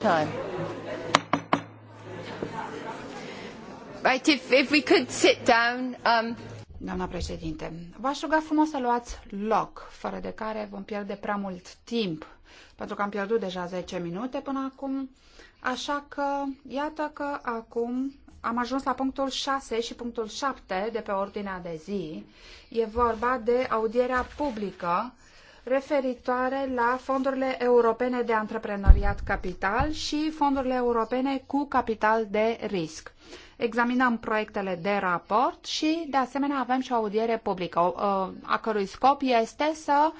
time. Right, if, if we could sit down, um... Doamna președinte, v-aș ruga frumos să luați loc, fără de care vom pierde prea mult timp, pentru că am pierdut deja 10 minute până acum, așa că iată că acum am ajuns la punctul 6 și punctul 7 de pe ordinea de zi. E vorba de audierea publică referitoare la fondurile europene de antreprenoriat capital și fondurile europene cu capital de risc. Examinăm proiectele de raport și, de asemenea, avem și o audiere publică, ă, a cărui scop este să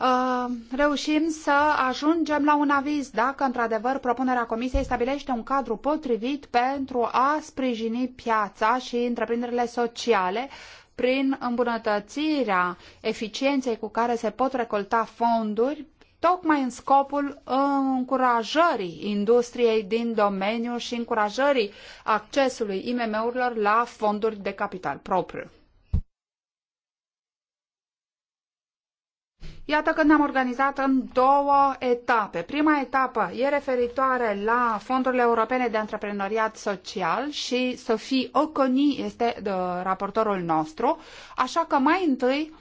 ă, reușim să ajungem la un aviz dacă, într-adevăr, propunerea Comisiei stabilește un cadru potrivit pentru a sprijini piața și întreprinderile sociale prin îmbunătățirea eficienței cu care se pot recolta fonduri, tocmai în scopul încurajării industriei din domeniu și încurajării accesului IMM-urilor la fonduri de capital propriu. Iată că ne-am organizat în două etape. Prima etapă e referitoare la fondurile europene de antreprenoriat social și Sofie Oconi este uh, raportorul nostru, așa că mai întâi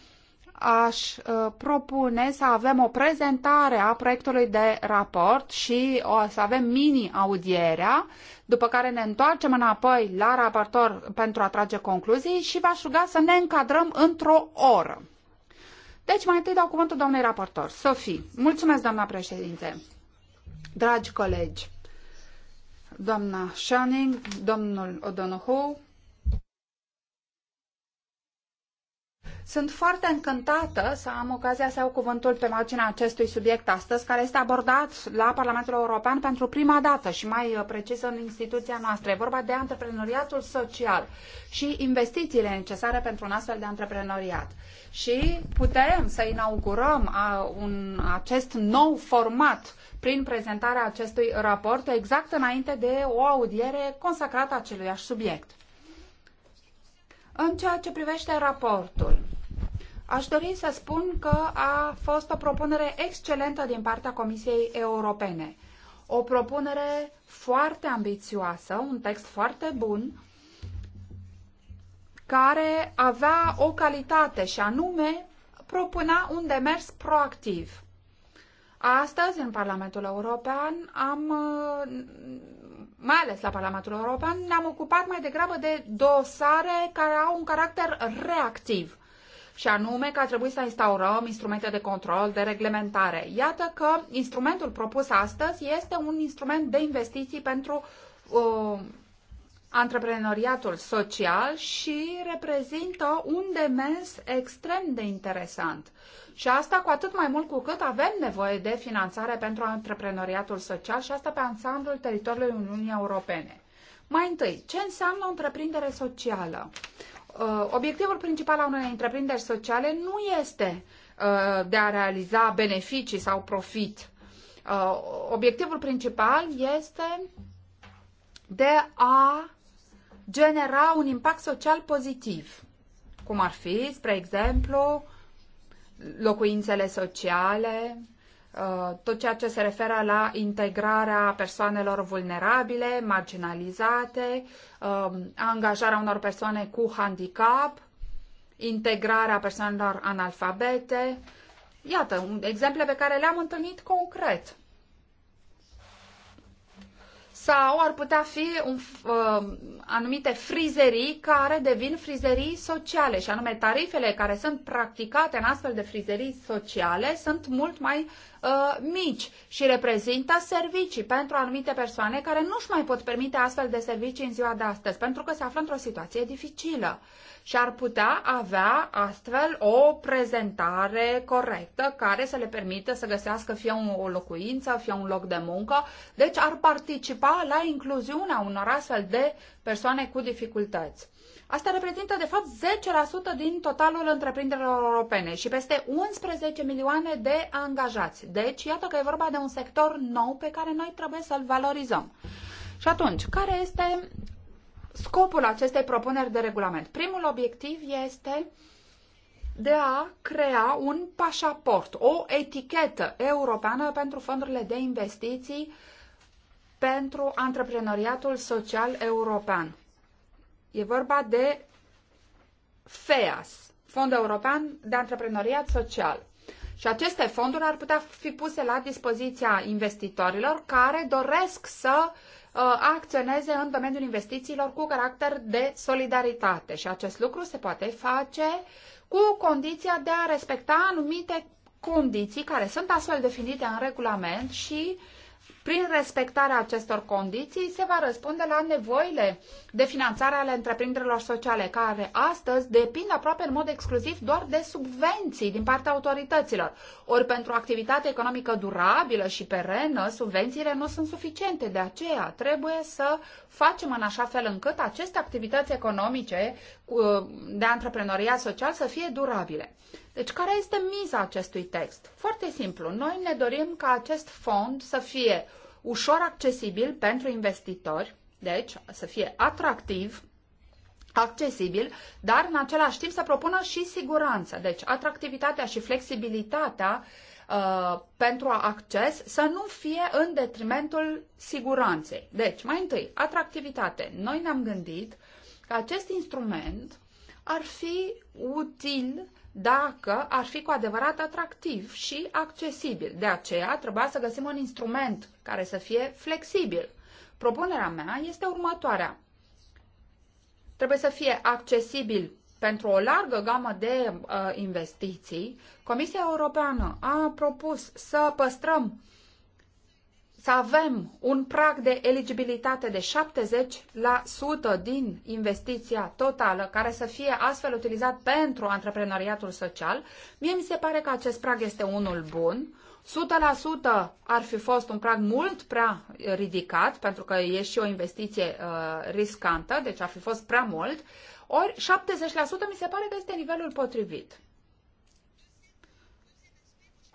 aș uh, propune să avem o prezentare a proiectului de raport și o să avem mini-audierea, după care ne întoarcem înapoi la raportor pentru a trage concluzii și v-aș ruga să ne încadrăm într-o oră. Deci, mai întâi dau cuvântul doamnei raportor. Sofie, mulțumesc, doamna președinte. Dragi colegi, doamna Shanning, domnul Odonohue. Sunt foarte încântată să am ocazia să iau cuvântul pe marginea acestui subiect astăzi, care este abordat la Parlamentul European pentru prima dată și mai uh, precis în instituția noastră. E vorba de antreprenoriatul social și investițiile necesare pentru un astfel de antreprenoriat. Și putem să inaugurăm a, uh, un, acest nou format prin prezentarea acestui raport exact înainte de o audiere consacrată acelui subiect. În ceea ce privește raportul, aș dori să spun că a fost o propunere excelentă din partea Comisiei Europene. O propunere foarte ambițioasă, un text foarte bun, care avea o calitate și anume propunea un demers proactiv. Astăzi, în Parlamentul European, am mai ales la Parlamentul European, ne-am ocupat mai degrabă de dosare care au un caracter reactiv și anume că a trebuit să instaurăm instrumente de control, de reglementare. Iată că instrumentul propus astăzi este un instrument de investiții pentru uh, antreprenoriatul social și reprezintă un demens extrem de interesant. Și asta cu atât mai mult cu cât avem nevoie de finanțare pentru antreprenoriatul social și asta pe ansamblul teritoriului Uniunii Europene. Mai întâi, ce înseamnă o întreprindere socială? Uh, obiectivul principal al unei întreprinderi sociale nu este uh, de a realiza beneficii sau profit. Uh, obiectivul principal este de a genera un impact social pozitiv, cum ar fi, spre exemplu, locuințele sociale, uh, tot ceea ce se referă la integrarea persoanelor vulnerabile, marginalizate, uh, angajarea unor persoane cu handicap, integrarea persoanelor analfabete. Iată, exemple pe care le-am întâlnit concret sau ar putea fi un, uh, anumite frizerii care devin frizerii sociale și anume tarifele care sunt practicate în astfel de frizerii sociale sunt mult mai Uh, mici și reprezintă servicii pentru anumite persoane care nu își mai pot permite astfel de servicii în ziua de astăzi, pentru că se află într-o situație dificilă și ar putea avea astfel o prezentare corectă care să le permită să găsească fie o locuință, fie un loc de muncă, deci ar participa la incluziunea unor astfel de persoane cu dificultăți. Asta reprezintă, de fapt, 10% din totalul întreprinderilor europene și peste 11 milioane de angajați. Deci, iată că e vorba de un sector nou pe care noi trebuie să-l valorizăm. Și atunci, care este scopul acestei propuneri de regulament? Primul obiectiv este de a crea un pașaport, o etichetă europeană pentru fondurile de investiții pentru antreprenoriatul social european. E vorba de FEAS, Fondul European de Antreprenoriat Social. Și aceste fonduri ar putea fi puse la dispoziția investitorilor care doresc să uh, acționeze în domeniul investițiilor cu caracter de solidaritate. Și acest lucru se poate face cu condiția de a respecta anumite condiții care sunt astfel definite în regulament și prin respectarea acestor condiții se va răspunde la nevoile de finanțare ale întreprinderilor sociale, care astăzi depind aproape în mod exclusiv doar de subvenții din partea autorităților. Ori pentru o activitate economică durabilă și perenă, subvențiile nu sunt suficiente. De aceea trebuie să facem în așa fel încât aceste activități economice de antreprenoria social să fie durabile. Deci, care este miza acestui text? Foarte simplu. Noi ne dorim ca acest fond să fie ușor accesibil pentru investitori, deci să fie atractiv, accesibil, dar în același timp să propună și siguranță. Deci atractivitatea și flexibilitatea uh, pentru acces să nu fie în detrimentul siguranței. Deci, mai întâi, atractivitate. Noi ne-am gândit că acest instrument ar fi util dacă ar fi cu adevărat atractiv și accesibil. De aceea trebuia să găsim un instrument care să fie flexibil. Propunerea mea este următoarea. Trebuie să fie accesibil pentru o largă gamă de uh, investiții. Comisia Europeană a propus să păstrăm uh, să avem un prag de eligibilitate de 70% din investiția totală care să fie astfel utilizat pentru antreprenoriatul social, mie mi se pare că acest prag este unul bun. 100% ar fi fost un prag mult prea ridicat, pentru că e și o investiție uh, riscantă, deci ar fi fost prea mult, ori 70% mi se pare că este nivelul potrivit.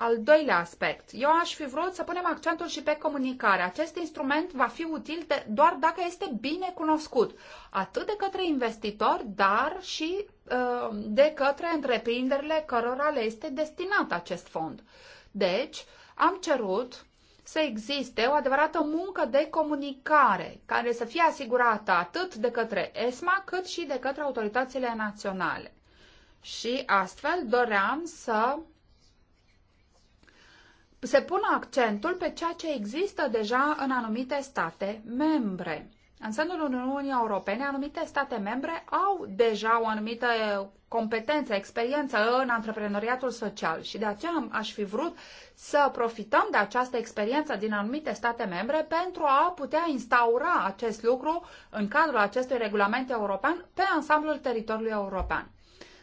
Al doilea aspect. Eu aș fi vrut să punem accentul și pe comunicare. Acest instrument va fi util de, doar dacă este bine cunoscut, atât de către investitori, dar și uh, de către întreprinderile cărora le este destinat acest fond. Deci, am cerut să existe o adevărată muncă de comunicare care să fie asigurată atât de către ESMA cât și de către autoritățile naționale. Și astfel doream să se pună accentul pe ceea ce există deja în anumite state membre. În sânul Uniunii Europene, anumite state membre au deja o anumită competență, experiență în antreprenoriatul social și de aceea aș fi vrut să profităm de această experiență din anumite state membre pentru a putea instaura acest lucru în cadrul acestui regulament european pe ansamblul teritoriului european.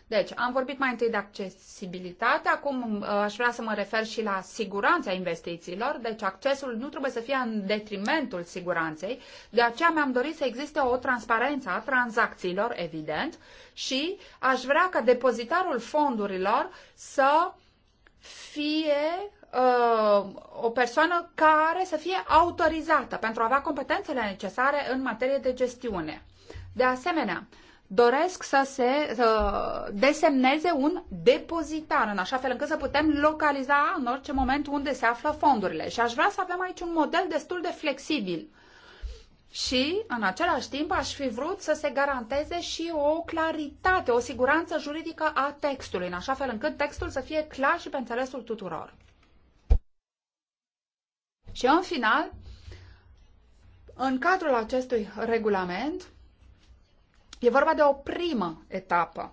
Deci, am vorbit mai întâi de accesibilitate, acum uh, aș vrea să mă refer și la siguranța investițiilor, deci accesul nu trebuie să fie în detrimentul siguranței, de aceea mi-am dorit să existe o transparență a tranzacțiilor, evident, și aș vrea ca depozitarul fondurilor să fie uh, o persoană care să fie autorizată pentru a avea competențele necesare în materie de gestiune. De asemenea, doresc să se să desemneze un depozitar, în așa fel încât să putem localiza în orice moment unde se află fondurile. Și aș vrea să avem aici un model destul de flexibil. Și, în același timp, aș fi vrut să se garanteze și o claritate, o siguranță juridică a textului, în așa fel încât textul să fie clar și pe înțelesul tuturor. Și, în final, în cadrul acestui regulament, E vorba de o primă etapă.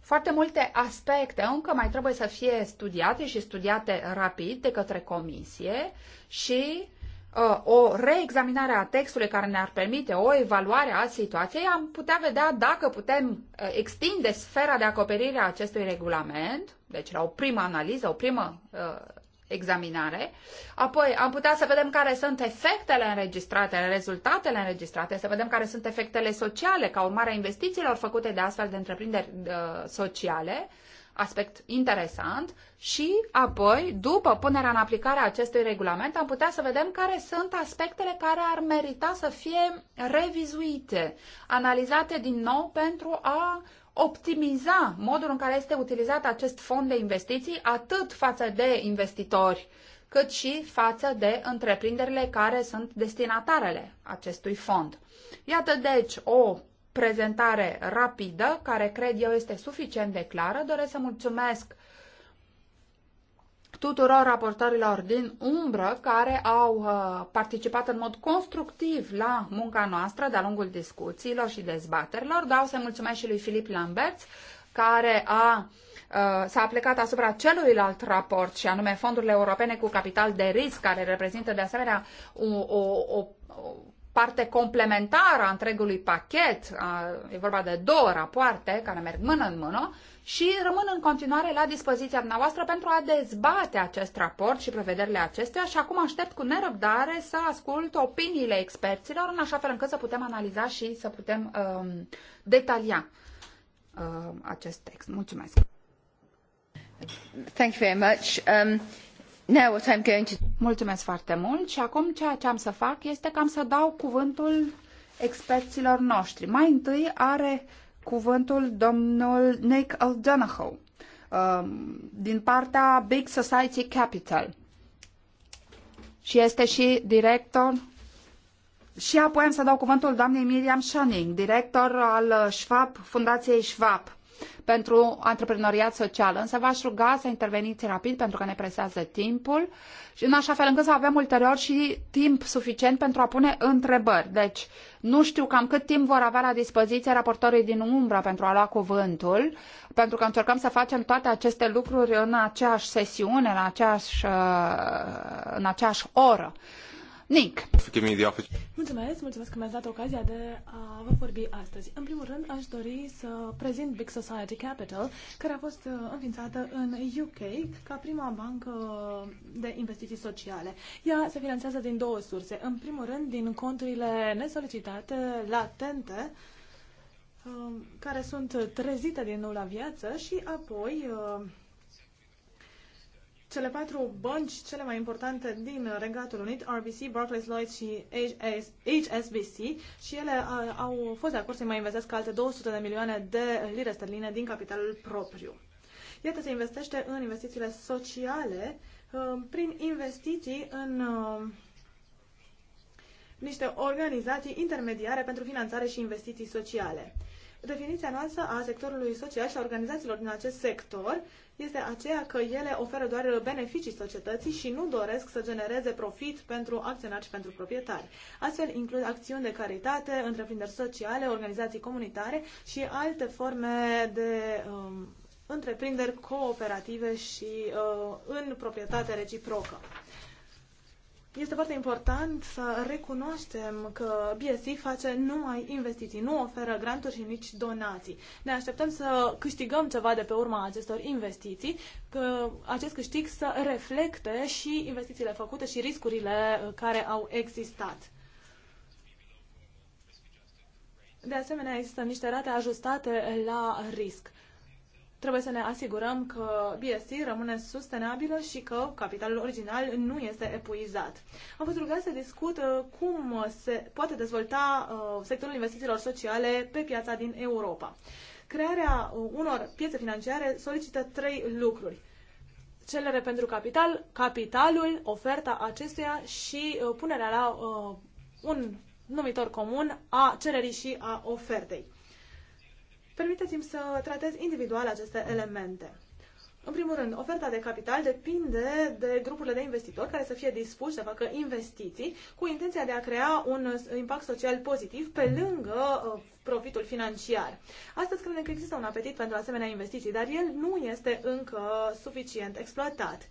Foarte multe aspecte încă mai trebuie să fie studiate și studiate rapid de către comisie și uh, o reexaminare a textului care ne-ar permite o evaluare a situației, am putea vedea dacă putem uh, extinde sfera de acoperire a acestui regulament, deci la o primă analiză, o primă uh, examinare. Apoi am putea să vedem care sunt efectele înregistrate, rezultatele înregistrate, să vedem care sunt efectele sociale ca urmare a investițiilor făcute de astfel de întreprinderi uh, sociale, aspect interesant, și apoi, după punerea în aplicare a acestui regulament, am putea să vedem care sunt aspectele care ar merita să fie revizuite, analizate din nou pentru a optimiza modul în care este utilizat acest fond de investiții, atât față de investitori, cât și față de întreprinderile care sunt destinatarele acestui fond. Iată deci o prezentare rapidă, care cred eu este suficient de clară. Doresc să mulțumesc tuturor raportorilor din umbră care au uh, participat în mod constructiv la munca noastră de-a lungul discuțiilor și dezbaterilor. Dau să mulțumesc și lui Filip Lamberts, care a uh, s-a aplicat asupra celuilalt raport și anume fondurile europene cu capital de risc, care reprezintă de asemenea o, o, o, o parte complementară a întregului pachet, e vorba de două rapoarte care merg mână în mână și rămân în continuare la dispoziția dumneavoastră pentru a dezbate acest raport și prevederile acestuia și acum aștept cu nerăbdare să ascult opiniile experților în așa fel încât să putem analiza și să putem um, detalia um, acest text. Mulțumesc! Thank you very much. Um... Now what I'm going to... Mulțumesc foarte mult și acum ceea ce am să fac este că am să dau cuvântul experților noștri. Mai întâi are cuvântul domnul Nick O'Donohoe um, din partea Big Society Capital și este și director și apoi am să dau cuvântul doamnei Miriam Schoening, director al Schwab, Fundației Schwab pentru antreprenoriat social, însă v-aș ruga să interveniți rapid pentru că ne presează timpul și în așa fel încât să avem ulterior și timp suficient pentru a pune întrebări. Deci, nu știu cam cât timp vor avea la dispoziție raportorii din umbră pentru a lua cuvântul, pentru că încercăm să facem toate aceste lucruri în aceeași sesiune, în aceeași, în aceeași oră. Nick. Mulțumesc, mulțumesc că mi-ați dat ocazia de a vă vorbi astăzi. În primul rând, aș dori să prezint Big Society Capital, care a fost uh, înființată în UK ca prima bancă de investiții sociale. Ea se finanțează din două surse. În primul rând, din conturile nesolicitate, latente, uh, care sunt trezite din nou la viață și apoi uh, cele patru bănci cele mai importante din Regatul Unit, RBC, Barclays, Lloyd și HSBC, și ele au fost de acord să mai investească alte 200 de milioane de lire sterline din capitalul propriu. Iată, se investește în investițiile sociale ă, prin investiții în ă, niște organizații intermediare pentru finanțare și investiții sociale definiția noastră a sectorului social și a organizațiilor din acest sector este aceea că ele oferă doar beneficii societății și nu doresc să genereze profit pentru acționari și pentru proprietari. Astfel includ acțiuni de caritate, întreprinderi sociale, organizații comunitare și alte forme de um, întreprinderi cooperative și uh, în proprietate reciprocă. Este foarte important să recunoaștem că BSI face numai investiții, nu oferă granturi și nici donații. Ne așteptăm să câștigăm ceva de pe urma acestor investiții, că acest câștig să reflecte și investițiile făcute și riscurile uh, care au existat. De asemenea, există niște rate ajustate la risc. Trebuie să ne asigurăm că BSC rămâne sustenabilă și că capitalul original nu este epuizat. Am fost rugat să discut uh, cum se poate dezvolta uh, sectorul investițiilor sociale pe piața din Europa. Crearea uh, unor piețe financiare solicită trei lucruri cerere pentru capital, capitalul, oferta acestuia și punerea la un numitor comun a cererii și a ofertei. Permiteți-mi să tratez individual aceste elemente. În primul rând, oferta de capital depinde de grupurile de investitori care să fie dispuși să facă investiții cu intenția de a crea un impact social pozitiv pe lângă uh, profitul financiar. Astăzi credem că există un apetit pentru asemenea investiții, dar el nu este încă suficient exploatat.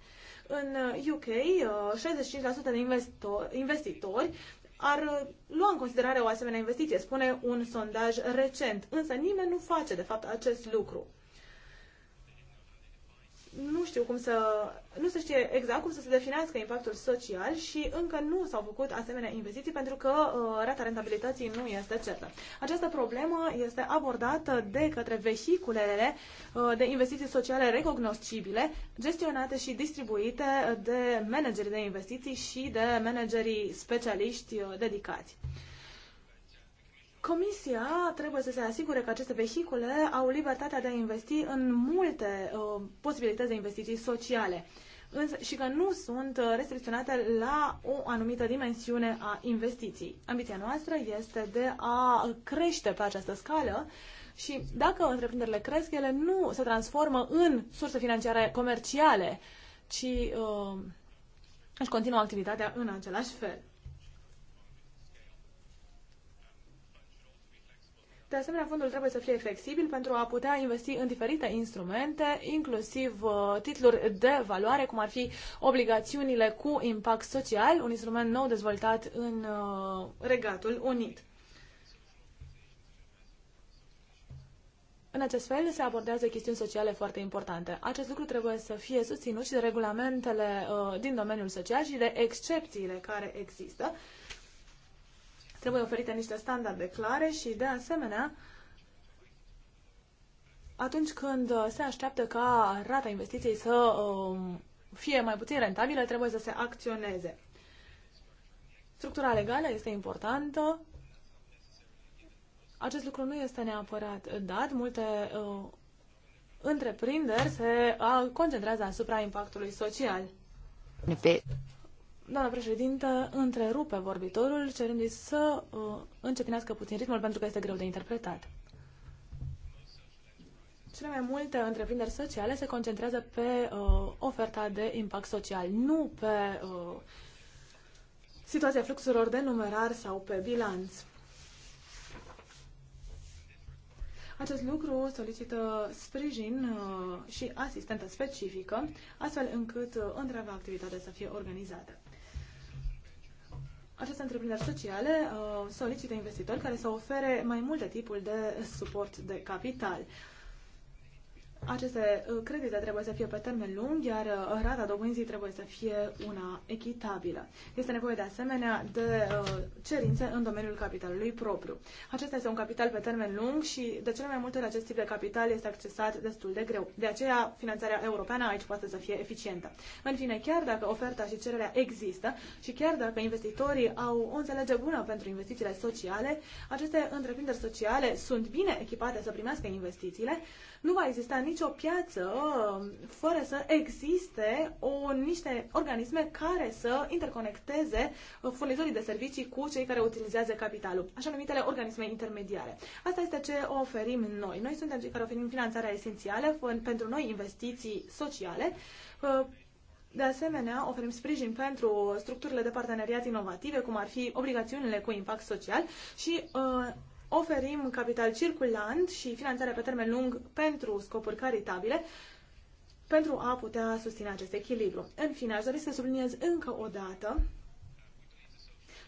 În UK, uh, 65% uh, de investitori ar uh, lua în considerare o asemenea investiție, spune un sondaj recent. Însă nimeni nu face, de fapt, acest lucru nu știu cum să, nu se știe exact cum să se definească impactul social și încă nu s-au făcut asemenea investiții pentru că uh, rata rentabilității nu este certă. Această problemă este abordată de către vehiculele uh, de investiții sociale recognoscibile, gestionate și distribuite de manageri de investiții și de managerii specialiști uh, dedicați. Comisia trebuie să se asigure că aceste vehicule au libertatea de a investi în multe uh, posibilități de investiții sociale și că nu sunt uh, restricționate la o anumită dimensiune a investiției. Ambiția noastră este de a crește pe această scală și dacă întreprinderile cresc, ele nu se transformă în surse financiare comerciale, ci uh, își continuă activitatea în același fel. De asemenea, fondul trebuie să fie flexibil pentru a putea investi în diferite instrumente, inclusiv uh, titluri de valoare, cum ar fi obligațiunile cu impact social, un instrument nou dezvoltat în uh, Regatul Unit. În acest fel se abordează chestiuni sociale foarte importante. Acest lucru trebuie să fie susținut și de regulamentele uh, din domeniul social și de excepțiile care există Trebuie oferite niște standarde clare și, de asemenea, atunci când uh, se așteaptă ca rata investiției să um, fie mai puțin rentabilă, trebuie să se acționeze. Structura legală este importantă. Acest lucru nu este neapărat dat. Multe uh, întreprinderi se uh, concentrează asupra impactului social. Doamna președintă, întrerupe vorbitorul, cerându-i să uh, încetinească puțin ritmul pentru că este greu de interpretat. Cele mai multe întreprinderi sociale se concentrează pe uh, oferta de impact social, nu pe uh, situația fluxurilor de numerar sau pe bilanț. Acest lucru solicită sprijin uh, și asistentă specifică, astfel încât uh, întreaga activitate să fie organizată aceste întreprinderi sociale uh, solicită investitori care să ofere mai multe tipuri de suport de capital. Aceste uh, credite trebuie să fie pe termen lung, iar uh, rata dobânzii trebuie să fie una echitabilă. Este nevoie de asemenea de uh, cerințe în domeniul capitalului propriu. Acesta este un capital pe termen lung și de cele mai multe ori acest tip de capital este accesat destul de greu. De aceea, finanțarea europeană aici poate să fie eficientă. În fine, chiar dacă oferta și cererea există și chiar dacă investitorii au o înțelegere bună pentru investițiile sociale, aceste întreprinderi sociale sunt bine echipate să primească investițiile nu va exista nicio piață um, fără să existe o, niște organisme care să interconecteze uh, furnizorii de servicii cu cei care utilizează capitalul, așa numitele organisme intermediare. Asta este ce oferim noi. Noi suntem cei care oferim finanțarea esențială pentru noi investiții sociale uh, de asemenea, oferim sprijin pentru structurile de parteneriat inovative, cum ar fi obligațiunile cu impact social și uh, oferim capital circulant și finanțare pe termen lung pentru scopuri caritabile pentru a putea susține acest echilibru. În fine, aș dori să subliniez încă o dată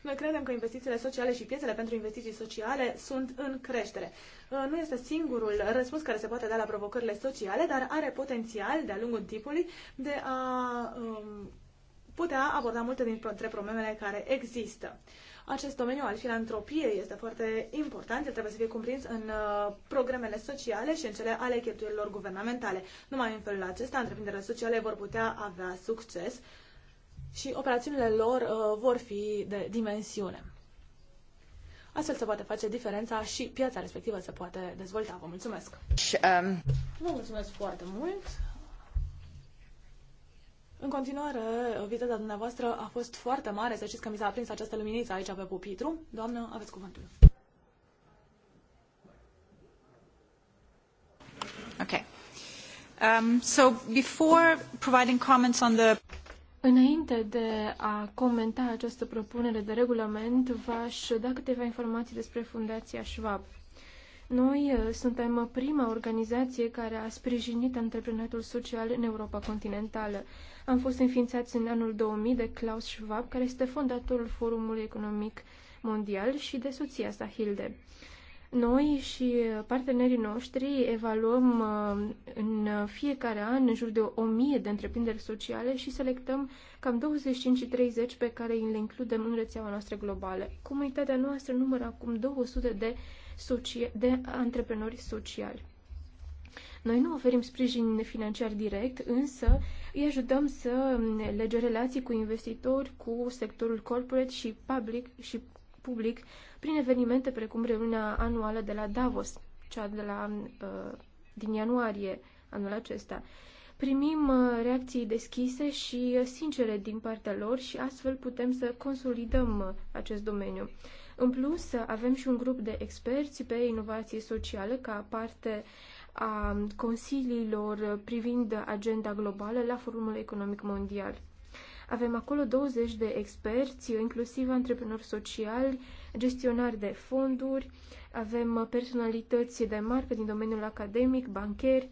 noi credem că investițiile sociale și piețele pentru investiții sociale sunt în creștere. Uh, nu este singurul răspuns care se poate da la provocările sociale, dar are potențial de-a lungul timpului de a um, putea aborda multe dintre problemele care există. Acest domeniu al filantropiei este foarte important, el trebuie să fie cuprins în uh, programele sociale și în cele ale cheltuielilor guvernamentale. Numai în felul acesta, întreprinderile sociale vor putea avea succes și operațiunile lor uh, vor fi de dimensiune. Astfel se poate face diferența și piața respectivă se poate dezvolta. Vă mulțumesc! Um, Vă mulțumesc foarte mult! În continuare, viteza dumneavoastră a fost foarte mare. Să știți că mi s-a aprins această luminiță aici pe pupitru. Doamnă, aveți cuvântul. Okay. Um, so before providing comments on the Înainte de a comenta această propunere de regulament, v-aș da câteva informații despre Fundația Schwab. Noi uh, suntem prima organizație care a sprijinit antreprenatul social în Europa continentală. Am fost înființați în anul 2000 de Klaus Schwab, care este fondatorul Forumului Economic Mondial și de soția sa, Hilde. Noi și partenerii noștri evaluăm uh, în fiecare an în jur de 1000 de întreprinderi sociale și selectăm cam 25 30 pe care le includem în rețeaua noastră globală. Comunitatea noastră numără acum 200 de de antreprenori sociali. Noi nu oferim sprijin financiar direct, însă îi ajutăm să lege relații cu investitori, cu sectorul corporate și public, și public prin evenimente precum reuniunea anuală de la Davos, cea de la, uh, din ianuarie anul acesta. Primim uh, reacții deschise și sincere din partea lor și astfel putem să consolidăm uh, acest domeniu. În plus, avem și un grup de experți pe inovații sociale ca parte a consiliilor privind agenda globală la Forumul Economic Mondial. Avem acolo 20 de experți, inclusiv antreprenori sociali, gestionari de fonduri, avem personalități de marcă din domeniul academic, bancheri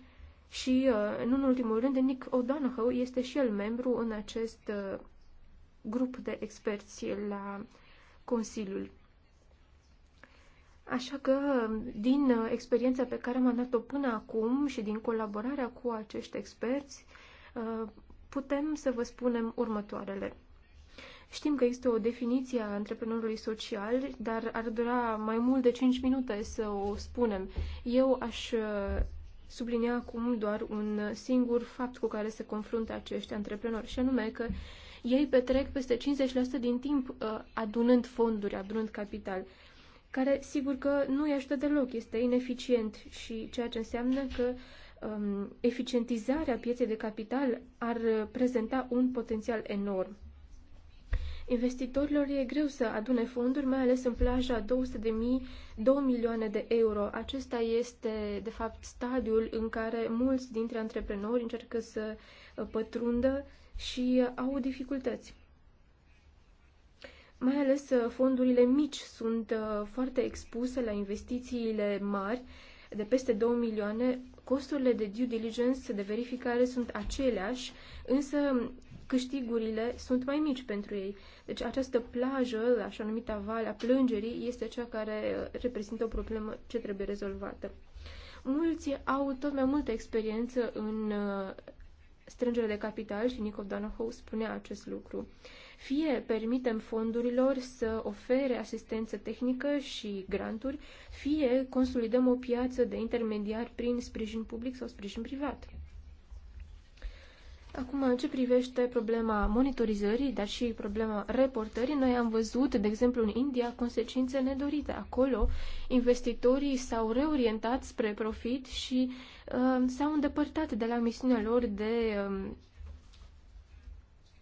și, uh, în ultimul rând, Nick O'Donohoe este și el membru în acest uh, grup de experți la Consiliul Așa că, din uh, experiența pe care am dat-o până acum și din colaborarea cu acești experți, uh, putem să vă spunem următoarele. Știm că este o definiție a antreprenorului social, dar ar dura mai mult de 5 minute să o spunem. Eu aș uh, sublinia acum doar un singur fapt cu care se confruntă acești antreprenori, și anume că ei petrec peste 50% din timp adunând fonduri, adunând capital care sigur că nu îi ajută deloc, este ineficient și ceea ce înseamnă că um, eficientizarea pieței de capital ar prezenta un potențial enorm. Investitorilor e greu să adune fonduri, mai ales în plaja 200 de mii, 2 milioane de euro. Acesta este, de fapt, stadiul în care mulți dintre antreprenori încercă să uh, pătrundă și uh, au dificultăți. Mai ales uh, fondurile mici sunt uh, foarte expuse la investițiile mari de peste 2 milioane. Costurile de due diligence, de verificare sunt aceleași, însă câștigurile sunt mai mici pentru ei. Deci această plajă, așa numită vale a plângerii, este cea care uh, reprezintă o problemă ce trebuie rezolvată. Mulți au tot mai multă experiență în strângere de capital și Nico Donahoe spunea acest lucru. Uh, fie permitem fondurilor să ofere asistență tehnică și granturi, fie consolidăm o piață de intermediari prin sprijin public sau sprijin privat. Acum, în ce privește problema monitorizării, dar și problema reportării, noi am văzut, de exemplu, în India, consecințe nedorite. Acolo, investitorii s-au reorientat spre profit și uh, s-au îndepărtat de la misiunea lor de uh,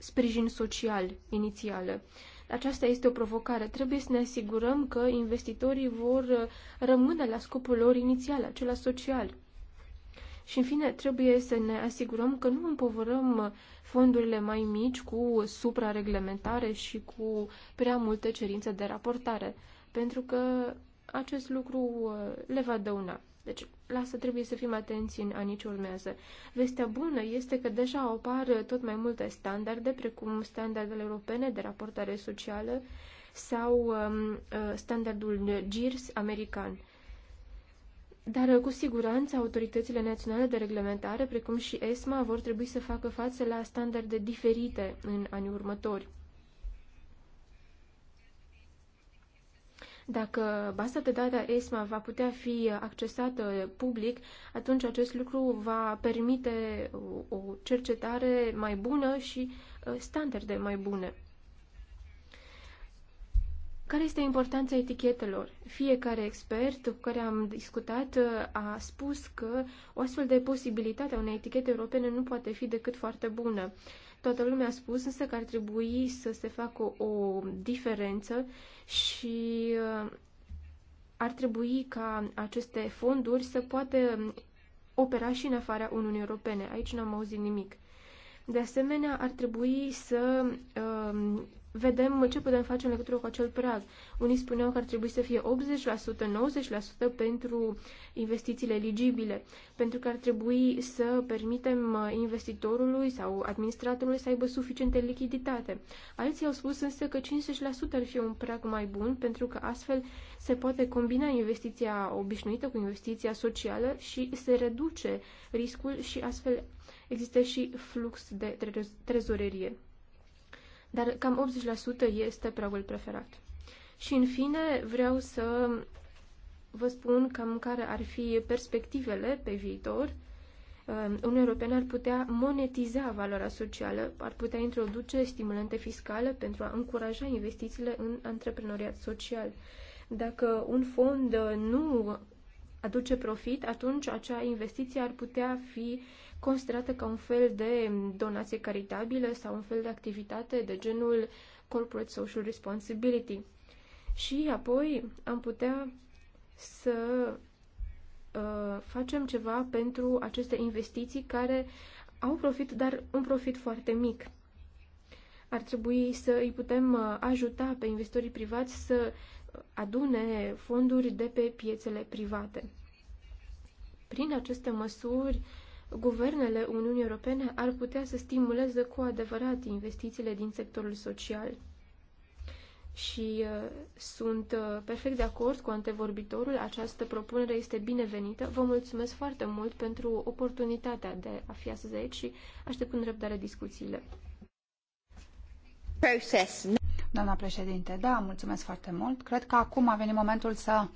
sprijin social inițială. Aceasta este o provocare. Trebuie să ne asigurăm că investitorii vor rămâne la scopul lor inițial, acela social. Și, în fine, trebuie să ne asigurăm că nu împovărăm fondurile mai mici cu suprareglementare și cu prea multe cerințe de raportare, pentru că acest lucru uh, le va dăuna. Deci, lasă trebuie să fim atenți în anii ce urmează. Vestea bună este că deja apar tot mai multe standarde, precum standardele europene de raportare socială sau um, uh, standardul GIRS american. Dar uh, cu siguranță autoritățile naționale de reglementare, precum și ESMA, vor trebui să facă față la standarde diferite în anii următori. Dacă baza de date ESMA va putea fi accesată public, atunci acest lucru va permite o cercetare mai bună și ă, standarde mai bune. Care este importanța etichetelor? Fiecare expert cu care am discutat ă, a spus că o astfel de posibilitate a unei etichete europene nu poate fi decât foarte bună. Toată lumea a spus însă că ar trebui să se facă o, diferență și uh, ar trebui ca aceste fonduri să poată opera și în afara Uniunii Europene. Aici n-am auzit nimic. De asemenea, ar trebui să uh, vedem ce putem face în legătură cu acel prag. Unii spuneau că ar trebui să fie 80%, 90% pentru investițiile eligibile, pentru că ar trebui să permitem uh, investitorului sau administratorului să aibă suficiente lichiditate. Alții au spus însă că 50% ar fi un prag mai bun, pentru că astfel se poate combina investiția obișnuită cu investiția socială și se reduce riscul și astfel există și flux de trezorerie dar cam 80% este pragul preferat. Și în fine, vreau să vă spun cam care ar fi perspectivele pe viitor. Uh, un european ar putea monetiza valoarea socială, ar putea introduce stimulante fiscale pentru a încuraja investițiile în antreprenoriat social. Dacă un fond nu aduce profit, atunci acea investiție ar putea fi uh, considerată ca un fel de donație caritabilă sau un fel de activitate de genul corporate social responsibility. Și apoi am putea să uh, facem ceva pentru aceste investiții care au profit, dar un profit foarte mic. Ar trebui să îi putem uh, ajuta pe investorii privați să adune fonduri de pe piețele private. Prin aceste măsuri, uh, guvernele Uniunii Europene ar putea să stimuleze cu adevărat investițiile din sectorul social. Și uh, sunt uh, perfect de acord cu antevorbitorul, această propunere este binevenită. Vă mulțumesc foarte mult pentru oportunitatea de a fi astăzi aici și aștept cu nerăbdare discuțiile. Process. Doamna președinte, da, mulțumesc foarte mult. Cred că acum a venit momentul să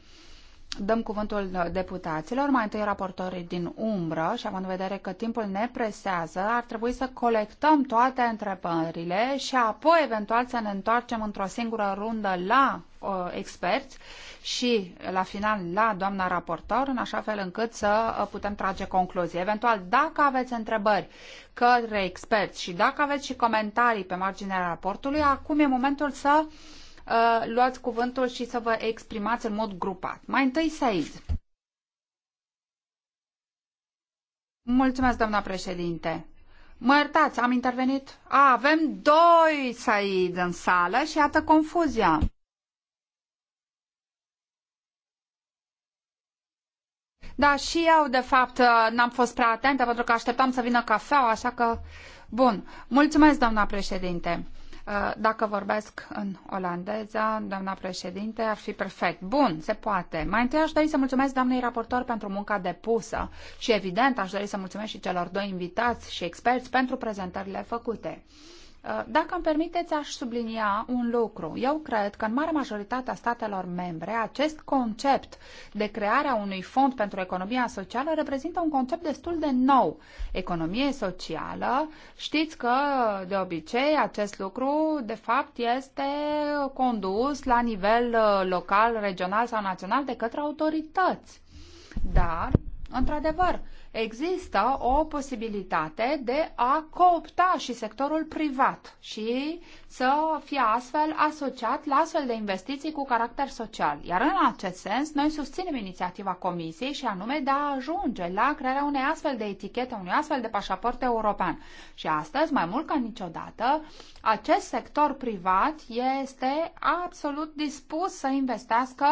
dăm cuvântul deputaților, mai întâi raportorii din umbră și având în vedere că timpul ne presează, ar trebui să colectăm toate întrebările și apoi eventual să ne întoarcem într-o singură rundă la uh, experți și la final la doamna raportor, în așa fel încât să uh, putem trage concluzii. Eventual, dacă aveți întrebări către experți și dacă aveți și comentarii pe marginea raportului, acum e momentul să Uh, luați cuvântul și să vă exprimați în mod grupat. Mai întâi, Said. Mulțumesc, doamna președinte. Mă iertați, am intervenit. A, avem doi Said în sală și iată confuzia. Da, și eu, de fapt, uh, n-am fost prea atentă pentru că așteptam să vină cafeaua, așa că... Bun. Mulțumesc, doamna președinte. Uh, dacă vorbesc în olandeză, doamna președinte, ar fi perfect. Bun, se poate. Mai întâi aș dori să mulțumesc doamnei raportor pentru munca depusă și, evident, aș dori să mulțumesc și celor doi invitați și experți pentru prezentările făcute. Uh, dacă îmi permiteți, aș sublinia un lucru. Eu cred că în mare majoritatea statelor membre, acest concept de crearea unui fond pentru economia socială reprezintă un concept destul de nou. Economie socială, știți că de obicei acest lucru de fapt este condus la nivel uh, local, regional sau național de către autorități. Dar, într-adevăr, uh, există o posibilitate de a coopta și sectorul privat și să fie astfel asociat la astfel de investiții cu caracter social. Iar în acest sens, noi susținem inițiativa Comisiei și anume de a ajunge la crearea unei astfel de etichete, unui astfel de pașaport european. Și astăzi, mai mult ca niciodată, acest sector privat este absolut dispus să investească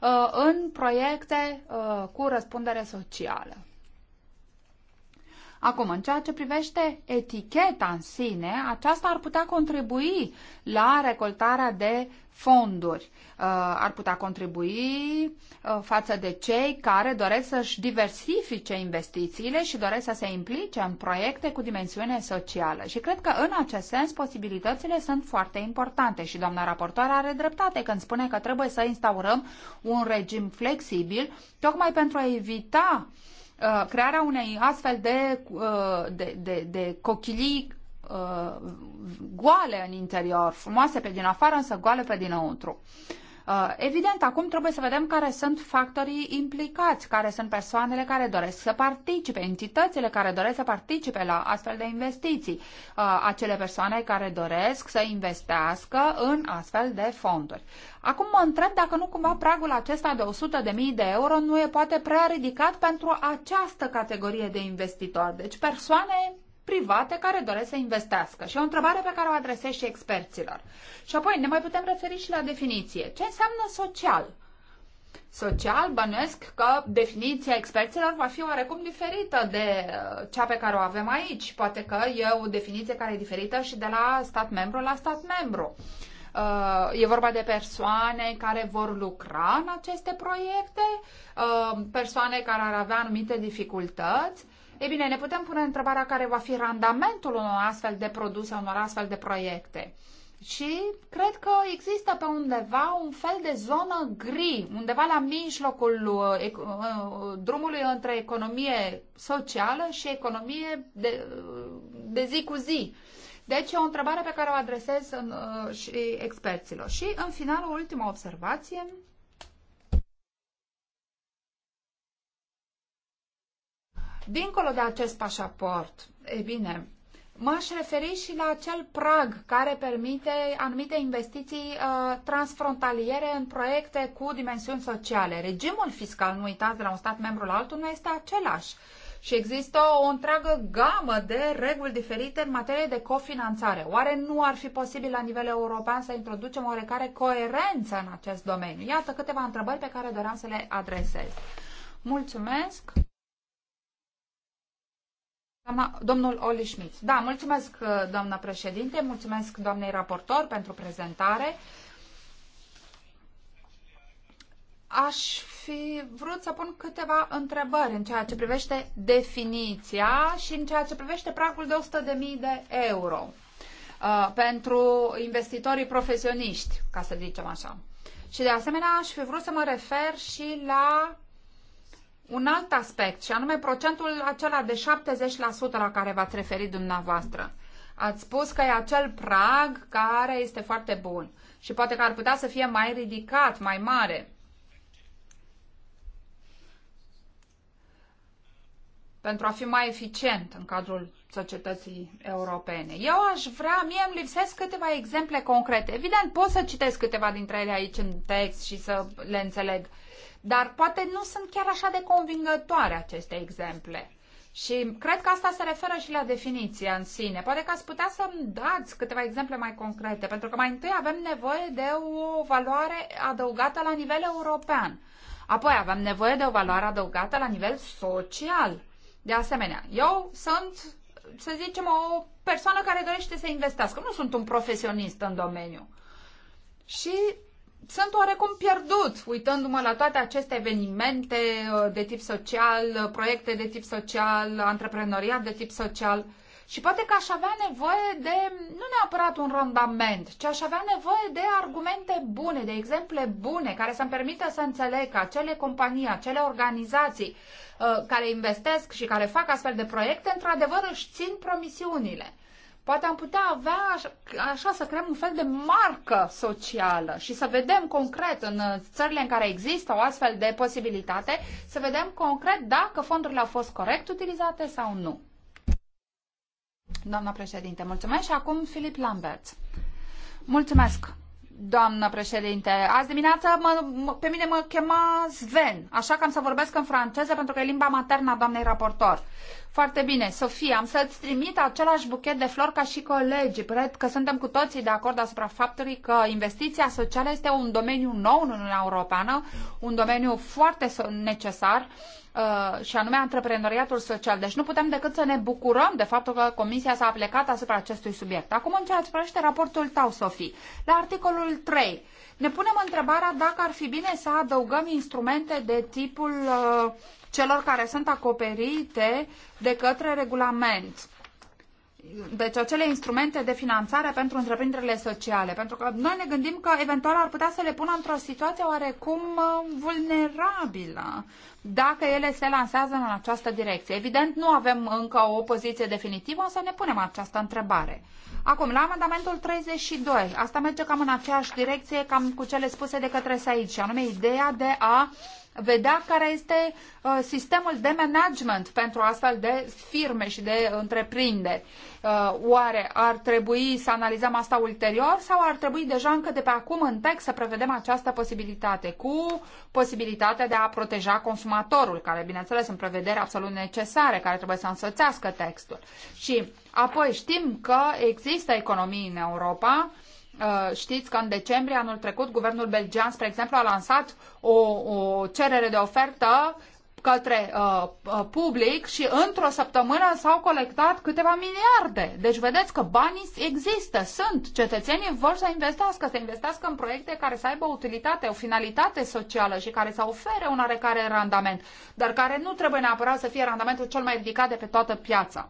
uh, în proiecte uh, cu răspundere socială. Acum, în ceea ce privește eticheta în sine, aceasta ar putea contribui la recoltarea de fonduri. Uh, ar putea contribui uh, față de cei care doresc să-și diversifice investițiile și doresc să se implice în proiecte cu dimensiune socială. Și cred că în acest sens posibilitățile sunt foarte importante și doamna raportoare are dreptate când spune că trebuie să instaurăm un regim flexibil tocmai pentru a evita uh, Uh, crearea unei astfel de, uh, de, de, de cochilii uh, goale în interior, frumoase pe din afară, însă goale pe dinăuntru. Uh, Uh, evident, acum trebuie să vedem care sunt factorii implicați, care sunt persoanele care doresc să participe, entitățile care doresc să participe la astfel de investiții, uh, acele persoane care doresc să investească în astfel de fonduri. Acum mă întreb dacă nu cumva pragul acesta de 100.000 de euro nu e poate prea ridicat pentru această categorie de investitori, deci persoane private care doresc să investească. Și e o întrebare pe care o adresez și experților. Și apoi ne mai putem referi și la definiție. Ce înseamnă social? Social, bănuiesc că definiția experților va fi oarecum diferită de uh, cea pe care o avem aici. Poate că e o definiție care e diferită și de la stat membru la stat membru. Uh, e vorba de persoane care vor lucra în aceste proiecte, uh, persoane care ar avea anumite dificultăți ei bine, ne putem pune întrebarea care va fi randamentul unor astfel de produse, unor astfel de proiecte. Și cred că există pe undeva un fel de zonă gri, undeva la mijlocul uh, uh, drumului între economie socială și economie de, uh, de zi cu zi. Deci e o întrebare pe care o adresez în, și experților. Și în final, o ultimă observație. Dincolo de acest pașaport, e bine, m-aș referi și la acel prag care permite anumite investiții uh, transfrontaliere în proiecte cu dimensiuni sociale. Regimul fiscal, nu uitați, de la un stat membru la altul nu este același. Și există o întreagă gamă de reguli diferite în materie de cofinanțare. Oare nu ar fi posibil la nivel european să introducem oarecare coerență în acest domeniu? Iată câteva întrebări pe care doream să le adresez. Mulțumesc! Doamna, domnul Oli Schmidt. Da, mulțumesc, uh, doamna președinte, mulțumesc doamnei raportor pentru prezentare. Aș fi vrut să pun câteva întrebări în ceea ce privește definiția și în ceea ce privește pragul de 100.000 de euro uh, pentru investitorii profesioniști, ca să zicem așa. Și de asemenea aș fi vrut să mă refer și la un alt aspect, și anume procentul acela de 70% la care v-ați referit dumneavoastră. Ați spus că e acel prag care este foarte bun și poate că ar putea să fie mai ridicat, mai mare. pentru a fi mai eficient în cadrul societății europene. Eu aș vrea, mie îmi lipsesc câteva exemple concrete. Evident, pot să citesc câteva dintre ele aici în text și să le înțeleg dar poate nu sunt chiar așa de convingătoare aceste exemple. Și cred că asta se referă și la definiția în sine. Poate că ați putea să-mi dați câteva exemple mai concrete, pentru că mai întâi avem nevoie de o valoare adăugată la nivel european. Apoi avem nevoie de o valoare adăugată la nivel social. De asemenea, eu sunt, să zicem, o persoană care dorește să investească. Nu sunt un profesionist în domeniu. Și sunt oarecum pierdut, uitându-mă la toate aceste evenimente uh, de tip social, uh, proiecte de tip social, uh, antreprenoriat de tip social. Și poate că aș avea nevoie de, nu neapărat un randament, ci aș avea nevoie de argumente bune, de exemple bune, care să-mi permită să înțeleg că acele companii, acele organizații uh, care investesc și care fac astfel de proiecte, într-adevăr își țin promisiunile. Poate am putea avea așa, așa să creăm un fel de marcă socială și să vedem concret în uh, țările în care există o astfel de posibilitate, să vedem concret dacă fondurile au fost corect utilizate sau nu. Doamna președinte, mulțumesc și acum Filip Lambert. Mulțumesc, doamnă președinte. Azi dimineață mă, mă, pe mine mă chema Sven, așa că am să vorbesc în franceză pentru că e limba maternă a doamnei raportor. Foarte bine, Sofia, am să-ți trimit același buchet de flori ca și colegii. Cred că suntem cu toții de acord asupra faptului că investiția socială este un domeniu nou în Uniunea Europeană, un domeniu foarte necesar uh, și anume antreprenoriatul social. Deci nu putem decât să ne bucurăm de faptul că Comisia s-a plecat asupra acestui subiect. Acum în ceea ce privește raportul tău, Sofie, la articolul 3 ne punem întrebarea dacă ar fi bine să adăugăm instrumente de tipul uh, celor care sunt acoperite de către regulament deci acele instrumente de finanțare pentru întreprinderile sociale, pentru că noi ne gândim că eventual ar putea să le pună într-o situație oarecum uh, vulnerabilă dacă ele se lansează în această direcție. Evident, nu avem încă o poziție definitivă, o să ne punem această întrebare. Acum, la amendamentul 32, asta merge cam în aceeași direcție cam cu cele spuse de către aici, și anume ideea de a uh, vedea care este uh, sistemul de management pentru astfel de firme și de întreprinderi. Uh, oare ar trebui să analizăm asta ulterior sau ar trebui deja încă de pe acum în text să prevedem această posibilitate cu posibilitatea de a proteja consumatorul, care bineînțeles sunt prevederi absolut necesare, care trebuie să însoțească textul. Și apoi știm că există economii în Europa Uh, știți că în decembrie anul trecut guvernul belgian, spre exemplu, a lansat o, o cerere de ofertă către uh, uh, public și într-o săptămână s-au colectat câteva miliarde. Deci vedeți că banii există, sunt. Cetățenii vor să investească, să investească în proiecte care să aibă utilitate, o finalitate socială și care să ofere un oarecare randament, dar care nu trebuie neapărat să fie randamentul cel mai ridicat de pe toată piața.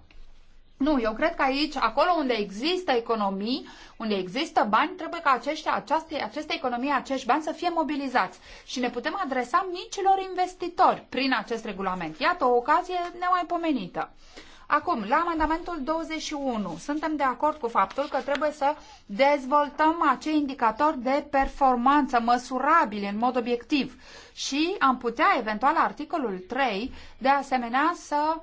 Nu, eu cred că aici, acolo unde există economii, unde există bani, trebuie ca aceștia, aceste aceste economii, acești bani să fie mobilizați. Și ne putem adresa micilor investitori prin acest regulament. Iată o ocazie nemaipomenită. Acum, la amendamentul 21, suntem de acord cu faptul că trebuie să dezvoltăm acei indicatori de performanță măsurabili în mod obiectiv și am putea, eventual, articolul 3, de asemenea, să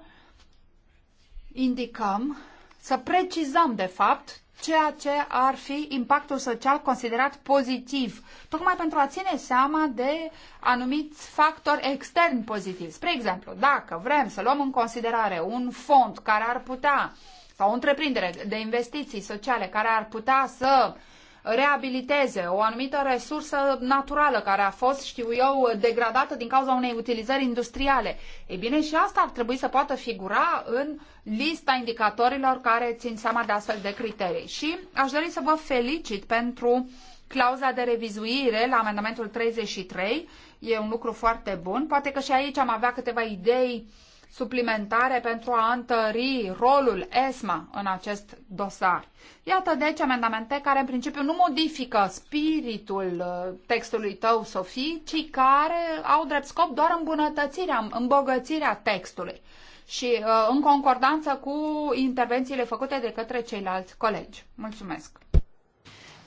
indicăm, să precizăm, de fapt, ceea ce ar fi impactul social considerat pozitiv, tocmai pentru a ține seama de anumiți factori externi pozitivi. Spre exemplu, dacă vrem să luăm în considerare un fond care ar putea sau o întreprindere de investiții sociale care ar putea să uh, reabiliteze o anumită resursă naturală care a fost, știu eu, degradată din cauza unei utilizări industriale. Ei bine, și asta ar trebui să poată figura în lista indicatorilor care țin seama de astfel de criterii. Și aș dori să vă felicit pentru clauza de revizuire la amendamentul 33. E un lucru foarte bun. Poate că și aici am avea câteva idei uh, suplimentare pentru a întări rolul ESMA în acest dosar. Iată deci amendamente care în principiu nu modifică spiritul uh, textului tău, Sofie, ci care au drept scop doar îmbunătățirea, îmbogățirea textului și uh, în concordanță cu intervențiile făcute de către ceilalți colegi. Mulțumesc!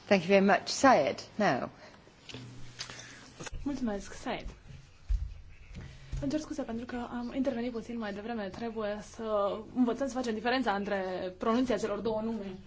Thank you very much, Syed. Now. Mulțumesc, Syed. Îmi cer scuze pentru că am intervenit puțin mai devreme. Trebuie să învățăm să facem diferența între pronunția celor două nume.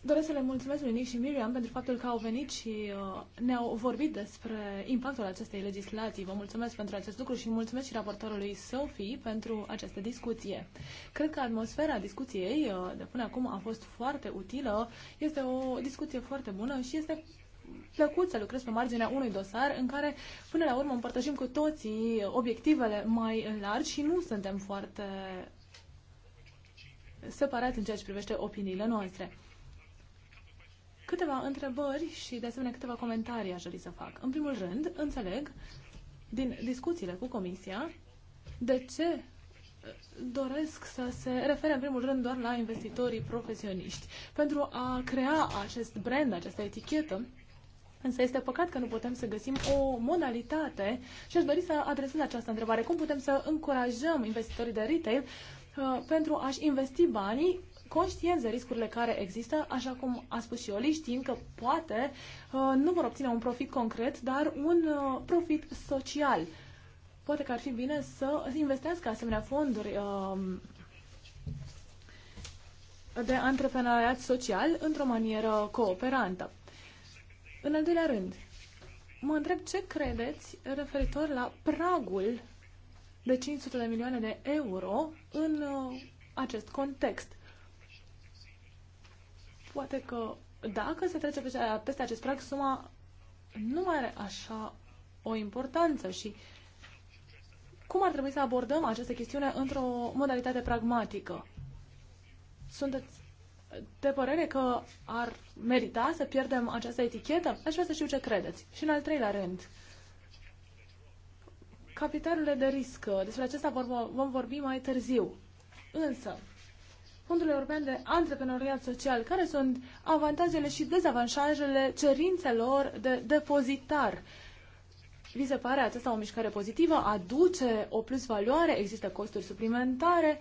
Doresc să le mulțumesc lui Nick și Miriam pentru faptul că au venit și uh, ne-au vorbit despre impactul acestei legislații. Vă mulțumesc pentru acest lucru și mulțumesc și raportorului Sophie pentru această discuție. Cred că atmosfera discuției uh, de până acum a fost foarte utilă, este o discuție foarte bună și este plăcut să lucrez pe marginea unui dosar în care, până la urmă, împărtășim cu toții obiectivele mai largi și nu suntem foarte separați în ceea ce privește opiniile noastre. Câteva întrebări și, de asemenea, câteva comentarii aș dori să fac. În primul rând, înțeleg din discuțiile cu Comisia de ce doresc să se refere în primul rând doar la investitorii profesioniști. Pentru a crea acest brand, această etichetă, Însă este păcat că nu putem să găsim o modalitate și aș dori să adresez această întrebare. Cum putem să încurajăm investitorii de retail uh, pentru a-și investi banii conștienți de riscurile care există, așa cum a spus și Oli, știind că poate uh, nu vor obține un profit concret, dar un uh, profit social. Poate că ar fi bine să investească asemenea fonduri um, de antreprenoriat social într-o manieră cooperantă. În al doilea rând, mă întreb ce credeți referitor la pragul de 500 de milioane de euro în uh, acest context. Poate că dacă se trece peste, peste acest prag, suma nu mai are așa o importanță și cum ar trebui să abordăm această chestiune într-o modalitate pragmatică? Sunteți de părere că ar merita să pierdem această etichetă? Aș vrea să știu ce credeți. Și în al treilea rând, capitalurile de risc. Despre acesta vom vorbi mai târziu. Însă, Fondul European de Antreprenoriat Social, care sunt avantajele și dezavantajele cerințelor de depozitar? Vi se pare aceasta o mișcare pozitivă? Aduce o plus valoare? Există costuri suplimentare?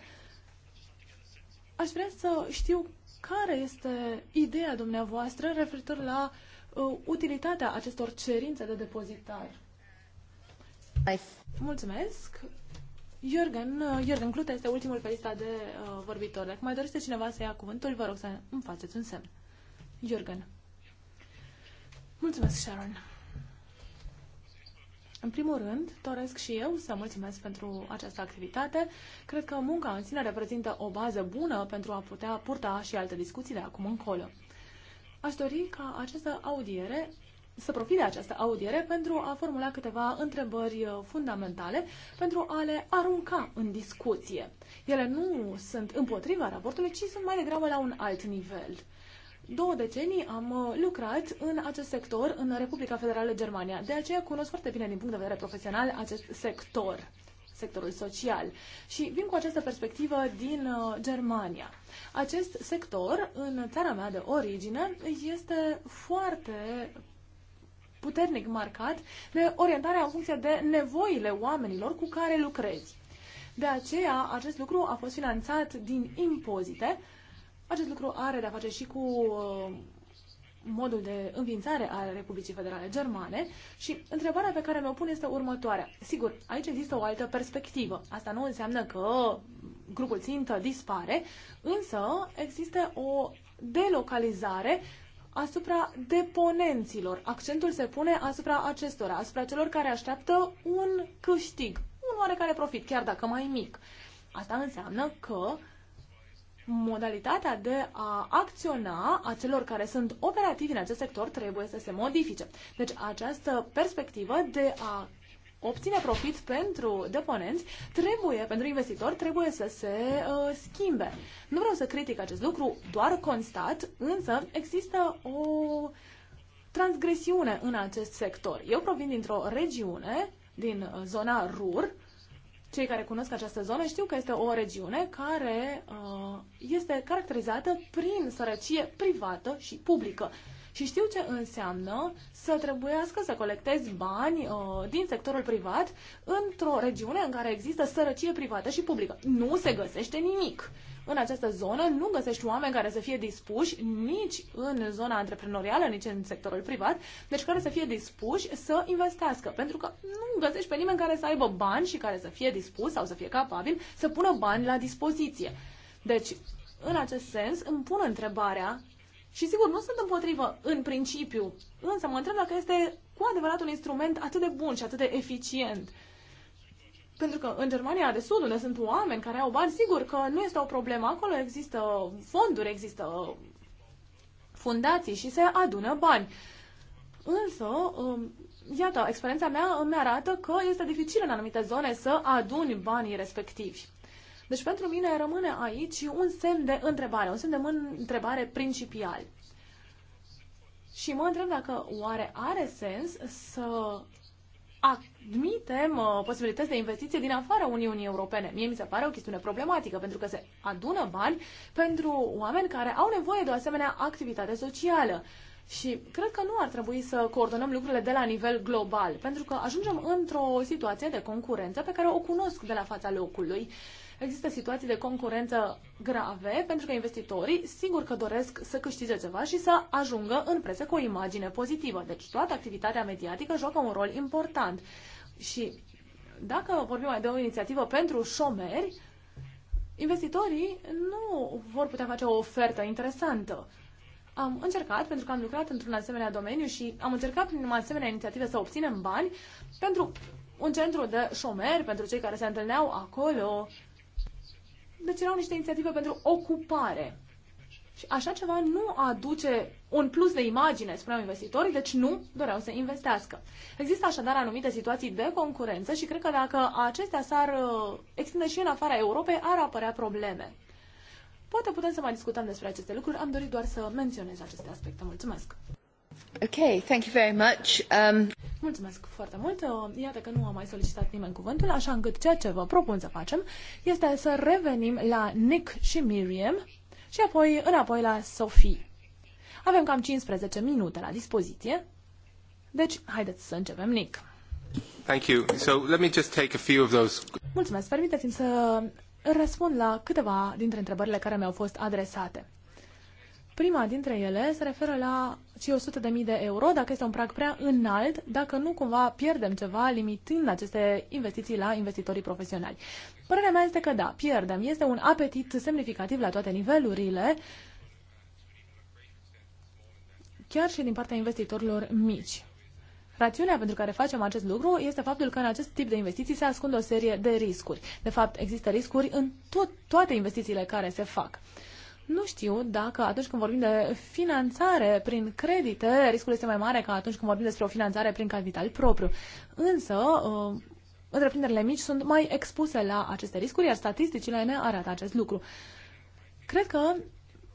Aș vrea să știu care este ideea dumneavoastră referitor la uh, utilitatea acestor cerințe de depozitar? Mulțumesc! uh, Jürgen Clute este ultimul pe lista de uh, vorbitori. Dacă mai dorește cineva să ia cuvântul, vă rog să îmi faceți un semn. Jürgen. Mulțumesc, Sharon. În primul rând, doresc și eu să mulțumesc pentru această activitate. Cred că munca în sine reprezintă o bază bună pentru a putea purta și alte discuții de acum încolo. Aș dori ca această audiere să profite această audiere pentru a formula câteva întrebări fundamentale, pentru a le arunca în discuție. Ele nu sunt împotriva raportului, ci sunt mai degrabă la un alt nivel două decenii am uh, lucrat în acest sector în Republica Federală Germania. De aceea cunosc foarte bine din punct de vedere profesional acest sector sectorul social. Și vin cu această perspectivă din uh, Germania. Acest sector, în țara mea de origine, este foarte puternic marcat de orientarea în funcție de nevoile oamenilor cu care lucrezi. De aceea, acest lucru a fost finanțat din impozite, acest lucru are de-a face și cu uh, modul de înființare a Republicii Federale Germane și întrebarea pe care mi-o pun este următoarea. Sigur, aici există o altă perspectivă. Asta nu înseamnă că grupul țintă dispare, însă există o delocalizare asupra deponenților. Accentul se pune asupra acestora, asupra celor care așteaptă un câștig, un oarecare profit, chiar dacă mai mic. Asta înseamnă că uh, modalitatea de a acționa a celor care sunt operativi în acest sector trebuie să se modifice. Deci această perspectivă de a obține profit pentru deponenți, trebuie, pentru investitori, trebuie să se uh, schimbe. Nu vreau să critic acest lucru, doar constat, însă există o transgresiune în acest sector. Eu provin dintr-o regiune, din uh, zona Rur, cei care cunosc această zonă știu că este o regiune care uh, este caracterizată prin sărăcie privată și publică. Și știu ce înseamnă să trebuiască să colectezi bani uh, din sectorul privat într-o regiune în care există sărăcie privată și publică. Nu se găsește nimic în această zonă nu găsești oameni care să fie dispuși nici în zona antreprenorială, nici în sectorul privat, deci care să fie dispuși să investească. Pentru că nu găsești pe nimeni care să aibă bani și care să fie dispus sau să fie capabil să pună bani la dispoziție. Deci, în acest sens, îmi pun întrebarea și sigur, nu sunt împotrivă în principiu, însă mă întreb dacă este cu adevărat un instrument atât de bun și atât de eficient. Pentru că în Germania de Sud, unde sunt oameni care au bani, sigur că nu este o problemă. Acolo există fonduri, există fundații și se adună bani. Însă, um, iată, experiența mea îmi arată că este dificil în anumite zone să aduni banii respectivi. Deci pentru mine rămâne aici un semn de întrebare, un semn de întrebare principial. Și mă întreb dacă oare are sens să admitem uh, posibilități de investiție din afara Uniunii Europene. Mie mi se pare o chestiune problematică, pentru că se adună bani pentru oameni care au nevoie de o asemenea activitate socială. Și cred că nu ar trebui să coordonăm lucrurile de la nivel global, pentru că ajungem într-o situație de concurență pe care o cunosc de la fața locului. Uh, Există situații de concurență grave pentru că investitorii sigur că doresc să câștige ceva și să ajungă în presă cu o imagine pozitivă. Deci toată activitatea mediatică joacă un rol important. Și dacă vorbim mai de o inițiativă pentru șomeri, investitorii nu vor putea face o ofertă interesantă. Am încercat, pentru că am lucrat într-un asemenea domeniu și am încercat prin asemenea inițiative să obținem bani pentru un centru de șomeri, pentru cei care se întâlneau acolo, deci erau niște inițiative pentru ocupare. Și așa ceva nu aduce un plus de imagine, spuneau investitorii, deci nu doreau să investească. Există așadar anumite situații de concurență și cred că dacă acestea s-ar uh, extinde și în afara Europei, ar apărea probleme. Poate putem să mai discutăm despre aceste lucruri, am dorit doar să menționez aceste aspecte. Mulțumesc! Okay, thank you very much. Um... Mulțumesc foarte mult. Iată că nu a mai solicitat nimeni cuvântul, așa încât ceea ce vă propun să facem este să revenim la Nick și Miriam și apoi înapoi la Sophie. Avem cam 15 minute la dispoziție, deci haideți să începem, Nick. Thank you. So let me just take a few of those... Mulțumesc. Permiteți-mi să răspund la câteva dintre întrebările care mi-au fost adresate. Prima dintre ele se referă la ci 100.000 de euro, dacă este un prag prea înalt, dacă nu cumva pierdem ceva limitând aceste investiții la investitorii profesionali. Părerea mea este că da, pierdem. Este un apetit semnificativ la toate nivelurile, chiar și din partea investitorilor mici. Rațiunea pentru care facem acest lucru este faptul că în acest tip de investiții se ascund o serie de riscuri. De fapt, există riscuri în tot, toate investițiile care se fac. Uh, nu știu dacă atunci când vorbim de finanțare prin credite, riscul este mai mare ca atunci când vorbim despre o finanțare prin capital propriu. Însă, ă, întreprinderile mici sunt mai expuse la aceste riscuri, iar statisticile ne arată acest lucru. Cred că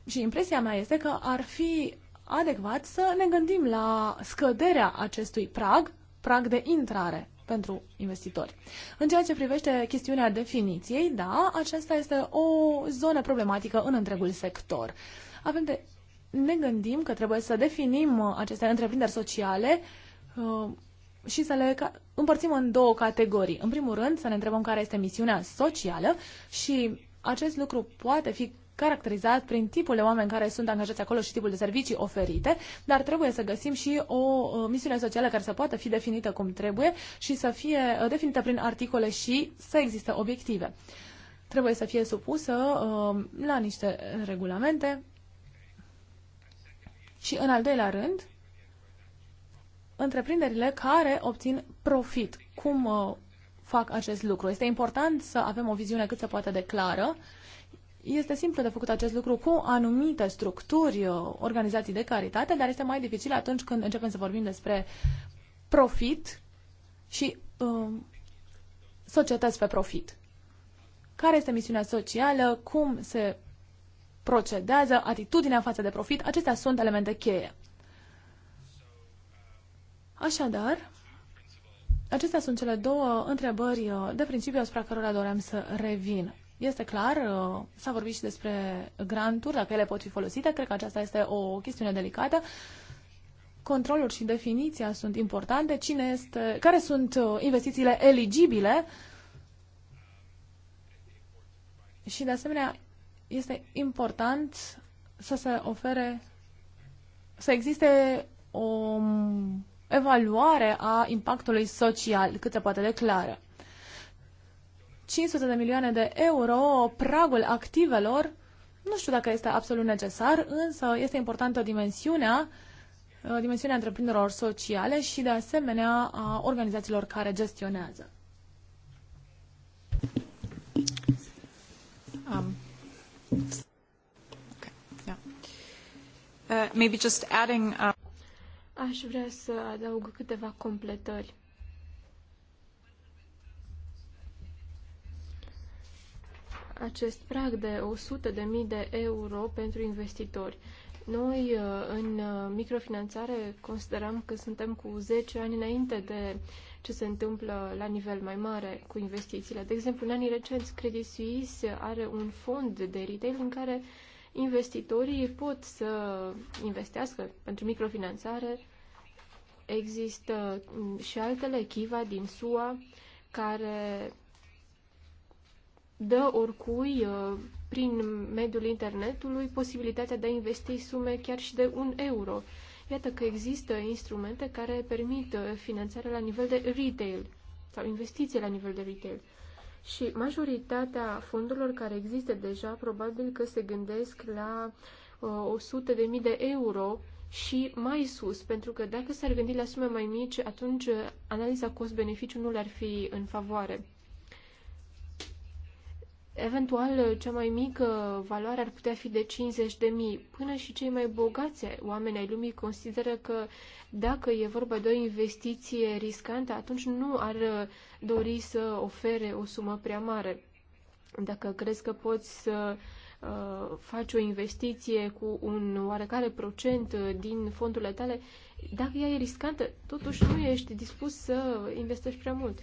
și impresia mea este că ar fi adecvat să ne gândim la scăderea acestui prag, prag de intrare pentru investitori. În ceea ce privește chestiunea definiției, da, aceasta este o zonă problematică în întregul sector. Avem de, ne gândim că trebuie să definim aceste întreprinderi sociale uh, și să le împărțim în două categorii. În primul rând, să ne întrebăm care este misiunea socială și acest lucru poate fi caracterizat prin tipul de oameni care sunt angajați acolo și tipul de servicii oferite, dar trebuie să găsim și o misiune socială care să poată fi definită cum trebuie și să fie uh, definită prin articole și să există obiective. Trebuie să fie supusă uh, la niște regulamente. Și în al doilea rând, întreprinderile care obțin profit. Cum uh, fac acest lucru? Este important să avem o viziune cât se poate de clară este simplu de făcut acest lucru cu anumite structuri, uh, organizații de caritate, dar este mai dificil atunci când începem să vorbim despre profit și uh, societăți pe profit. Care este misiunea socială, cum se procedează, atitudinea față de profit, acestea sunt elemente cheie. Așadar, acestea sunt cele două întrebări uh, de principiu asupra cărora doream să revin. Este clar, uh, s-a vorbit și despre granturi, dacă ele pot fi folosite, cred că aceasta este o chestiune delicată. Controlul și definiția sunt importante, cine este, care sunt uh, investițiile eligibile și, de asemenea, este important să se ofere, să existe o um, evaluare a impactului social cât se poate de clară. 500 de milioane de euro pragul activelor. Nu știu dacă este absolut necesar, însă este importantă dimensiunea uh, dimensiunea întreprinderilor sociale și, de asemenea, a organizațiilor care gestionează. Um. Okay. Yeah. Uh, maybe just adding, uh... Aș vrea să adaug câteva completări. acest prag de 100.000 de euro pentru investitori. Noi, uh, în uh, microfinanțare, considerăm că suntem cu 10 ani înainte de ce se întâmplă la nivel mai mare cu investițiile. De exemplu, în anii recenți, Credit Suisse are un fond de retail în care investitorii pot să investească pentru microfinanțare. Există mm, și altele, Kiva din SUA, care dă oricui, uh, prin mediul internetului, posibilitatea de a investi sume chiar și de un euro. Iată că există instrumente care permit uh, finanțarea la nivel de retail sau investiții la nivel de retail. Și majoritatea fondurilor care există deja probabil că se gândesc la uh, 100.000 de, de euro și mai sus, pentru că dacă s-ar gândi la sume mai mici, atunci uh, analiza cost-beneficiu nu le-ar fi în favoare. Eventual, cea mai mică valoare ar putea fi de 50 de mii. Până și cei mai bogați oameni ai lumii consideră că dacă e vorba de o investiție riscantă, atunci nu ar dori să ofere o sumă prea mare. Dacă crezi că poți să uh, faci o investiție cu un oarecare procent uh, din fondurile tale, dacă ea e riscantă, totuși nu ești dispus să investești prea mult.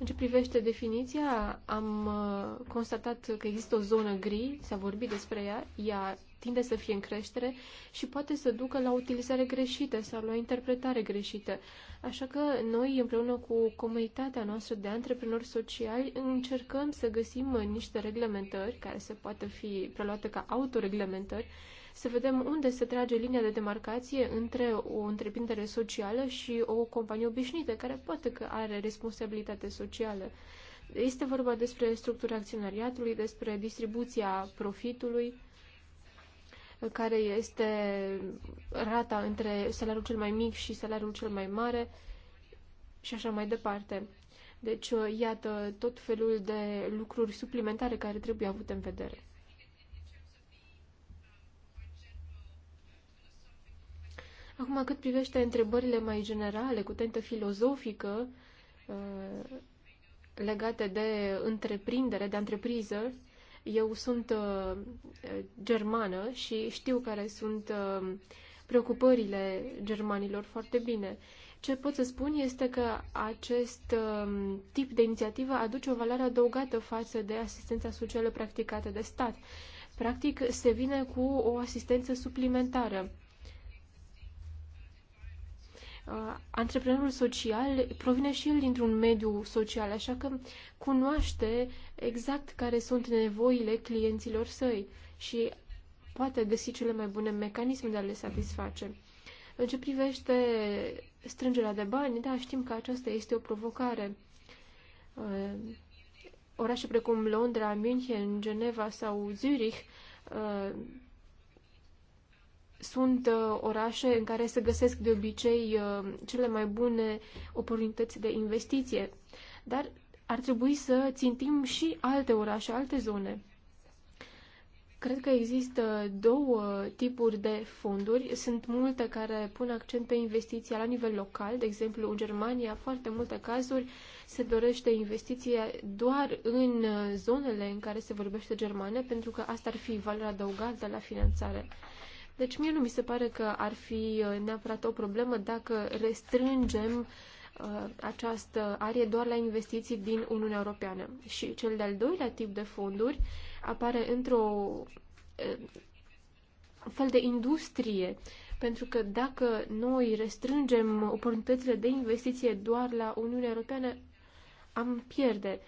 În ce privește definiția, am uh, constatat că există o zonă gri, s-a vorbit despre ea, ea tinde să fie în creștere și poate să ducă la utilizare greșită sau la o interpretare greșită. Așa că noi, împreună cu comunitatea noastră de antreprenori sociali, încercăm să găsim niște reglementări care se poate fi preluate ca autoreglementări să vedem unde se trage linia de demarcație între o întreprindere socială și o companie obișnuită, care poate că are responsabilitate socială. Este vorba despre structura acționariatului, despre distribuția profitului, care este rata între salariul cel mai mic și salariul cel mai mare și așa mai departe. Deci, iată tot felul de lucruri suplimentare care trebuie avute în vedere. Acum, cât privește întrebările mai generale, cu tentă filozofică, uh, legate de întreprindere, de întrepriză, eu sunt uh, germană și știu care sunt uh, preocupările germanilor foarte bine. Ce pot să spun este că acest um, tip de inițiativă aduce o valoare adăugată față de asistența socială practicată de stat. Practic, se vine cu o asistență suplimentară. Uh, antreprenorul social provine și el dintr-un mediu social, așa că cunoaște exact care sunt nevoile clienților săi și poate găsi cele mai bune mecanisme de a le satisface. În ce privește strângerea de bani, da, știm că aceasta este o provocare. Uh, orașe precum Londra, München, Geneva sau Zurich uh, sunt uh, orașe în care se găsesc de obicei uh, cele mai bune oportunități de investiție. Dar ar trebui să țintim și alte orașe, alte zone. Cred că există două tipuri de fonduri. Sunt multe care pun accent pe investiția la nivel local. De exemplu, în Germania, foarte multe cazuri se dorește investiția doar în uh, zonele în care se vorbește germană, pentru că asta ar fi valoarea adăugată la finanțare. Deci mie nu mi se pare că ar fi uh, neapărat o problemă dacă restrângem uh, această arie doar la investiții din Uniunea Europeană. Și cel de-al doilea tip de fonduri apare într-o uh, fel de industrie, pentru că dacă noi restrângem oportunitățile de investiție doar la Uniunea Europeană, am pierde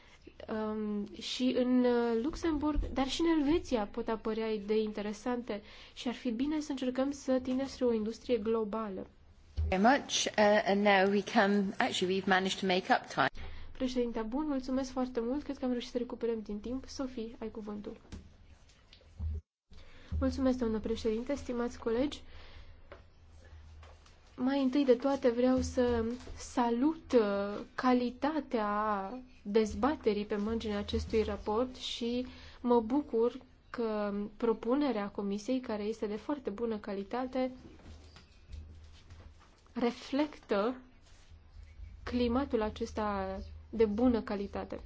um, și în uh, Luxemburg, dar și în Elveția pot apărea idei interesante și ar fi bine să încercăm să tindem spre o industrie globală. Uh, președinte, bun, mulțumesc foarte mult. Cred că am reușit să recuperăm din timp. Sofie, ai cuvântul. Mulțumesc, doamnă președinte, stimați colegi. Mai întâi de toate vreau să salut uh, calitatea dezbaterii pe marginea acestui raport și mă bucur că propunerea comisiei, care este de foarte bună calitate, reflectă climatul acesta de bună calitate.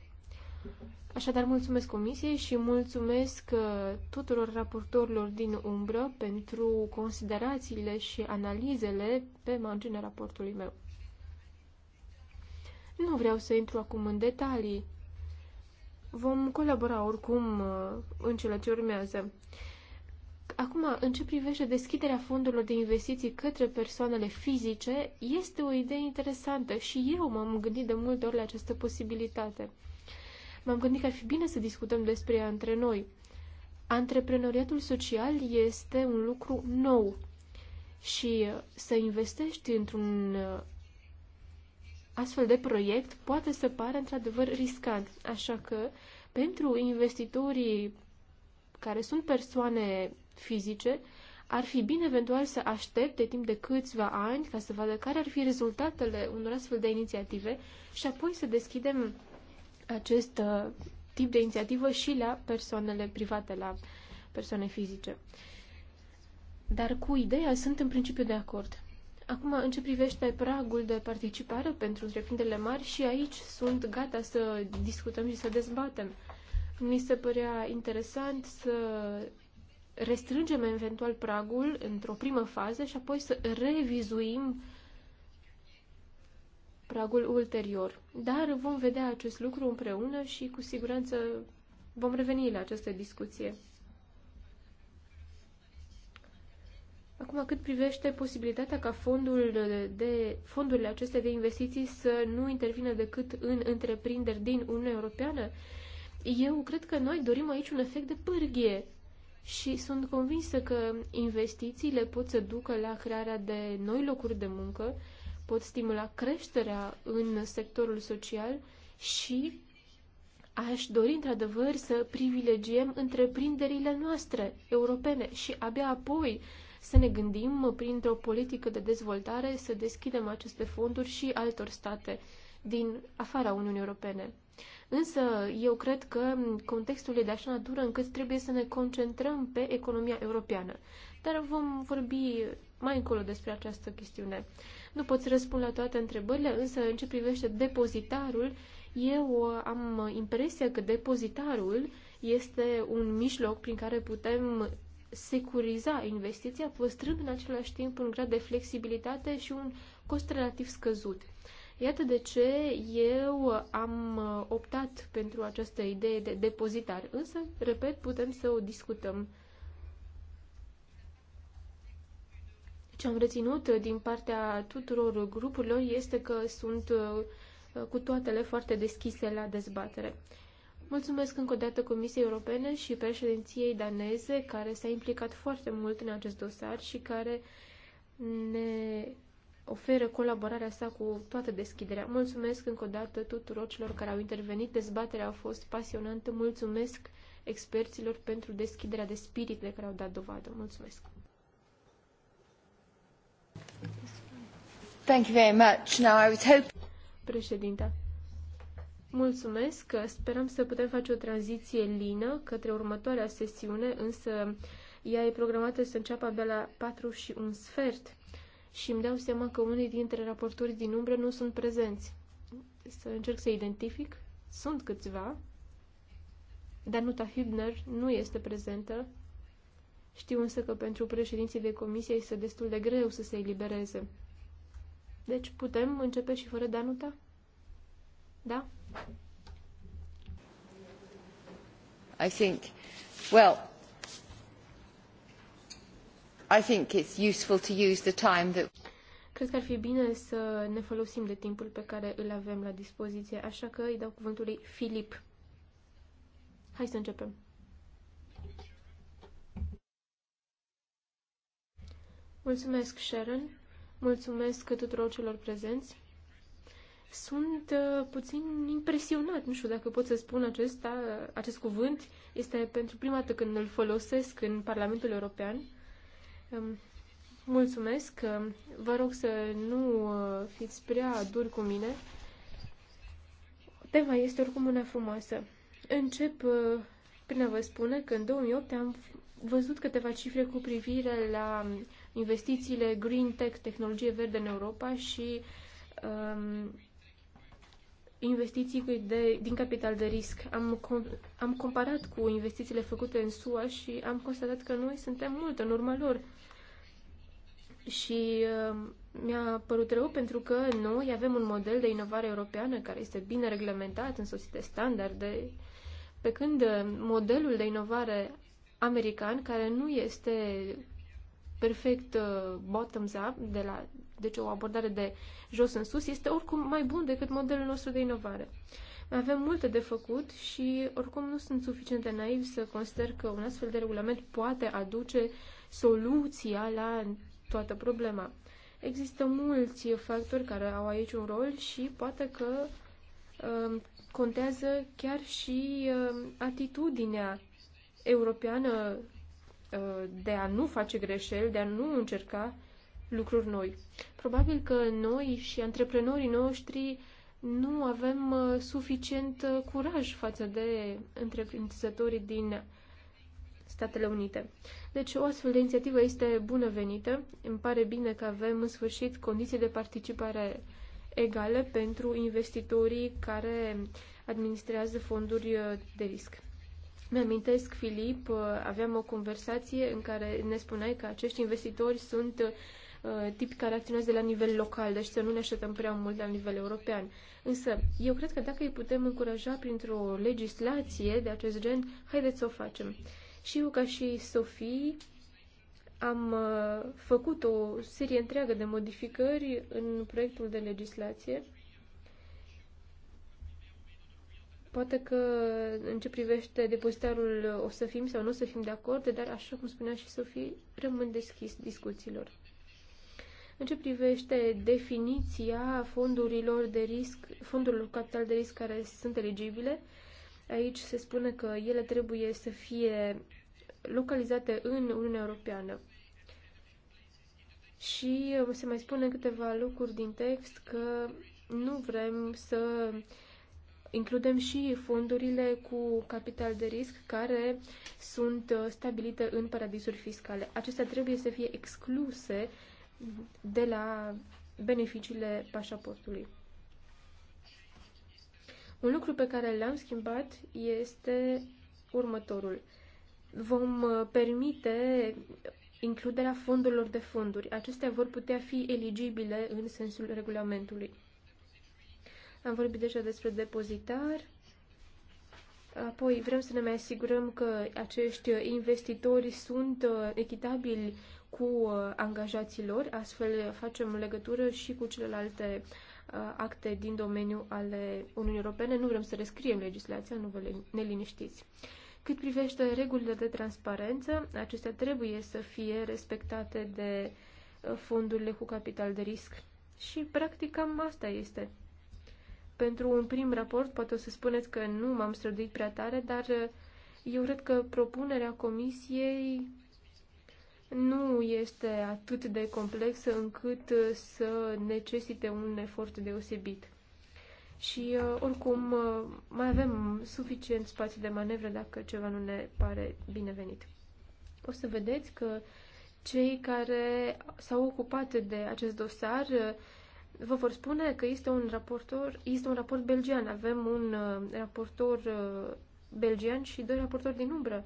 Așadar, mulțumesc Comisiei și mulțumesc uh, tuturor raportorilor din umbră pentru considerațiile și analizele pe marginea raportului meu. Nu vreau să intru acum în detalii. Vom colabora oricum uh, în cele ce urmează. Acum, în ce privește deschiderea fondurilor de investiții către persoanele fizice, este o idee interesantă și eu m-am gândit de multe ori la această posibilitate m-am gândit că ar fi bine să discutăm despre ea între noi. Antreprenoriatul social este un lucru nou și să investești într-un uh, astfel de proiect poate să pară într-adevăr riscant. Așa că pentru investitorii care sunt persoane fizice, ar fi bine eventual să aștepte timp de câțiva ani ca să vadă care ar fi rezultatele unor astfel de inițiative și apoi să deschidem acest uh, tip de inițiativă și la persoanele private, la persoane fizice. Dar cu ideea sunt în principiu de acord. Acum, în ce privește pragul de participare pentru întreprinderile mari, și aici sunt gata să discutăm și să dezbatem. Mi se părea interesant să restrângem eventual pragul într-o primă fază și apoi să revizuim pragul ulterior. Dar vom vedea acest lucru împreună și cu siguranță vom reveni la această discuție. Acum, cât privește posibilitatea ca fondul de, fondurile acestea de investiții să nu intervină decât în întreprinderi din Uniunea Europeană, eu cred că noi dorim aici un efect de pârghie și sunt convinsă că investițiile pot să ducă la crearea de noi locuri de muncă, pot stimula creșterea în sectorul social și aș dori într-adevăr să privilegiem întreprinderile noastre europene și abia apoi să ne gândim printr-o politică de dezvoltare să deschidem aceste fonduri și altor state din afara Uniunii Europene. Însă eu cred că contextul e de așa natură încât trebuie să ne concentrăm pe economia europeană. Dar vom vorbi mai încolo despre această chestiune. Nu pot să răspund la toate întrebările, însă în ce privește depozitarul, eu uh, am impresia că depozitarul este un mijloc prin care putem securiza investiția, păstrând în același timp un grad de flexibilitate și un cost relativ scăzut. Iată de ce eu am uh, optat pentru această idee de depozitar, însă, repet, putem să o discutăm Ce am reținut din partea tuturor grupurilor este că sunt uh, cu toatele foarte deschise la dezbatere. Mulțumesc încă o dată Comisiei Europene și președinției daneze care s-a implicat foarte mult în acest dosar și care ne oferă colaborarea sa cu toată deschiderea. Mulțumesc încă o dată tuturor celor care au intervenit. Dezbaterea a fost pasionantă. Mulțumesc experților pentru deschiderea de spirit de care au dat dovadă. Mulțumesc! mulțumesc. Sperăm să putem face o tranziție lină către următoarea sesiune, însă ea e programată să înceapă abia la 4 și un sfert și îmi dau seama că unii dintre raportorii din umbră nu sunt prezenți. Să încerc să identific. Sunt câțiva. Danuta Hübner nu este prezentă. Știu însă că pentru președinții de comisie este destul de greu să se elibereze. Deci putem începe și fără Danuta? Da? I think, well, I think it's useful to use the time that Cred că ar fi bine să ne folosim de timpul pe care îl avem la dispoziție, așa că îi dau cuvântul lui Filip. Hai să începem. Mulțumesc, Sharon. Mulțumesc tuturor celor prezenți. Sunt uh, puțin impresionat, nu știu dacă pot să spun acesta, acest cuvânt. Este pentru prima dată când îl folosesc în Parlamentul European. Um, mulțumesc. Um, vă rog să nu uh, fiți prea duri cu mine. Tema este oricum una frumoasă. Încep uh, prin a vă spune că în 2008 am văzut câteva cifre cu privire la um, investițiile green tech, tehnologie verde în Europa și um, investiții de, din capital de risc. Am, com, am comparat cu investițiile făcute în SUA și am constatat că noi suntem mult în urma lor. Și uh, mi-a părut rău pentru că noi avem un model de inovare europeană care este bine reglementat, însoțit de standarde, pe când uh, modelul de inovare american, care nu este perfect uh, bottoms-up, de la, deci o abordare de jos în sus, este oricum mai bun decât modelul nostru de inovare. Avem multe de făcut și oricum nu sunt suficient de naiv să consider că un astfel de regulament poate aduce soluția la toată problema. Există mulți factori care au aici un rol și poate că uh, contează chiar și uh, atitudinea europeană Uh, de a nu face greșeli, de a nu încerca lucruri noi. Probabil că noi și antreprenorii noștri nu avem uh, suficient uh, curaj față de întreprinzătorii din Statele Unite. Deci o astfel de inițiativă este bunăvenită. Îmi pare bine că avem în sfârșit condiții de participare egale pentru investitorii care administrează fonduri de risc. Mi-amintesc, Filip, uh, aveam o conversație în care ne spuneai că acești investitori sunt uh, tipi care acționează la nivel local, deci să nu ne așteptăm prea mult la nivel european. Însă, eu cred că dacă îi putem încuraja printr-o legislație de acest gen, haideți să o facem. Și eu, ca și Sofie, am uh, făcut o serie întreagă de modificări în proiectul de legislație Poate că în ce privește depozitarul o să fim sau nu o să fim de acord, dar așa cum spunea și Sofie, rămân deschis discuțiilor. În ce privește definiția fondurilor de risc, fondurilor capital de risc care sunt eligibile, aici se spune că ele trebuie să fie localizate în Uniunea Europeană. Și um, se mai spune câteva lucruri din text că nu vrem să uh, includem și fondurile cu capital de risc care sunt uh, stabilite în paradisuri fiscale. Acestea trebuie să fie excluse de la beneficiile pașaportului. Un lucru pe care l-am schimbat este următorul. Vom uh, permite includerea fondurilor de fonduri. Acestea vor putea fi eligibile în sensul regulamentului. Am vorbit deja despre depozitar. Apoi vrem să ne mai asigurăm că acești investitori sunt uh, echitabili cu uh, angajații lor, astfel facem legătură și cu celelalte uh, acte din domeniul ale Uniunii Europene. Nu vrem să rescriem legislația, nu vă ne liniștiți. Cât privește regulile de transparență, acestea trebuie să fie respectate de fondurile cu capital de risc. Și practic cam asta este. Pentru un prim raport, poate o să spuneți că nu m-am străduit prea tare, dar uh, eu cred că propunerea comisiei nu este atât de complexă încât uh, să necesite un efort deosebit. Și uh, oricum mai avem suficient spațiu de manevră dacă ceva nu ne pare binevenit. O să vedeți că cei care s-au ocupat de acest dosar Vă vor spune că este un raportor, este un raport belgian. Avem un uh, raportor uh, belgian și doi raportori din umbră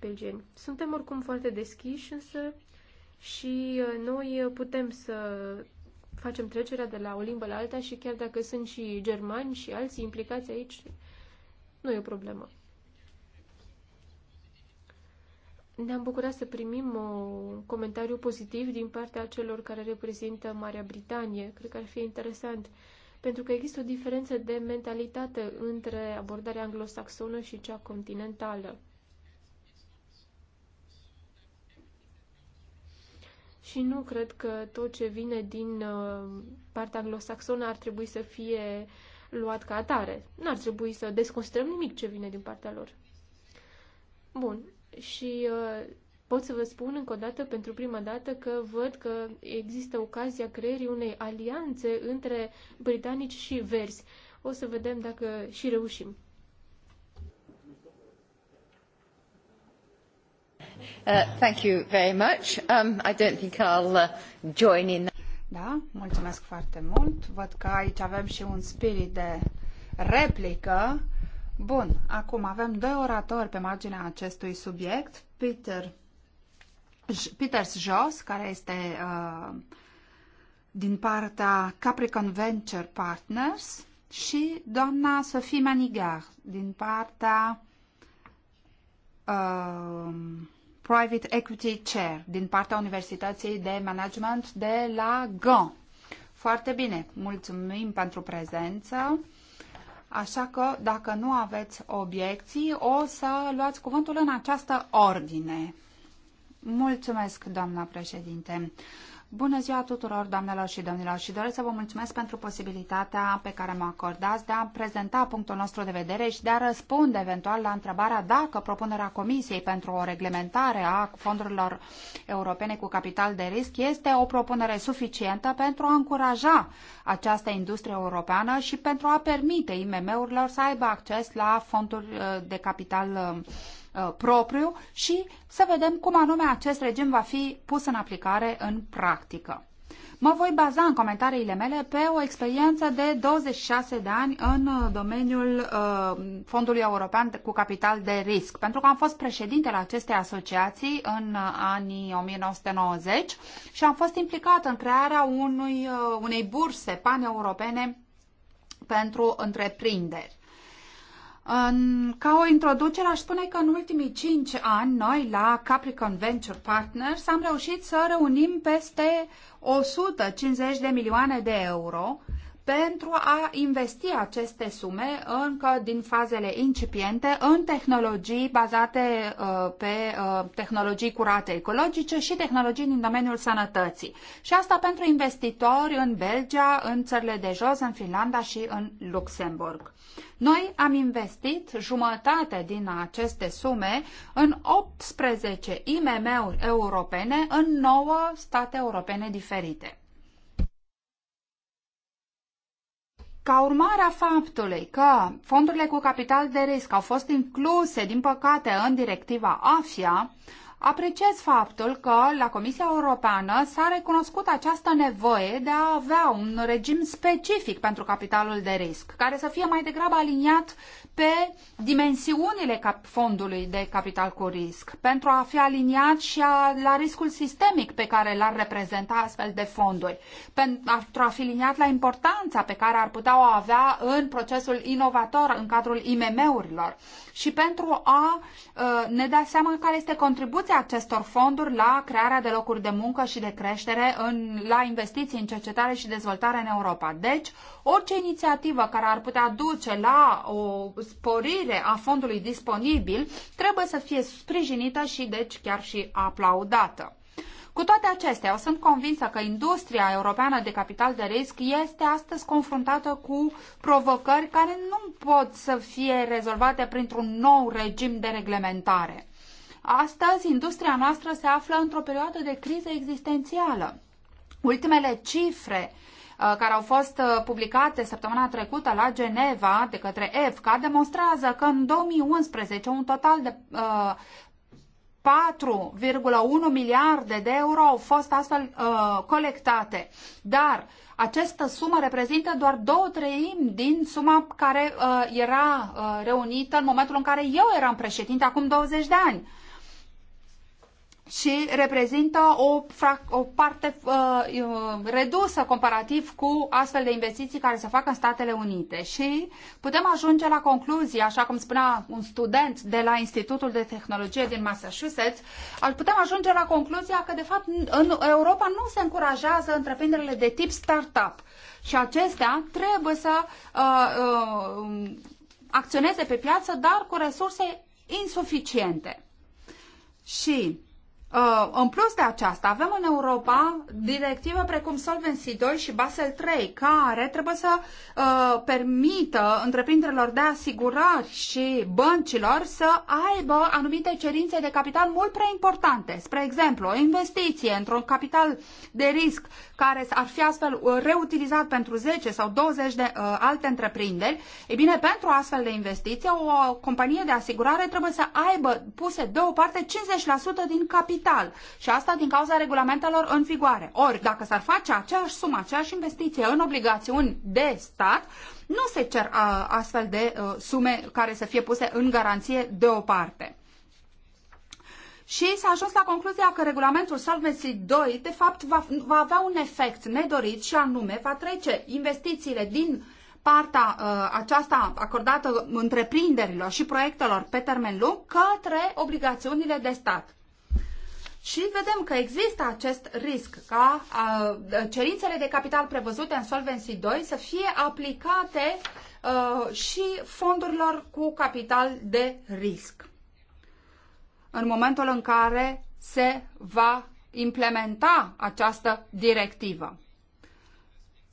belgeni. Suntem oricum foarte deschiși, însă și uh, noi putem să facem trecerea de la o limbă la alta și chiar dacă sunt și germani și alții implicați aici, nu e o problemă. Ne-am bucurat să primim un comentariu pozitiv din partea celor care reprezintă Marea Britanie. Cred că ar fi interesant, pentru că există o diferență de mentalitate între abordarea anglosaxonă și cea continentală. Și nu cred că tot ce vine din uh, partea anglosaxonă ar trebui să fie luat ca atare. Nu ar trebui să desconstrăm nimic ce vine din partea lor. Bun, și uh, pot să vă spun încă o dată, pentru prima dată, că văd că există ocazia creierii unei alianțe între britanici și verzi. O să vedem dacă și reușim. Uh, thank you very much. Um, I don't think I'll uh, join in. Da, mulțumesc foarte mult. Văd că aici avem și un spirit de replică Bun, acum avem doi oratori pe marginea acestui subiect, Peter, peters Jos, care este uh, din partea Capricorn Venture Partners și doamna Sophie Manigar din partea uh, Private Equity Chair din partea Universității de Management de la Gand. Foarte bine, mulțumim pentru prezență. Așa că, dacă nu aveți obiecții, o să luați cuvântul în această ordine. Mulțumesc, doamna președinte. Bună ziua tuturor, doamnelor și domnilor, și doresc să vă mulțumesc pentru posibilitatea pe care mă acordați de a prezenta punctul nostru de vedere și de a răspunde eventual la întrebarea dacă propunerea Comisiei pentru o reglementare a fondurilor europene cu capital de risc este o propunere suficientă pentru a încuraja această industrie europeană și pentru a permite IMM-urilor să aibă acces la fonduri uh, de capital uh, Uh, propriu și să vedem cum anume acest regim va fi pus în aplicare în practică. Mă voi baza în comentariile mele pe o experiență de 26 de ani în uh, domeniul uh, Fondului European cu Capital de Risc, pentru că am fost președintele acestei asociații în uh, anii 1990 și am fost implicat în crearea unui, uh, unei burse paneuropene pentru întreprinderi. În, ca o introducere, aș spune că în ultimii 5 ani, noi la Capricorn Venture Partners am reușit să reunim peste 150 de milioane de euro pentru a investi aceste sume încă din fazele incipiente în tehnologii bazate uh, pe uh, tehnologii curate ecologice și tehnologii din domeniul sănătății. Și asta pentru investitori în Belgia, în țările de jos, în Finlanda și în Luxemburg. Noi am investit jumătate din aceste sume în 18 IMM-uri europene în 9 state europene diferite. Ca urmare a faptului că fondurile cu capital de risc au fost incluse, din păcate, în directiva AFIA, Apreciez faptul că la Comisia Europeană s-a recunoscut această nevoie de a avea un regim specific pentru capitalul de risc, care să fie mai degrabă aliniat pe dimensiunile fondului de capital cu risc, pentru a fi aliniat și a, la riscul sistemic pe care l-ar reprezenta astfel de fonduri, pentru a fi aliniat la importanța pe care ar putea o avea în procesul inovator în cadrul IMM-urilor și pentru a ă, ne da seama care este contribuția contribuția acestor fonduri la crearea de locuri de muncă și de creștere, în, la investiții în cercetare și dezvoltare în Europa. Deci, orice inițiativă care ar putea duce la o sporire a fondului disponibil trebuie să fie sprijinită și, deci, chiar și aplaudată. Cu toate acestea, eu sunt convinsă că industria europeană de capital de risc este astăzi confruntată cu provocări care nu pot să fie rezolvate printr-un nou regim de reglementare. Astăzi, industria noastră se află într-o perioadă de criză existențială. Ultimele cifre uh, care au fost uh, publicate săptămâna trecută la Geneva de către EFCA demonstrează că în 2011 un total de 4,1 uh, miliarde de euro au fost astfel colectate. Dar această sumă reprezintă doar două treimi din suma care era reunită în momentul în care eu eram președinte acum 20 de ani și reprezintă o, o parte uh, uh, redusă comparativ cu astfel de investiții care se fac în Statele Unite. Și putem ajunge la concluzie, așa cum spunea un student de la Institutul de Tehnologie din Massachusetts, putem ajunge la concluzia că, de fapt, în Europa nu se încurajează întreprinderile de tip startup. Și acestea trebuie să uh, uh, acționeze pe piață, dar cu resurse insuficiente. Și Uh, în plus de aceasta, avem în Europa directive precum Solvency 2 și Basel 3, care trebuie să uh, permită întreprinderilor de asigurări și băncilor să aibă anumite cerințe de capital mult prea importante. Spre exemplu, o investiție într-un capital de risc care ar fi astfel uh, reutilizat pentru 10 sau 20 de uh, alte întreprinderi, e bine, pentru astfel de investiție, o companie de asigurare trebuie să aibă puse deoparte 50% din capital și asta din cauza regulamentelor în vigoare. Ori, dacă s-ar face aceeași sumă, aceeași investiție în obligațiuni de stat, nu se cer uh, astfel de uh, sume care să fie puse în garanție deoparte și s-a ajuns la concluzia că regulamentul Solvency 2, de fapt, va, va avea un efect nedorit și anume va trece investițiile din partea uh, aceasta acordată întreprinderilor și proiectelor pe termen lung către obligațiunile de stat. Și vedem că există acest risc ca uh, cerințele de capital prevăzute în Solvency 2 să fie aplicate uh, și fondurilor cu capital de risc în momentul în care se va implementa această directivă.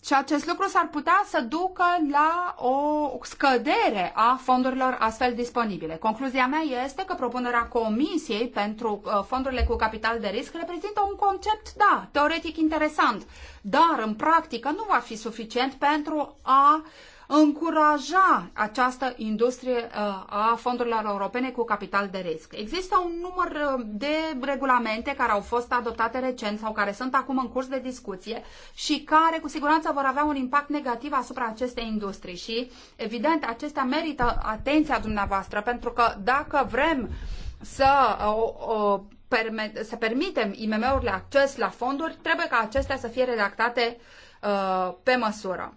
Și acest lucru s-ar putea să ducă la o scădere a fondurilor astfel disponibile. Concluzia mea este că propunerea Comisiei pentru uh, fondurile cu capital de risc reprezintă un concept, da, teoretic interesant, dar în practică nu va fi suficient pentru a încuraja această industrie uh, a fondurilor europene cu capital de risc. Există un număr uh, de regulamente care au fost adoptate recent sau care sunt acum în curs de discuție și care cu siguranță vor avea un impact negativ asupra acestei industrii și evident acestea merită atenția dumneavoastră pentru că dacă vrem să uh, o, o să permitem IMM-urile acces la fonduri, trebuie ca acestea să fie redactate uh, pe măsură.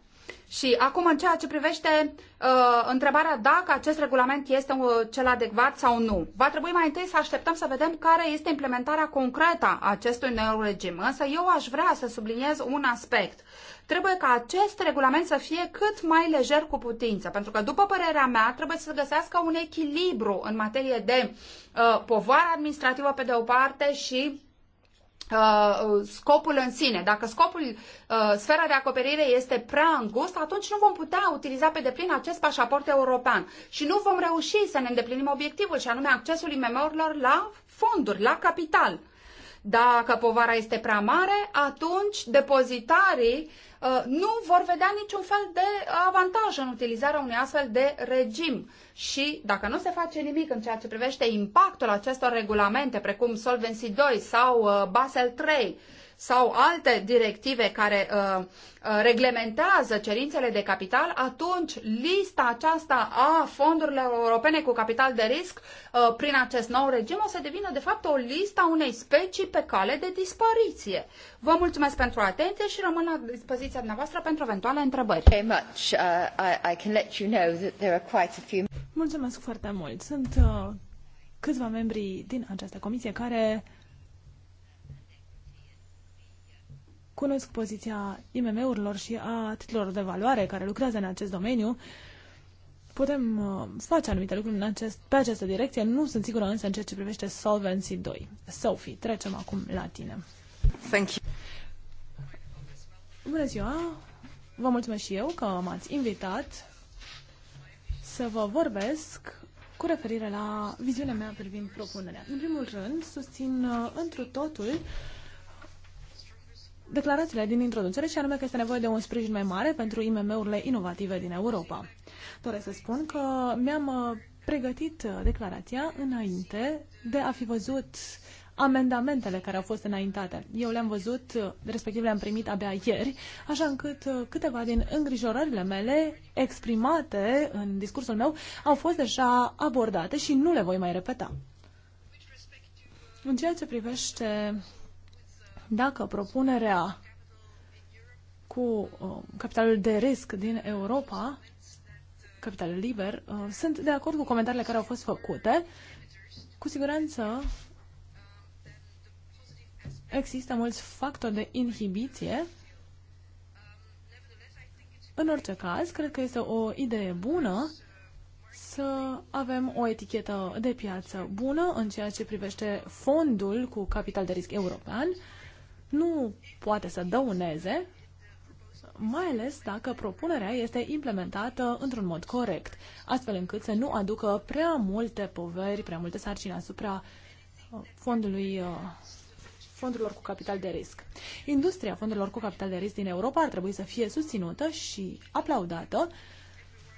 Și acum, în ceea ce privește uh, întrebarea dacă acest regulament este uh, cel adecvat sau nu, va trebui mai întâi să așteptăm să vedem care este implementarea concretă a acestui nou regim. Însă eu aș vrea să subliniez un aspect. Trebuie ca acest regulament să fie cât mai lejer cu putință, pentru că, după părerea mea, trebuie să găsească un echilibru în materie de uh, povară administrativă pe de o parte și Uh, uh, scopul în sine. Dacă scopul, uh, sfera de acoperire este prea îngustă, atunci nu vom putea utiliza pe deplin acest pașaport european și nu vom reuși să ne îndeplinim obiectivul și anume accesul IMM-urilor la fonduri, la capital. Dacă povara este prea mare, atunci depozitarii uh, nu vor vedea niciun fel de avantaj în utilizarea unui astfel de regim. Și dacă nu se face nimic în ceea ce privește impactul acestor regulamente, precum Solvency 2 sau uh, Basel 3, sau alte directive care uh, uh, reglementează cerințele de capital, atunci lista aceasta a fondurilor europene cu capital de risc uh, prin acest nou regim o să devină de fapt o lista unei specii pe cale de dispariție. Vă mulțumesc pentru atenție și rămân la dispoziția dumneavoastră pentru eventuale întrebări. Mulțumesc foarte mult. Sunt uh, câțiva membri din această comisie care cunosc poziția IMM-urilor și a titlurilor de valoare care lucrează în acest domeniu. Putem uh, face anumite lucruri în acest, pe această direcție, nu sunt sigură însă în ceea ce privește Solvency 2. Sophie, trecem acum la tine. Thank you. Bună ziua! Vă mulțumesc și eu că m-ați invitat să vă vorbesc cu referire la viziunea mea privind propunerea. În primul rând, susțin uh, întru totul uh, declarațiile din introducere și anume că este nevoie de un sprijin mai mare pentru IMM-urile inovative din Europa. Doresc să spun că mi-am uh, pregătit uh, declarația înainte de a fi văzut amendamentele care au fost înaintate. Eu le-am văzut, uh, respectiv le-am primit abia ieri, așa încât câteva din îngrijorările mele exprimate în discursul meu au fost deja abordate și nu le voi mai repeta. În ceea ce privește dacă propunerea cu uh, capitalul de risc din Europa, capitalul liber, uh, sunt de acord cu comentariile care au fost făcute. Cu siguranță există mulți factori de inhibiție. În orice caz, cred că este o idee bună să avem o etichetă de piață bună în ceea ce privește fondul cu capital de risc european nu poate să dăuneze, mai ales dacă propunerea este implementată într-un mod corect, astfel încât să nu aducă prea multe poveri, prea multe sarcini asupra uh, fondului uh, fondurilor cu capital de risc. Industria fondurilor cu capital de risc din Europa ar trebui să fie susținută și aplaudată,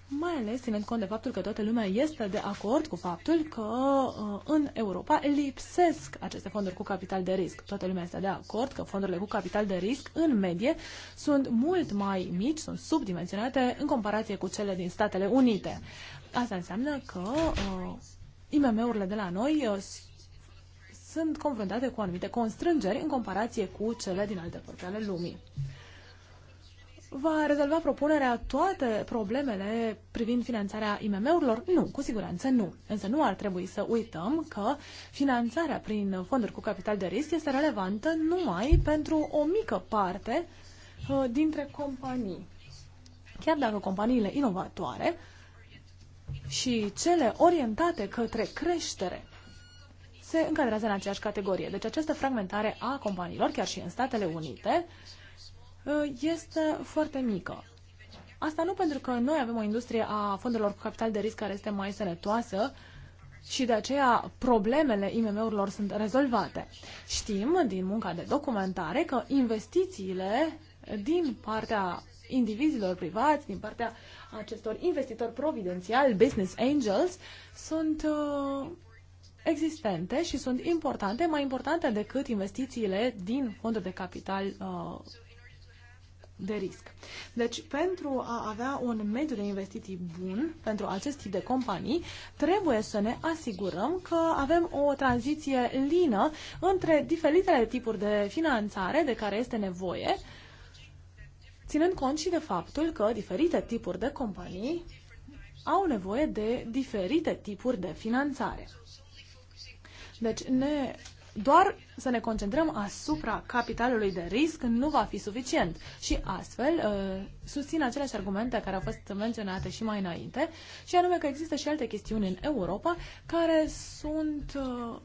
mai ales ținând cont de faptul că toată lumea este de acord cu faptul că uh, în Europa lipsesc aceste fonduri cu capital de risc. Toată lumea este de acord că fondurile cu capital de risc, în medie, sunt mult mai mici, sunt subdimensionate în comparație cu cele din Statele Unite. Asta înseamnă că uh, IMM-urile de la noi uh, sunt confruntate cu anumite constrângeri în comparație cu cele din alte părți ale lumii va rezolva propunerea toate problemele privind finanțarea IMM-urilor? Nu, cu siguranță nu. Însă nu ar trebui să uităm că finanțarea prin fonduri cu capital de risc este relevantă numai pentru o mică parte uh, dintre companii. Chiar dacă companiile inovatoare și cele orientate către creștere se încadrează în aceeași categorie. Deci această fragmentare a companiilor, chiar și în Statele Unite, Uh, este foarte mică. Asta nu pentru că noi avem o industrie a fondurilor cu capital de risc care este mai sănătoasă și de aceea problemele IMM-urilor sunt rezolvate. Știm din munca de documentare că investițiile din partea indivizilor privați, din partea acestor investitori providențiali, business angels, sunt uh, existente și sunt importante, mai importante decât investițiile din fonduri de capital uh, de risc. Deci, pentru a avea un mediu de investiții bun pentru acest tip de companii, trebuie să ne asigurăm că avem o tranziție lină între diferitele tipuri de finanțare de care este nevoie, ținând cont și de faptul că diferite tipuri de companii au nevoie de diferite tipuri de finanțare. Deci ne doar să ne concentrăm asupra capitalului de risc nu va fi suficient. Și astfel uh, susțin aceleași argumente care au fost menționate și mai înainte, și anume că există și alte chestiuni în Europa care sunt uh,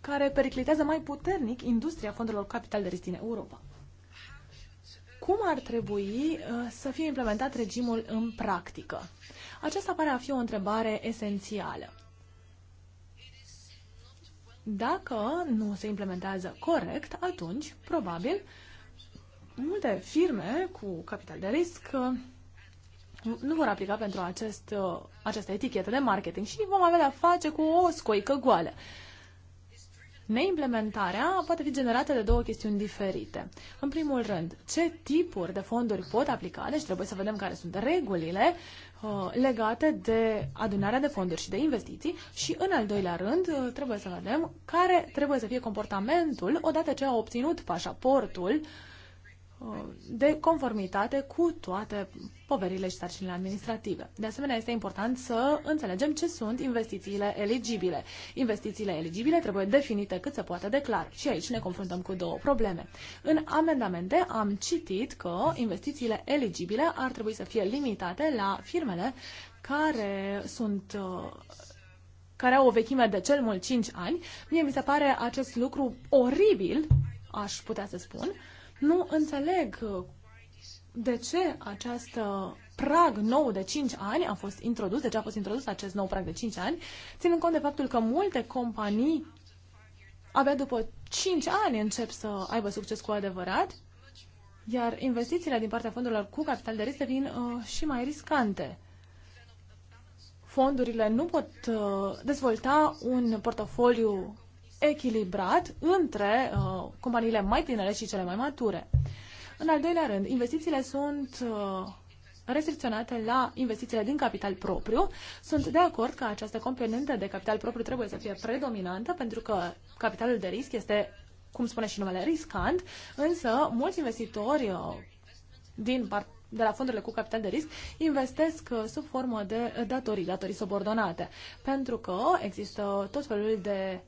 care periclitează mai puternic industria fondurilor capital de risc din Europa. Cum ar trebui uh, să fie implementat regimul în practică? Aceasta pare a fi o întrebare esențială. Dacă nu se implementează corect, atunci, probabil, multe firme cu capital de risc uh, nu vor aplica pentru acest, uh, această etichetă de marketing și vom avea de-a face cu o scoică goală. Neimplementarea poate fi generată de două chestiuni diferite. În primul rând, ce tipuri de fonduri pot aplica, deci trebuie să vedem care sunt regulile Uh, legate de adunarea de fonduri și de investiții și, în al doilea rând, uh, trebuie să vedem care trebuie să fie comportamentul odată ce a obținut pașaportul uh, Uh, de conformitate cu toate poverile și sarcinile administrative. De asemenea, este important să înțelegem ce sunt investițiile eligibile. Investițiile eligibile trebuie definite cât se poate de clar și aici ne confruntăm cu două probleme. În amendamente am citit că investițiile eligibile ar trebui să fie limitate la firmele care sunt uh, care au o vechime de cel mult 5 ani. Mie mi se pare acest lucru oribil, aș putea să spun, nu înțeleg uh, de ce acest prag nou de 5 ani a fost introdus, de ce a fost introdus acest nou prag de 5 ani, ținând cont de faptul că multe companii abia după 5 ani încep să aibă succes cu adevărat, iar investițiile din partea fondurilor cu capital de risc devin uh, și mai riscante. Fondurile nu pot uh, dezvolta un portofoliu echilibrat între uh, companiile mai tinere și cele mai mature. În al doilea rând, investițiile sunt uh, restricționate la investițiile din capital propriu. Sunt de acord că această componentă de capital propriu trebuie să fie predominantă pentru că capitalul de risc este, cum spune și numele, riscant, însă mulți investitori uh, din part de la fondurile cu capital de risc investesc uh, sub formă de datorii, datorii subordonate, pentru că există tot felul de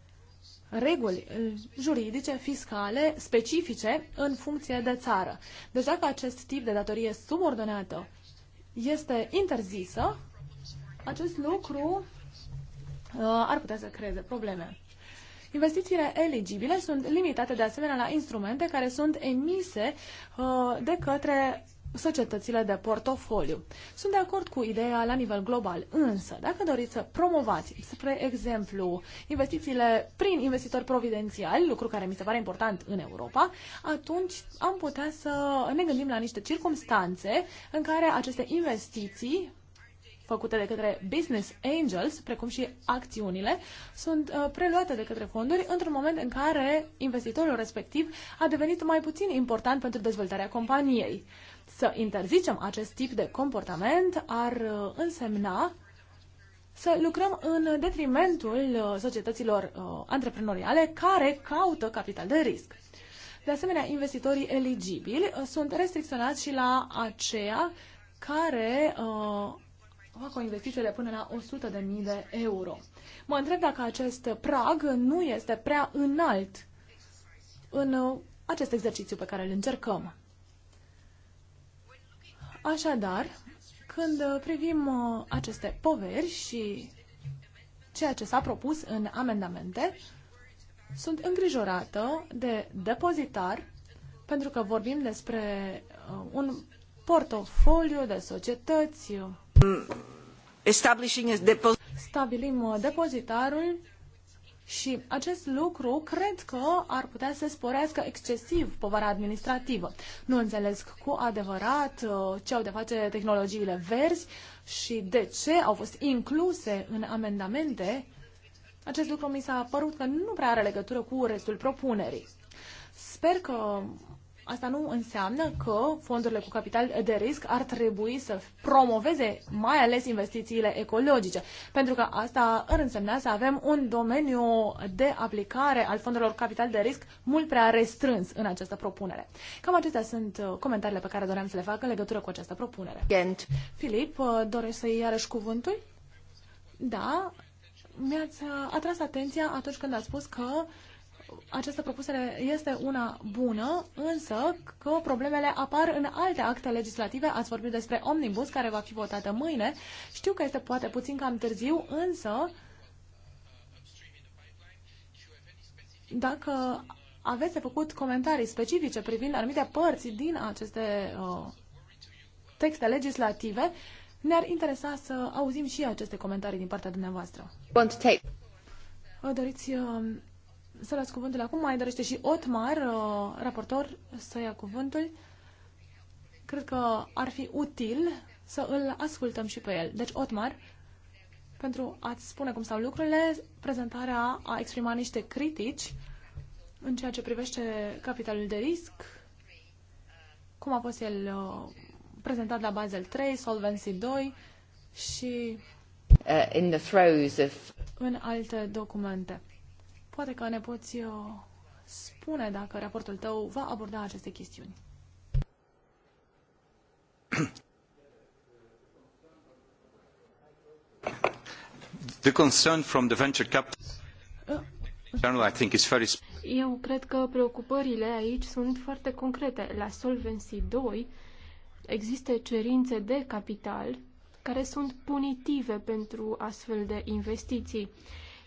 reguli eh, juridice, fiscale, specifice în funcție de țară. Deci dacă acest tip de datorie subordonată este interzisă, acest lucru uh, ar putea să creeze probleme. Investițiile eligibile sunt limitate de asemenea la instrumente care sunt emise uh, de către societățile de portofoliu. Sunt de acord cu ideea la nivel global, însă dacă doriți să promovați, spre exemplu, investițiile prin investitori providențiali, lucru care mi se pare important în Europa, atunci am putea să ne gândim la niște circumstanțe în care aceste investiții făcute de către business angels, precum și acțiunile, sunt uh, preluate de către fonduri într-un moment în care investitorul respectiv a devenit mai puțin important pentru dezvoltarea companiei. Să interzicem acest tip de comportament ar uh, însemna să lucrăm în detrimentul uh, societăților uh, antreprenoriale care caută capital de risc. De asemenea, investitorii eligibili sunt restricționați și la aceia care uh, fac o investiție de până la 100.000 de euro. Mă întreb dacă acest prag nu este prea înalt în acest exercițiu pe care îl încercăm. Așadar, când uh, privim uh, aceste poveri și ceea ce s-a propus în amendamente, sunt îngrijorată de depozitar, pentru că vorbim despre uh, un portofoliu de societăți. Stabilim depozitarul și acest lucru cred că ar putea să sporească excesiv povara administrativă. Nu înțeles cu adevărat uh, ce au de face tehnologiile verzi și de ce au fost incluse în amendamente. Acest lucru mi s-a părut că nu prea are legătură cu restul propunerii. Sper că Asta nu înseamnă că fondurile cu capital de risc ar trebui să promoveze mai ales investițiile ecologice, pentru că asta ar însemna să avem un domeniu de aplicare al fondurilor capital de risc mult prea restrâns în această propunere. Cam acestea sunt uh, comentariile pe care doream să le fac în legătură cu această propunere. Gent. Filip, uh, dorești să i iarăși cuvântul? Da, mi-ați uh, atras atenția atunci când ați spus că uh, această propunere este una bună, însă că problemele apar în alte acte legislative. Ați vorbit despre Omnibus, care va fi votată mâine. Știu că este poate puțin cam târziu, însă dacă aveți de făcut comentarii specifice privind anumite părți din aceste uh, texte legislative, ne-ar interesa să auzim și aceste comentarii din partea dumneavoastră. Doriți uh, să las cuvântul acum. Mai dorește și Otmar, uh, raportor, să ia cuvântul. Cred că ar fi util să îl ascultăm și pe el. Deci, Otmar, pentru a-ți spune cum stau lucrurile, prezentarea a exprimat niște critici în ceea ce privește capitalul de risc, cum a fost el uh, prezentat la Basel 3, Solvency 2 și uh, in the throes of... în alte documente. Poate că ne poți uh, spune dacă raportul tău va aborda aceste chestiuni. The concern from the venture capital, uh. I think, is very. Eu cred că preocupările aici sunt foarte concrete. La Solvency 2 există cerințe de capital care sunt punitive pentru astfel de investiții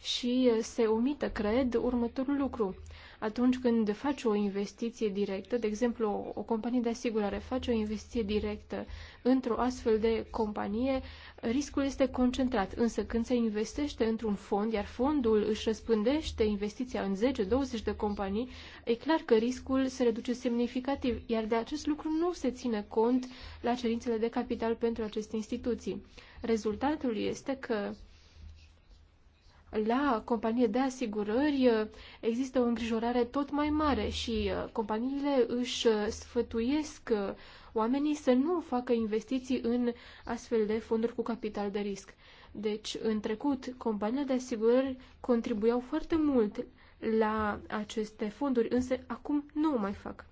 și eh, se omită, cred, următorul lucru. Atunci când faci o investiție directă, de exemplu, o companie de asigurare face o investiție directă într-o astfel de companie, riscul este concentrat. Însă când se investește într-un fond, iar fondul își răspândește investiția în 10-20 de companii, e clar că riscul se reduce semnificativ, iar de acest lucru nu se ține cont la cerințele de capital pentru aceste instituții. Rezultatul este că la companie de asigurări eh, există o îngrijorare tot mai mare și eh, companiile își eh, sfătuiesc oamenii să nu facă investiții în astfel de fonduri cu capital de risc. Deci, în trecut, companiile de asigurări contribuiau foarte mult la aceste fonduri, însă acum nu o mai fac.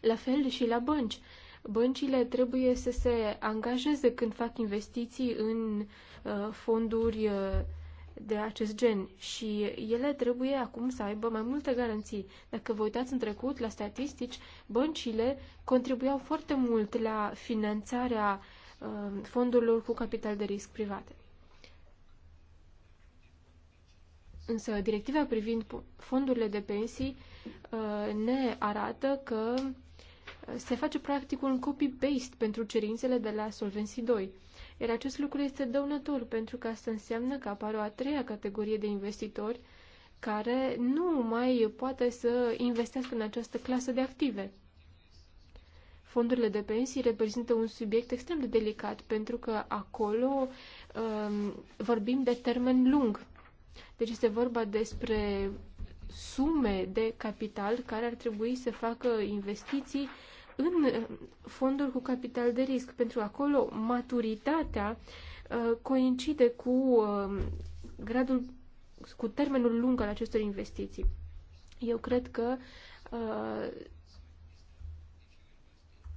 La fel și la bănci. Băncile trebuie să se angajeze când fac investiții în uh, fonduri uh, de acest gen și ele trebuie acum să aibă mai multe garanții. Dacă vă uitați în trecut la statistici, băncile contribuiau foarte mult la finanțarea uh, fondurilor cu capital de risc private. Însă directiva privind fondurile de pensii uh, ne arată că uh, se face practic un copy-paste pentru cerințele de la Solvency 2. Iar acest lucru este dăunător pentru că asta înseamnă că apare o a treia categorie de investitori care nu mai poate să investească în această clasă de active. Fondurile de pensii reprezintă un subiect extrem de delicat pentru că acolo um, vorbim de termen lung. Deci este vorba despre sume de capital care ar trebui să facă investiții în uh, fonduri cu capital de risc, pentru că acolo maturitatea uh, coincide cu uh, gradul, cu termenul lung al acestor investiții. Eu cred că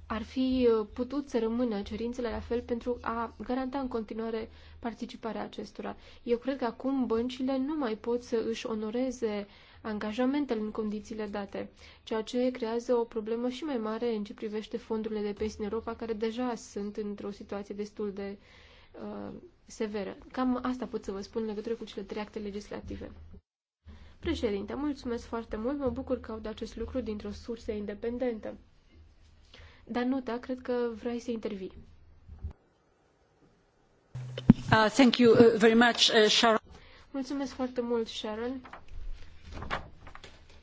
ar fi putut să rămână cerințele la fel pentru a garanta în continuare participarea acestora. Eu cred că acum băncile nu mai pot să își onoreze uh, angajamentele în condițiile date, ceea ce creează o problemă și mai mare în ce privește fondurile de pensii în Europa, care deja sunt într-o situație destul de uh, severă. Cam asta pot să vă spun în legătură cu cele trei acte legislative. Președinte, mulțumesc foarte mult, mă bucur că aud acest lucru dintr-o sursă independentă. Dar nu, da, cred că vrei să intervii. Uh, thank you uh, very much, uh, Sharon. Mulțumesc foarte mult, Sharon.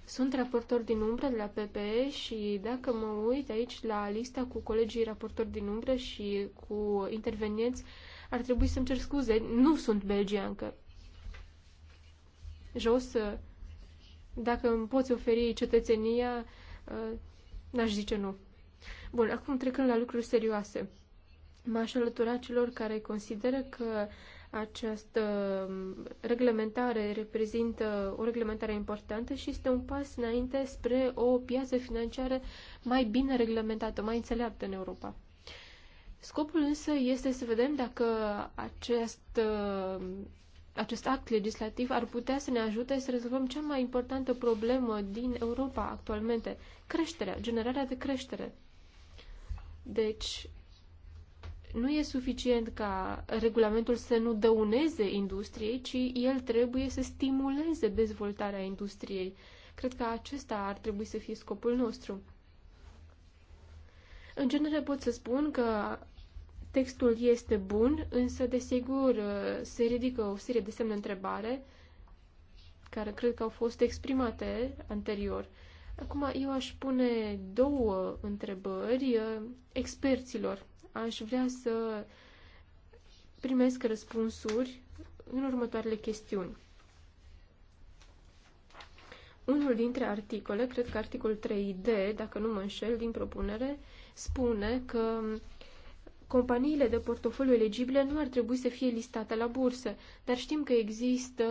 Sunt raportor din umbră de la PPE și dacă mă uit aici la lista cu colegii raportori din umbră și cu intervenienți, ar trebui să-mi cer scuze. Nu sunt belgiancă. Jos, dacă îmi poți oferi cetățenia, ă, n-aș zice nu. Bun, acum trecând la lucruri serioase. M-aș alătura celor care consideră că această um, reglementare reprezintă o reglementare importantă și este un pas înainte spre o piață financiară mai bine reglementată, mai înțeleaptă în Europa. Scopul însă este să vedem dacă acest, um, acest act legislativ ar putea să ne ajute să rezolvăm cea mai importantă problemă din Europa actualmente, creșterea, generarea de creștere. Deci, nu e suficient ca regulamentul să nu dăuneze industriei, ci el trebuie să stimuleze dezvoltarea industriei. Cred că acesta ar trebui să fie scopul nostru. În genere pot să spun că textul este bun, însă, desigur, se ridică o serie de semne întrebare care cred că au fost exprimate anterior. Acum, eu aș pune două întrebări eh, experților aș vrea să primesc răspunsuri în următoarele chestiuni. Unul dintre articole, cred că articolul 3D, dacă nu mă înșel din propunere, spune că companiile de portofoliu elegibile nu ar trebui să fie listate la bursă, dar știm că există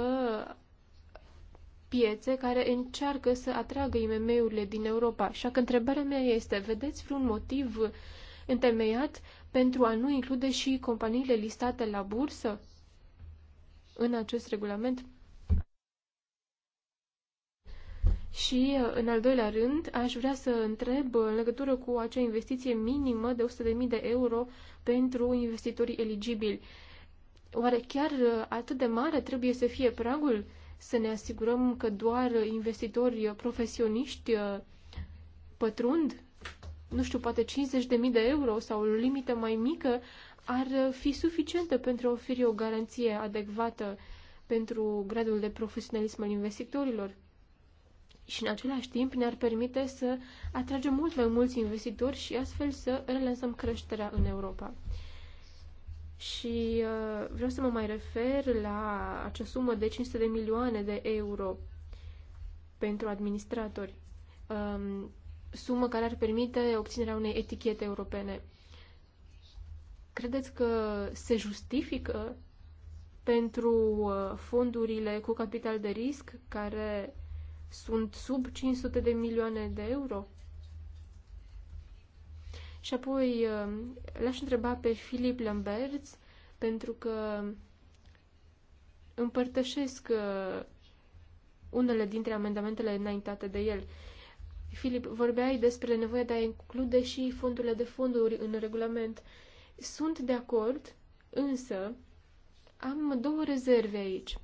piețe care încearcă să atragă IMM-urile din Europa. Așa că întrebarea mea este, vedeți vreun motiv uh, întemeiat pentru a nu include și companiile listate la bursă în acest regulament? Și, în al doilea rând, aș vrea să întreb în legătură cu acea investiție minimă de 100.000 de euro pentru investitorii eligibili. Oare chiar atât de mare trebuie să fie pragul? Să ne asigurăm că doar investitori profesioniști pătrund nu știu, poate 50.000 de euro sau o limită mai mică, ar fi suficientă pentru a oferi o garanție adecvată pentru gradul de profesionalism al investitorilor. Și în același timp ne-ar permite să atragem mult mai mulți investitori și astfel să relansăm creșterea în Europa. Și uh, vreau să mă mai refer la acea sumă de 500 de milioane de euro pentru administratori. Um, sumă care ar permite obținerea unei etichete europene. Credeți că se justifică pentru uh, fondurile cu capital de risc care sunt sub 500 de milioane de euro? Și apoi uh, l-aș întreba pe Filip Lambert pentru că împărtășesc uh, unele dintre amendamentele înaintate de el. Filip, vorbeai despre nevoia de a include și fondurile de fonduri în regulament. Sunt de acord, însă am două rezerve aici.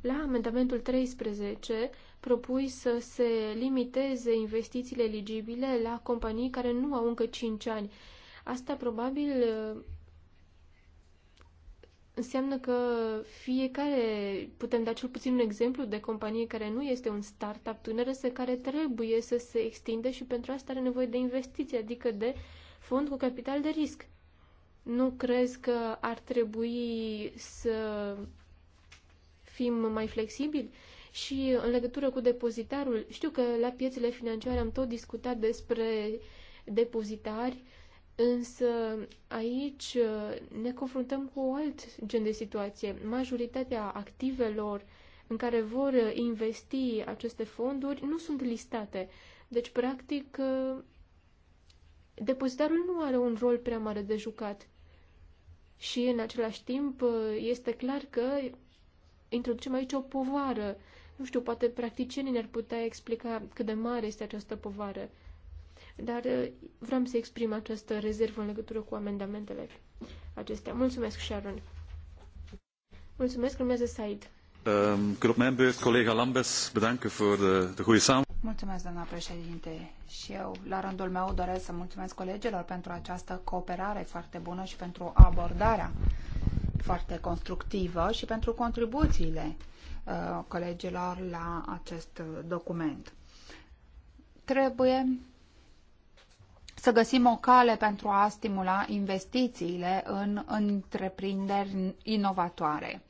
La amendamentul 13 propui să se limiteze investițiile eligibile la companii care nu au încă 5 ani. Asta probabil înseamnă că fiecare, putem da cel puțin un exemplu de companie care nu este un startup tânără, să care trebuie să se extindă și pentru asta are nevoie de investiții, adică de fond cu capital de risc. Nu crezi că ar trebui să fim mai flexibili? Și în legătură cu depozitarul, știu că la piețele financiare am tot discutat despre depozitari, Însă aici uh, ne confruntăm cu alt gen de situație. Majoritatea activelor în care vor uh, investi aceste fonduri nu sunt listate. Deci, practic, uh, depozitarul nu are un rol prea mare de jucat. Și, în același timp, este clar că introducem aici o povară. Nu știu, poate practicienii ne-ar putea explica cât de mare este această povară dar uh, vreau să exprim această rezervă în legătură cu amendamentele acestea. Mulțumesc, Sharon. Mulțumesc, urmează Said. Ehm, ik beurt colega Lambes bedanken voor de, eh, de goede samenwerking. Mulțumesc, doamna președinte. Și eu, la rândul meu, doresc să mulțumesc colegilor pentru această cooperare foarte bună și pentru abordarea foarte constructivă și pentru contribuțiile uh, colegilor la acest eh, document. Trebuie să găsim o cale pentru a stimula investițiile în întreprinderi inovatoare.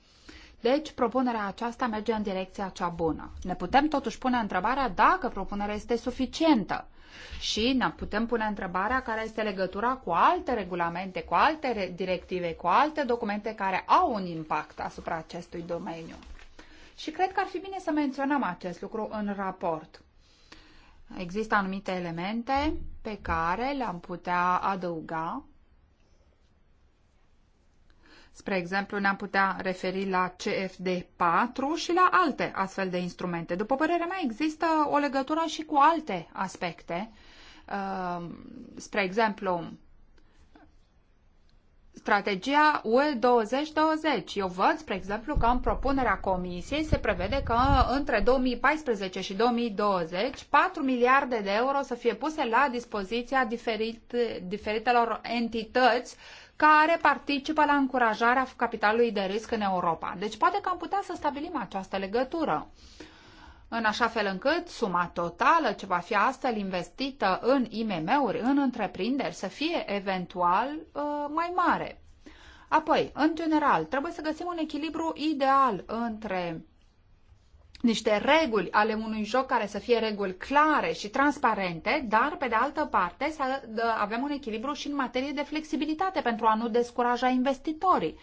Deci, propunerea aceasta merge în direcția cea bună. Ne putem totuși pune întrebarea dacă propunerea este suficientă și ne putem pune întrebarea care este legătura cu alte regulamente, cu alte directive, cu alte documente care au un impact asupra acestui domeniu. Și cred că ar fi bine să menționăm acest lucru în raport. Există anumite elemente pe care le-am putea adăuga. Spre exemplu, ne-am putea referi la CFD4 și la alte astfel de instrumente. După părerea mea, există o legătură și cu alte aspecte. Uh, spre exemplu, strategia UE 2020. Eu văd, spre exemplu, că în propunerea Comisiei se prevede că între 2014 și 2020 4 miliarde de euro să fie puse la dispoziția diferit, diferitelor entități care participă la încurajarea capitalului de risc în Europa. Deci poate că am putea să stabilim această legătură. Uh, în așa fel încât suma totală ce va fi astfel investită în IMM-uri, în întreprinderi, să fie eventual uh, mai mare. Apoi, în general, trebuie să găsim un echilibru ideal între niște reguli ale unui joc care să fie reguli clare și transparente, dar, pe de altă parte, să avem un echilibru și în materie de flexibilitate pentru a nu descuraja investitorii.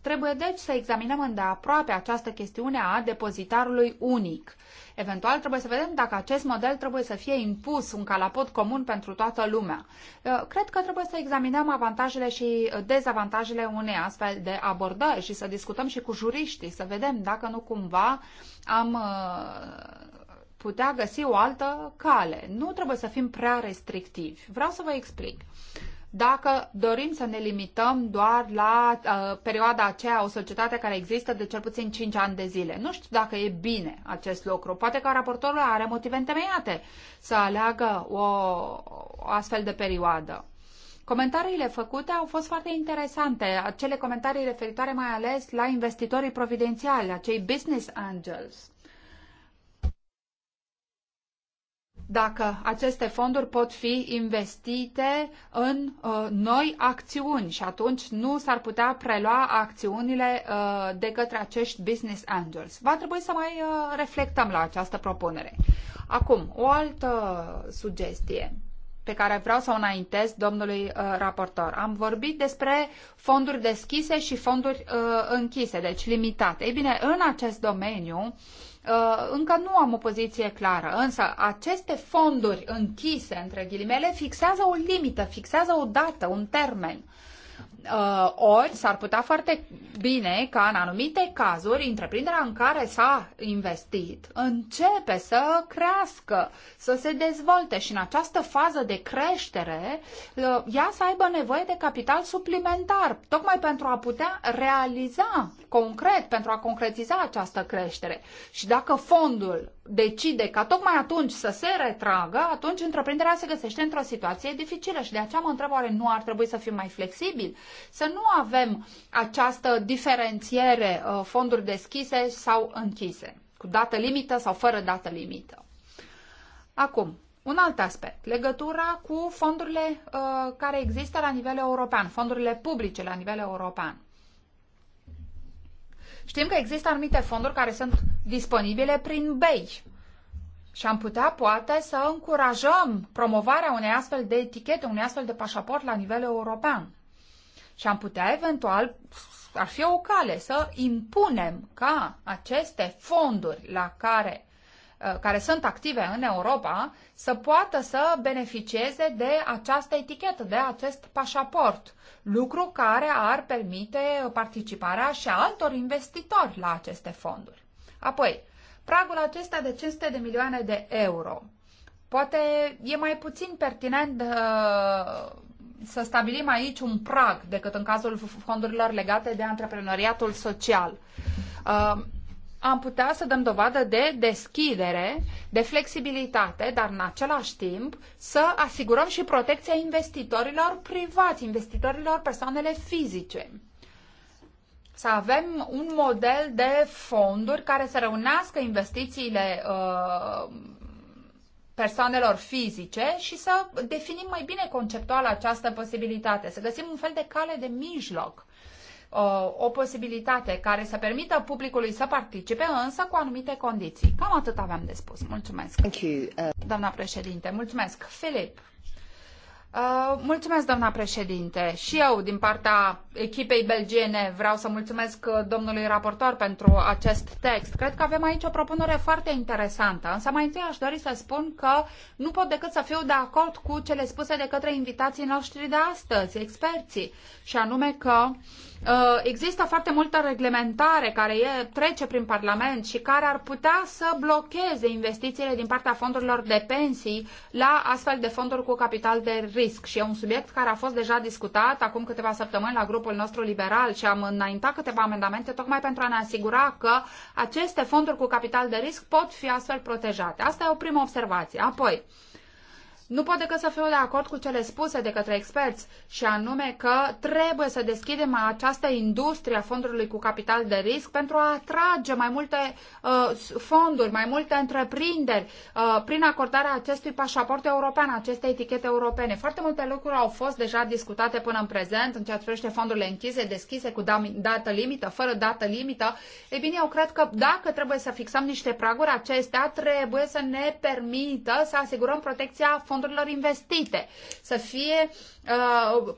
Trebuie, deci, să examinăm îndeaproape această chestiune a depozitarului unic Eventual trebuie să vedem dacă acest model trebuie să fie impus un calapot comun pentru toată lumea. Uh, cred că trebuie să examinăm avantajele și dezavantajele unei astfel de abordări și să discutăm și cu juriștii, să vedem dacă nu cumva am uh, putea găsi o altă cale. Nu trebuie să fim prea restrictivi. Vreau să vă explic dacă dorim să ne limităm doar la uh, perioada aceea, o societate care există de cel puțin 5 ani de zile. Nu știu dacă e bine acest lucru. Poate că raportorul are motive întemeiate să aleagă o, o astfel de perioadă. Comentariile făcute au fost foarte interesante, acele comentarii referitoare mai ales la investitorii providențiali, acei business angels. dacă aceste fonduri pot fi investite în uh, noi acțiuni și atunci nu s-ar putea prelua acțiunile uh, de către acești business angels. Va trebui să mai uh, reflectăm la această propunere. Acum, o altă sugestie pe care vreau să o înaintez domnului uh, raportor. Am vorbit despre fonduri deschise și fonduri uh, închise, deci limitate. Ei bine, în acest domeniu uh, Uh, încă nu am o poziție clară, însă aceste fonduri închise, între ghilimele, fixează o limită, fixează o dată, un termen uh, ori s-ar putea foarte bine ca în anumite cazuri întreprinderea în care s-a investit începe să crească, să se dezvolte și în această fază de creștere uh, ea să aibă nevoie de capital suplimentar, tocmai pentru a putea realiza concret, pentru a concretiza această creștere. Și dacă fondul decide ca tocmai atunci să se retragă, atunci întreprinderea se găsește într-o situație dificilă și de aceea mă întreb oare nu ar trebui să fim mai flexibili să nu avem această diferențiere uh, fonduri deschise sau închise, cu dată limită sau fără dată limită. Acum, un alt aspect, legătura cu fondurile uh, care există la nivel european, fondurile publice la nivel european. Știm că există anumite fonduri care sunt disponibile prin BEI și am putea poate să încurajăm promovarea unei astfel de etichete, unei astfel de pașaport la nivel european. Și am putea eventual, ar fi o cale să impunem ca aceste fonduri la care uh, care sunt active în Europa să poată să beneficieze de această etichetă, de acest pașaport, lucru care ar permite participarea și a altor investitori la aceste fonduri. Apoi, pragul acesta de 500 de milioane de euro. Poate e mai puțin pertinent uh, să stabilim aici un prag decât în cazul fondurilor legate de antreprenoriatul social. Uh, am putea să dăm dovadă de deschidere, de flexibilitate, dar în același timp să asigurăm și protecția investitorilor privați, investitorilor persoanele fizice. Să avem un model de fonduri care să reunească investițiile uh, persoanelor fizice și să definim mai bine conceptual această posibilitate, să găsim un fel de cale de mijloc, uh, o posibilitate care să permită publicului să participe, însă cu anumite condiții. Cam atât aveam de spus. Mulțumesc. Thank you. Uh, Doamna președinte, mulțumesc. Filip. Uh, mulțumesc, doamna președinte. Și eu, din partea echipei belgiene, vreau să mulțumesc uh, domnului raportor pentru acest text. Cred că avem aici o propunere foarte interesantă, însă mai întâi aș dori să spun că nu pot decât să fiu de acord cu cele spuse de către invitații noștri de astăzi, experții, și anume că Uh, există foarte multă reglementare care e, trece prin Parlament și care ar putea să blocheze investițiile din partea fondurilor de pensii la astfel de fonduri cu capital de risc. Și e un subiect care a fost deja discutat acum câteva săptămâni la grupul nostru liberal și am înaintat câteva amendamente tocmai pentru a ne asigura că aceste fonduri cu capital de risc pot fi astfel protejate. Asta e o primă observație. Apoi, uh, nu pot decât să fiu de acord cu cele spuse de către experți și anume că trebuie să deschidem această industrie a fondurilor cu capital de risc pentru a atrage mai multe uh, fonduri, mai multe întreprinderi uh, prin acordarea acestui pașaport european, acestei etichete europene. Foarte multe lucruri au fost deja discutate până în prezent în ceea ce privește fondurile închise, deschise, cu dată limită, fără dată limită. Ei bine, eu cred că dacă trebuie să fixăm niște praguri, acestea trebuie să ne permită să asigurăm protecția fondurilor fondurilor investite, să fie uh,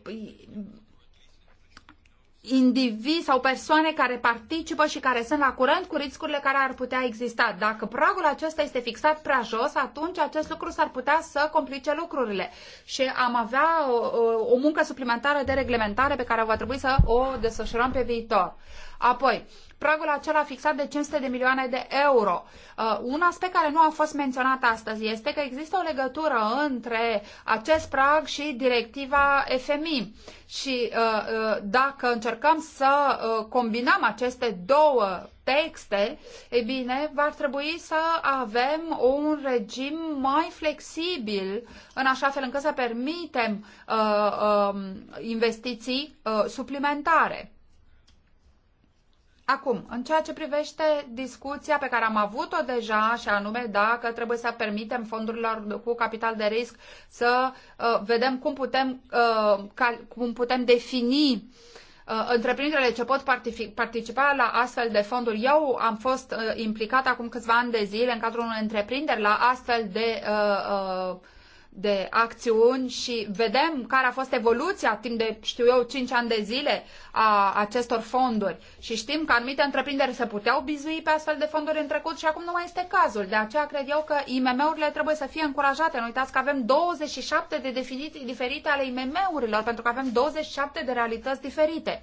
indivizi sau persoane care participă și care sunt la curent cu riscurile care ar putea exista. Dacă pragul acesta este fixat prea jos, atunci acest lucru s-ar putea să complice lucrurile și am avea o, uh, uh, o muncă suplimentară de reglementare pe care va trebui să o desfășurăm pe viitor. Apoi, pragul acela fixat de 500 de milioane de euro. Uh, un aspect care nu a fost menționat astăzi este că există o legătură între acest prag și directiva FMI. Și uh, uh, dacă încercăm să combinăm aceste două texte, e bine, va trebui să avem un regim mai flexibil în așa fel încât să permitem um, investiții suplimentare. Acum, în ceea ce privește discuția pe care am avut-o deja, și anume dacă trebuie să permitem fondurilor cu capital de risc să uh, vedem cum putem, uh, cal- cum putem defini uh, întreprinderile ce pot participa la astfel de fonduri. Eu am fost uh, implicat acum câțiva ani de zile în cadrul unei întreprinderi la astfel de uh, uh, de acțiuni și vedem care a fost evoluția timp de, știu eu, 5 ani de zile a acestor fonduri și știm că anumite întreprinderi se puteau bizui pe astfel de fonduri în trecut și acum nu mai este cazul. De aceea cred eu că IMM-urile trebuie să fie încurajate. Nu uitați că avem 27 de definiții diferite ale IMM-urilor pentru că avem 27 de realități diferite.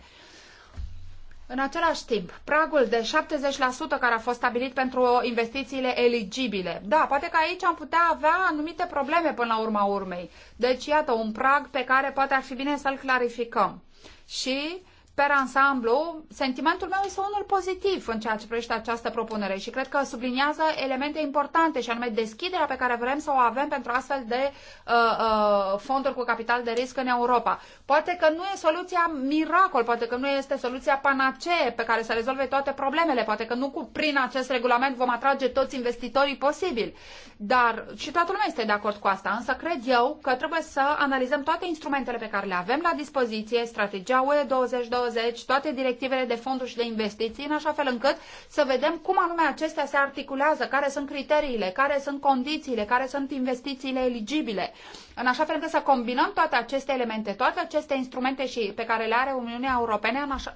În același timp, pragul de 70% care a fost stabilit pentru investițiile eligibile. Da, poate că aici am putea avea anumite probleme până la urma urmei. Deci, iată, un prag pe care poate ar fi bine să-l clarificăm. Și per ansamblu, sentimentul meu este unul pozitiv în ceea ce privește această propunere și cred că subliniază elemente importante și anume deschiderea pe care vrem să o avem pentru astfel de uh, uh, fonduri cu capital de risc în Europa. Poate că nu e soluția miracol, poate că nu este soluția panacee pe care să rezolve toate problemele, poate că nu cu, prin acest regulament vom atrage toți investitorii posibili. Dar și toată lumea este de acord cu asta, însă cred eu că trebuie să analizăm toate instrumentele pe care le avem la dispoziție, strategia UE 2020, 2020, toate directivele de fonduri și de investiții, în așa fel încât să vedem cum anume acestea se articulează, care sunt criteriile, care sunt condițiile, care sunt investițiile eligibile, în așa fel încât să combinăm toate aceste elemente, toate aceste instrumente și pe care le are Uniunea Europeană, în așa,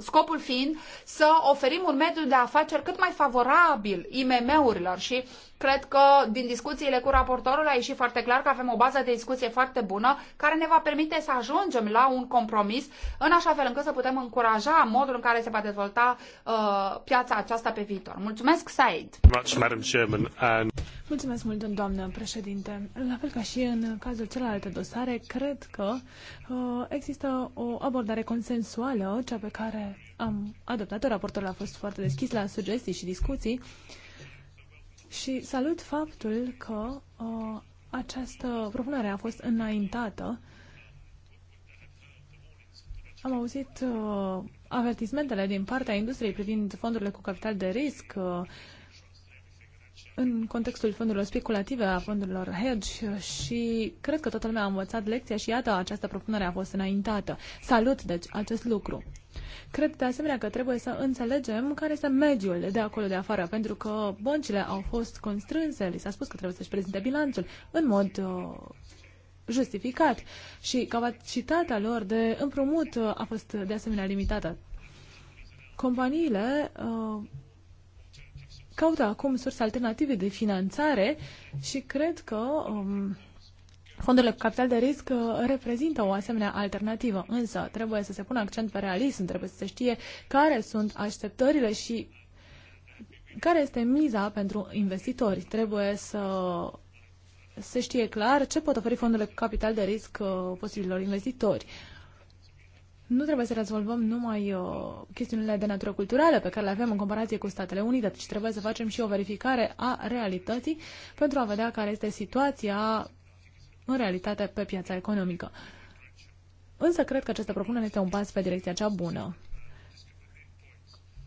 scopul fiind să oferim un mediu de afaceri cât mai favorabil IMM-urilor și Cred că din discuțiile cu raportorul a ieșit foarte clar că avem o bază de discuție foarte bună care ne va permite să ajungem la un compromis în așa fel încât să putem încuraja modul în care se va dezvolta uh, piața aceasta pe viitor. Mulțumesc, Said! Mulțumesc mult, doamnă președinte. La fel ca și în cazul celelalte dosare, cred că uh, există o abordare consensuală, cea pe care am adoptat-o. Raportul a fost foarte deschis la sugestii și discuții. Uh, și salut faptul că uh, această propunere a fost înaintată. Am auzit uh, avertismentele din partea industriei privind fondurile cu capital de risc, uh, în contextul fondurilor speculative, a fondurilor hedge și cred că toată lumea a învățat lecția și iată, această propunere a fost înaintată. Salut, deci, acest lucru. Cred de asemenea că trebuie să înțelegem care este mediul de acolo de afară, pentru că băncile au fost constrânse, li s-a spus că trebuie să-și prezinte bilanțul în mod uh, justificat și capacitatea lor de împrumut uh, a fost de asemenea limitată. Companiile uh, caută acum surse alternative de finanțare și cred că um, fondurile cu capital de risc uh, reprezintă o asemenea alternativă. Însă trebuie să se pună accent pe realism, trebuie să se știe care sunt așteptările și care este miza pentru investitori. Trebuie să se știe clar ce pot oferi fondurile cu capital de risc uh, posibililor investitori. Uh, nu trebuie să rezolvăm numai uh, chestiunile de natură culturală pe care le avem în comparație cu Statele Unite, ci trebuie să facem și o verificare a realității pentru a vedea care este situația în realitate pe piața economică. Însă cred că această propunere este un pas pe direcția cea bună.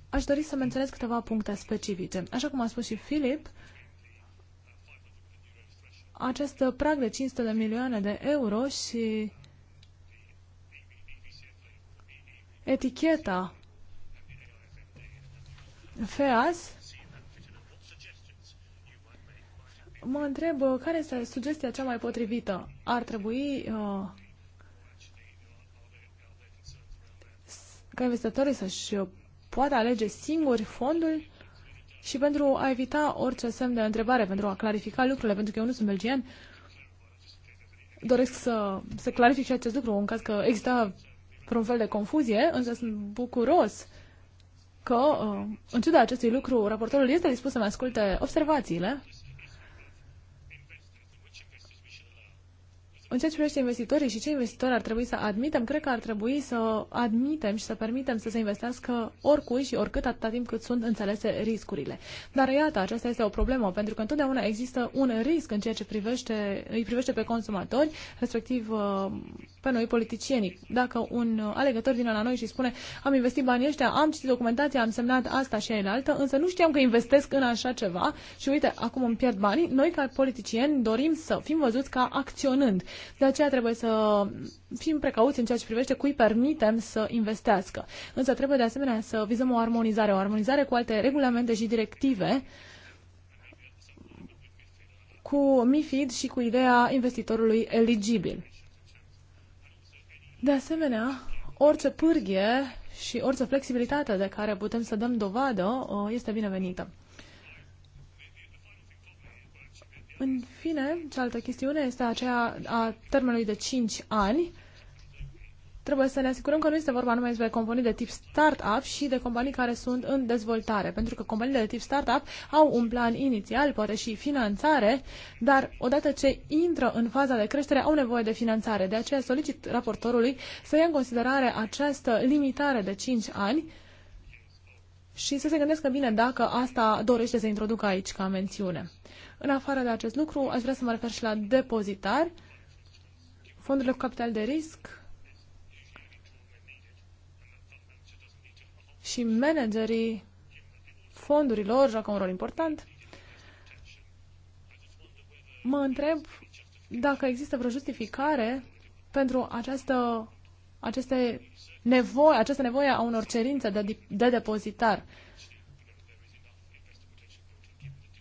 Aș dori să menționez câteva puncte specifice. Așa cum a spus și Filip, acest prag de 500 de milioane de euro și Eticheta FEAS mă întreb uh, care este sugestia cea mai potrivită. Ar trebui uh, ca investitorii să-și uh, poată alege singuri fondul și pentru a evita orice semn de întrebare, pentru a clarifica lucrurile, pentru că eu nu sunt belgian, doresc să, să clarific și acest lucru în caz că există un fel de confuzie, însă sunt bucuros că, uh, în ciuda acestui lucru, raportorul este dispus să mă asculte observațiile. În ceea ce privește investitorii și ce investitori ar trebui să admitem, cred că ar trebui să admitem și să permitem să se investească oricui și oricât atâta timp cât sunt înțelese riscurile. Dar iată, aceasta este o problemă, pentru că întotdeauna există un risc în ceea ce privește, îi privește pe consumatori, respectiv uh, pe noi politicienii. Dacă un uh, alegător vine la noi și spune am investit banii ăștia, am citit documentația, am semnat asta și aia altă, însă nu știam că investesc în așa ceva și uite, acum îmi pierd banii, noi ca politicieni dorim să fim văzuți ca acționând. De aceea trebuie să fim precauți în ceea ce privește cui permitem să investească. Însă trebuie de asemenea să vizăm o armonizare, o armonizare cu alte regulamente și directive cu MIFID și cu ideea investitorului eligibil. De asemenea, orice pârghie și orice flexibilitate de care putem să dăm dovadă este binevenită. În fine, cealaltă chestiune este aceea a termenului de 5 ani trebuie să ne asigurăm că nu este vorba numai despre companii de tip startup și de companii care sunt în dezvoltare, pentru că companiile de tip startup au un plan inițial, poate și finanțare, dar odată ce intră în faza de creștere au nevoie de finanțare. De aceea solicit raportorului să ia în considerare această limitare de 5 ani și să se gândească bine dacă asta dorește să introducă aici ca mențiune. În afară de acest lucru, aș vrea să mă refer și la depozitar, fondurile cu capital de risc, și managerii fondurilor joacă un rol important. Mă întreb dacă există vreo justificare pentru această, aceste nevoie, această nevoie a unor cerințe de, de depozitar.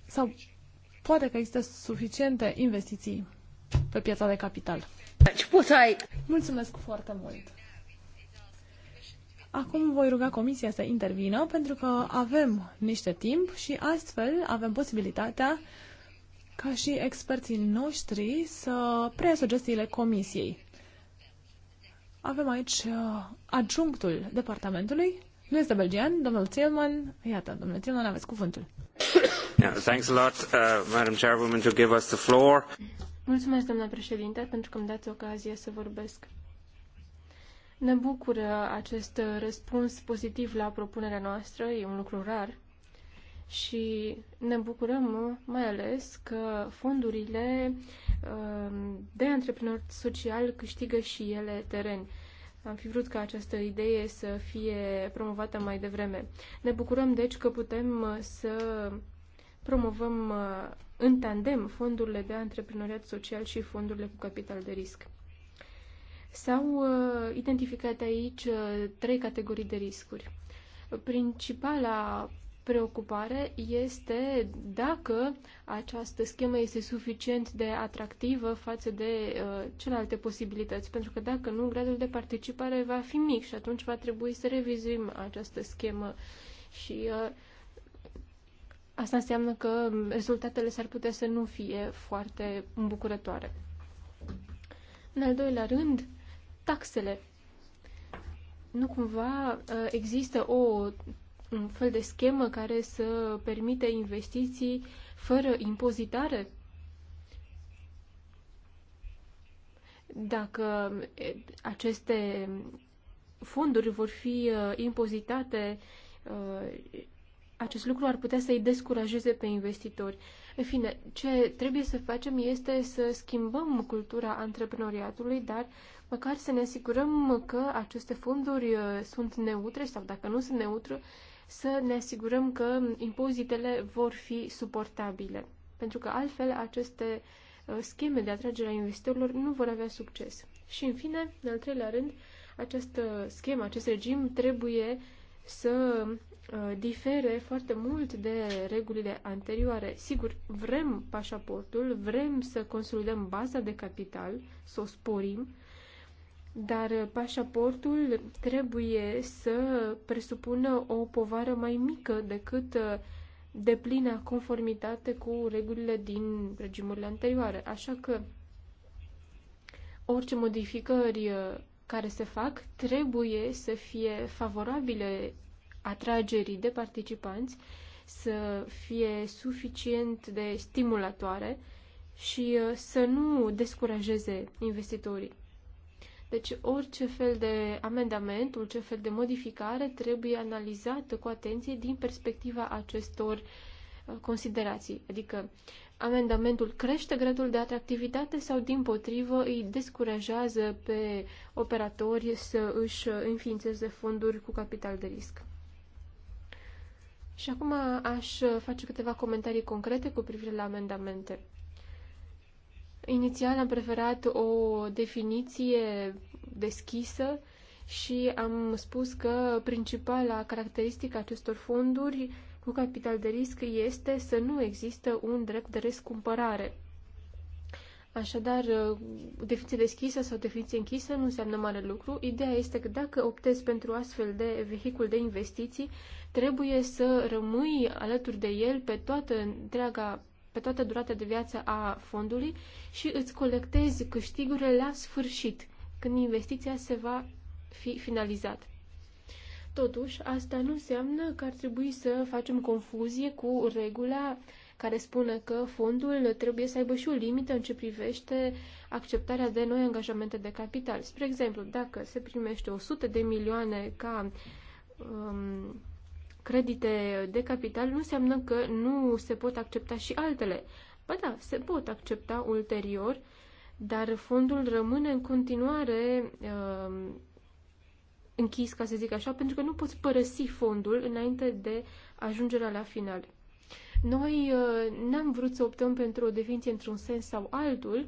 Sau poate că există suficiente investiții pe piața de capital. Deci, Mulțumesc foarte mult! Acum voi ruga Comisia să intervină pentru că avem niște timp și astfel avem posibilitatea ca și experții noștri să preia sugestiile Comisiei. Avem aici uh, adjunctul departamentului. Nu este belgian, domnul Tillman. Iată, domnule Tillman, aveți cuvântul. Yeah, thanks a lot, uh, Madam Chairwoman, to give us the floor. Mulțumesc, doamna președinte, pentru că îmi dați ocazia să vorbesc. Ne bucură acest răspuns pozitiv la propunerea noastră, e un lucru rar și ne bucurăm mai ales că fondurile um, de antreprenor social câștigă și ele teren. Am fi vrut ca această idee să fie promovată mai devreme. Ne bucurăm deci că putem să promovăm uh, în tandem fondurile de antreprenoriat social și fondurile cu capital de risc. S-au uh, identificat aici uh, trei categorii de riscuri. Principala preocupare este dacă această schemă este suficient de atractivă față de uh, celelalte posibilități, pentru că dacă nu, gradul de participare va fi mic și atunci va trebui să revizuim această schemă și uh, asta înseamnă că rezultatele s-ar putea să nu fie foarte îmbucurătoare. În al doilea rând, uh, taxele. Nu cumva uh, există o un fel de schemă care să permite investiții fără impozitare? Dacă aceste fonduri vor fi uh, impozitate, uh, acest lucru ar putea să-i descurajeze pe investitori. În fine, ce trebuie să facem este să schimbăm cultura antreprenoriatului, dar măcar să ne asigurăm că aceste fonduri uh, sunt neutre sau dacă nu sunt neutre, să ne asigurăm că impozitele vor fi suportabile. Pentru că altfel aceste uh, scheme de atragere a investitorilor nu vor avea succes. Și în fine, în al treilea rând, această schemă, acest regim trebuie să uh, difere foarte mult de regulile anterioare. Sigur, vrem pașaportul, vrem să consolidăm baza de capital, să o sporim, dar pașaportul trebuie să presupună o povară mai mică decât uh, deplina conformitate cu regulile din regimurile anterioare. Așa că orice modificări uh, care se fac trebuie să fie favorabile atragerii de participanți, să fie suficient de stimulatoare și uh, să nu descurajeze investitorii. Deci orice fel de amendament, orice fel de modificare trebuie analizată cu atenție din perspectiva acestor uh, considerații. Adică amendamentul crește gradul de atractivitate sau din potrivă îi descurajează pe operatori să își înființeze fonduri cu capital de risc. Și acum aș face câteva comentarii concrete cu privire la amendamente. Inițial am preferat o definiție deschisă și am spus că principala caracteristică a acestor fonduri cu capital de risc este să nu există un drept de rescumpărare. Așadar, definiție deschisă sau definiție închisă nu înseamnă mare lucru. Ideea este că dacă optezi pentru astfel de vehicul de investiții, trebuie să rămâi alături de el pe toată întreaga pe toată durata de viață a fondului și îți colectezi câștigurile la sfârșit, când investiția se va fi finalizată. Totuși, asta nu înseamnă că ar trebui să facem confuzie cu regula care spune că fondul trebuie să aibă și o limită în ce privește acceptarea de noi angajamente de capital. Spre exemplu, dacă se primește 100 de milioane ca um, credite de capital nu înseamnă că nu se pot accepta și altele. Ba da, se pot accepta ulterior, dar fondul rămâne în continuare uh, închis, ca să zic așa, pentru că nu poți părăsi fondul înainte de ajungerea la final. Noi uh, n-am vrut să optăm pentru o definiție într-un sens sau altul,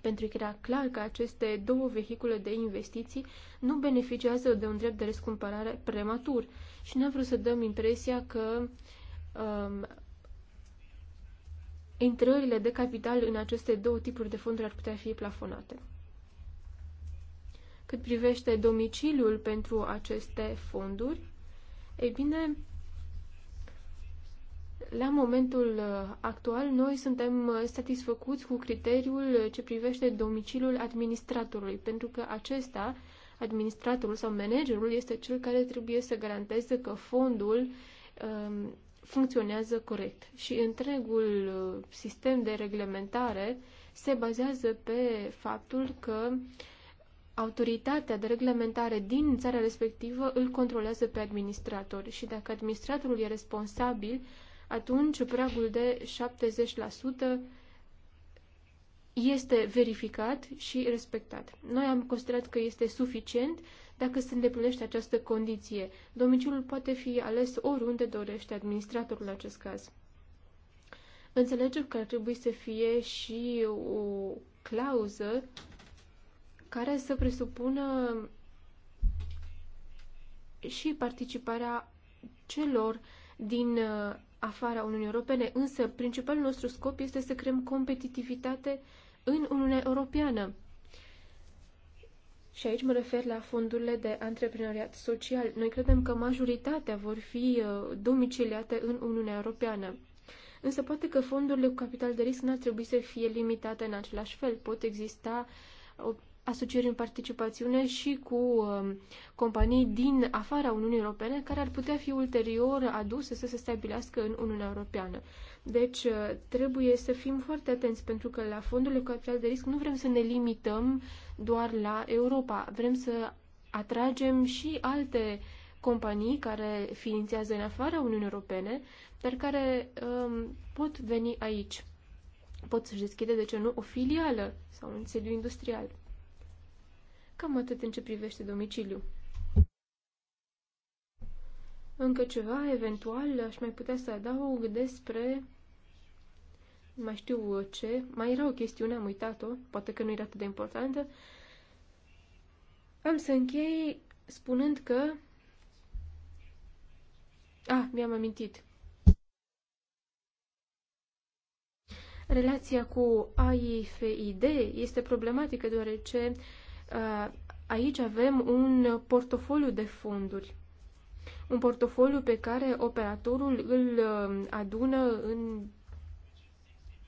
pentru că era clar că aceste două vehicule de investiții nu beneficiază de un drept de răscumpărare prematur și n-am vrut să dăm impresia că um, intrările de capital în aceste două tipuri de fonduri ar putea fi plafonate. Cât privește domiciliul pentru aceste fonduri, ei bine, la momentul uh, actual, noi suntem uh, satisfăcuți cu criteriul ce privește domiciliul administratorului, pentru că acesta administratorul sau managerul este cel care trebuie să garanteze că fondul um, funcționează corect. Și întregul uh, sistem de reglementare se bazează pe faptul că autoritatea de reglementare din țara respectivă îl controlează pe administrator și dacă administratorul e responsabil, atunci pragul de 70% este verificat și respectat. Noi am considerat că este suficient dacă se îndeplinește această condiție. Domiciliul poate fi ales oriunde dorește administratorul în acest caz. Înțelegem că ar trebui să fie și o clauză care să presupună și participarea celor din uh, afara Uniunii Europene, însă principalul nostru scop este să creăm competitivitate uh, în Uniunea Europeană. Și aici mă refer la fondurile de antreprenoriat social. Noi credem că majoritatea vor fi uh, domiciliate în Uniunea Europeană. Însă poate că fondurile cu capital de risc n-ar trebui să fie limitate în același fel. Pot exista uh, asocieri în participațiune și cu uh, companii din afara Uniunii Europene care ar putea fi ulterior aduse să se stabilească în Uniunea Europeană. Deci uh, trebuie să fim foarte atenți pentru că la fondurile cu capital de risc nu vrem să ne limităm doar la Europa. Vrem să atragem și alte companii care ființează în afara Uniunii Europene, dar care um, pot veni aici. Pot să-și deschide, de ce nu, o filială sau un sediu industrial. Cam atât în ce privește domiciliu. Încă ceva, eventual, aș mai putea să adaug despre mai știu uh, ce. Mai era o chestiune, am uitat-o, poate că nu era atât de importantă. Am să închei spunând că... Ah, mi-am amintit. Relația cu AIFID este problematică deoarece uh, aici avem un portofoliu de fonduri. Un portofoliu pe care operatorul îl uh, adună în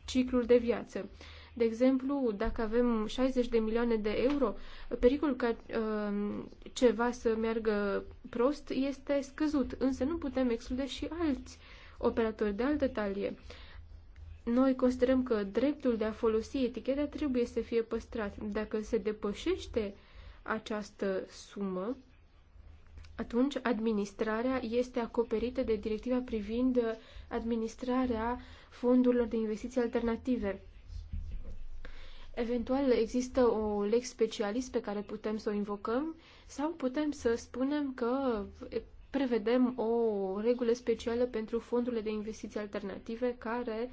ciclul de viață. De exemplu, dacă avem 60 de milioane de euro, pericolul ca uh, ceva să meargă prost este scăzut, însă nu putem exclude și alți operatori de altă talie. Noi considerăm că dreptul de a folosi eticheta trebuie să fie păstrat. Dacă se depășește această sumă, atunci administrarea este acoperită de directiva privind uh, administrarea fondurilor de investiții alternative. Eventual există o lex specialist pe care putem să o invocăm sau putem să spunem că prevedem o regulă specială pentru fondurile de investiții alternative care,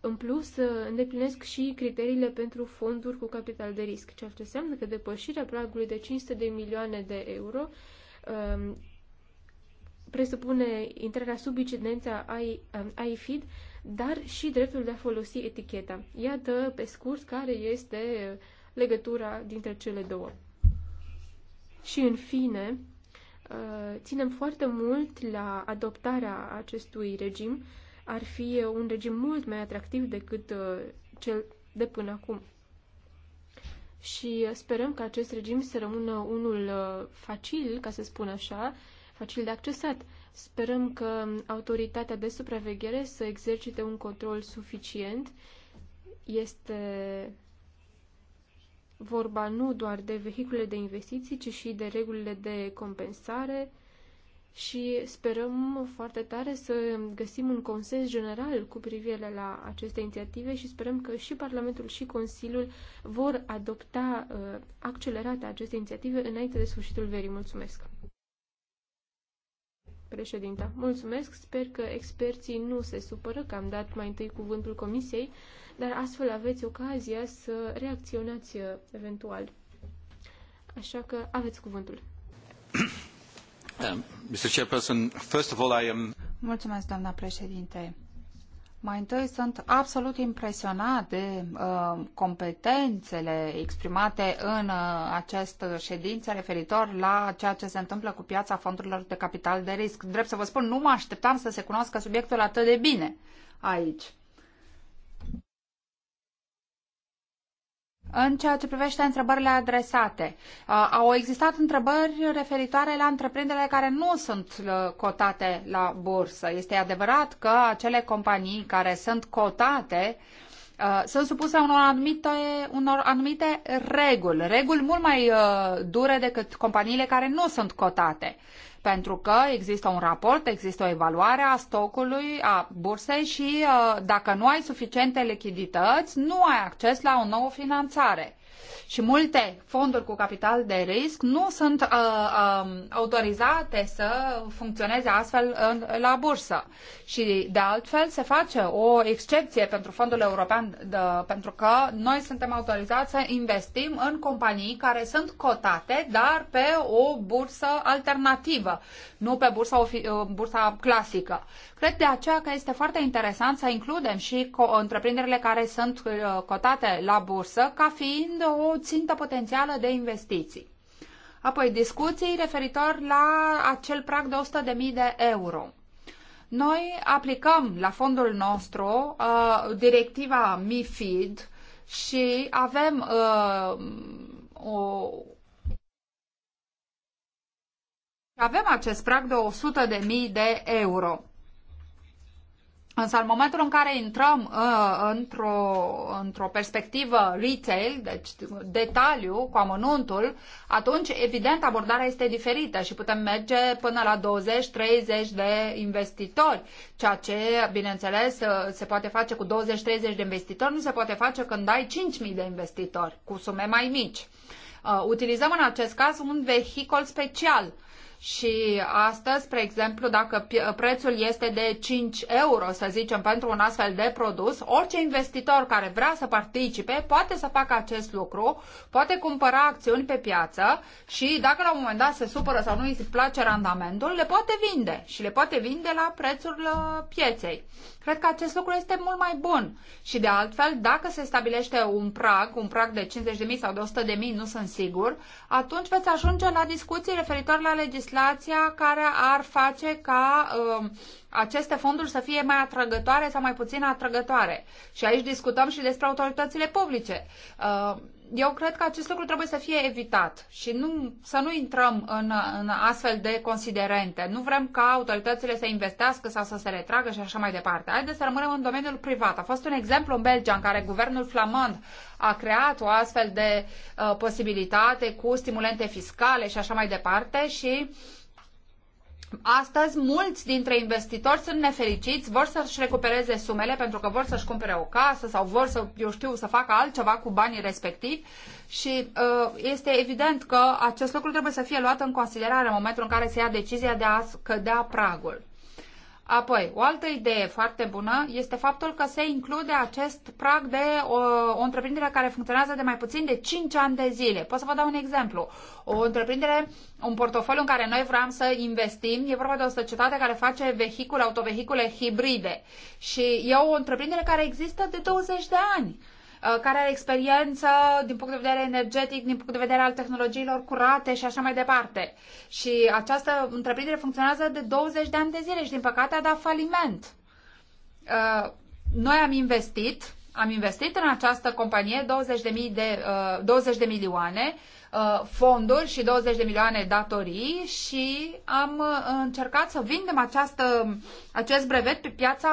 în plus, îndeplinesc și criteriile pentru fonduri cu capital de risc, ceea ce înseamnă că depășirea pragului de 500 de milioane de euro um, presupune intrarea sub incidența AIFID, um, dar și dreptul de a folosi eticheta. Iată, pe scurt, care este legătura dintre cele două. Și, în fine, uh, ținem foarte mult la adoptarea acestui regim. Ar fi un regim mult mai atractiv decât uh, cel de până acum. Și sperăm că acest regim să rămână unul uh, facil, ca să spun așa, facil de accesat. Sperăm că autoritatea de supraveghere să exercite un control suficient. Este vorba nu doar de vehicule de investiții, ci și de regulile de compensare și sperăm foarte tare să găsim un consens general cu privire la aceste inițiative și sperăm că și Parlamentul și Consiliul vor adopta uh, accelerate aceste inițiative înainte de sfârșitul verii. Mulțumesc! Președinta, mulțumesc. Sper că experții nu se supără că am dat mai întâi cuvântul comisiei, dar astfel aveți ocazia să reacționați uh, eventual. Așa că aveți cuvântul. Mr. Um, Chairperson, first of all, I am... Mulțumesc, doamna președinte. Mai întâi sunt absolut impresionat de uh, competențele exprimate în uh, această ședință referitor la ceea ce se întâmplă cu piața fondurilor de capital de risc. Drept să vă spun, nu mă așteptam să se cunoască subiectul atât de bine aici. În ceea ce privește întrebările adresate, au existat întrebări referitoare la întreprinderile care nu sunt uh, cotate la bursă. Este adevărat că acele companii care sunt cotate uh, sunt supuse unor anumite, unor anumite reguli, reguli mult mai uh, dure decât companiile care nu sunt cotate pentru că există un raport, există o evaluare a stocului, a bursei și uh, dacă nu ai suficiente lichidități, nu ai acces la o nouă finanțare. Și multe fonduri cu capital de risc nu sunt uh, uh, autorizate să funcționeze astfel în, la bursă. Și de altfel se face o excepție pentru fondul european de, pentru că noi suntem autorizați să investim în companii care sunt cotate, dar pe o bursă alternativă, nu pe bursa, ofi, uh, bursa clasică. Cred de aceea că este foarte interesant să includem și întreprinderile care sunt uh, cotate la bursă ca fiind de o țintă potențială de investiții. Apoi, discuții referitor la acel prag de 100.000 de euro. Noi aplicăm la fondul nostru uh, directiva MIFID și avem uh, o, avem acest prag de 100.000 de euro. Însă în momentul în care intrăm uh, într-o, într-o perspectivă retail, deci detaliu cu amănuntul, atunci evident abordarea este diferită și putem merge până la 20-30 de investitori, ceea ce, bineînțeles, uh, se poate face cu 20-30 de investitori, nu se poate face când ai 5.000 de investitori, cu sume mai mici. Uh, utilizăm în acest caz un vehicol special și astăzi, spre exemplu, dacă prețul este de 5 euro, să zicem, pentru un astfel de produs, orice investitor care vrea să participe poate să facă acest lucru, poate cumpăra acțiuni pe piață și dacă la un moment dat se supără sau nu îi place randamentul, le poate vinde și le poate vinde la prețul uh, pieței. Cred că acest lucru este mult mai bun. Și de altfel, dacă se stabilește un prag, un prag de 50.000 sau de 100.000, nu sunt sigur, atunci veți ajunge la discuții referitor la legislația care ar face ca uh, aceste fonduri să fie mai atrăgătoare sau mai puțin atrăgătoare. Și aici discutăm și despre autoritățile publice. Uh, eu cred că acest lucru trebuie să fie evitat și nu, să nu intrăm în, în astfel de considerente. Nu vrem ca autoritățile să investească sau să se retragă și așa mai departe. Haideți să rămânem în domeniul privat. A fost un exemplu în Belgia în care guvernul flamand a creat o astfel de uh, posibilitate cu stimulente fiscale și așa mai departe și uh, Astăzi, mulți dintre investitori sunt nefericiți, vor să-și recupereze sumele pentru că vor să-și cumpere o casă sau vor să, eu știu, să facă altceva cu banii respectivi și uh, este evident că acest lucru trebuie să fie luat în considerare în momentul în care se ia decizia de a scădea pragul. Apoi, o altă idee foarte bună este faptul că se include acest prag de o, o întreprindere care funcționează de mai puțin de 5 ani de zile. Pot să vă dau un exemplu. O întreprindere, un portofoliu în care noi vrem să investim, e vorba de o societate care face vehicule, autovehicule hibride. Și e o întreprindere care există de 20 de ani. Uh, care are experiență din punct de vedere energetic, din punct de vedere al tehnologiilor curate și așa mai departe. Și această întreprindere funcționează de 20 de ani de zile și, din păcate, a dat faliment. Uh, noi am investit, am investit în această companie 20 de, mii de, 20 uh, de milioane fonduri și 20 de milioane datorii și am încercat să vindem această, acest brevet pe piața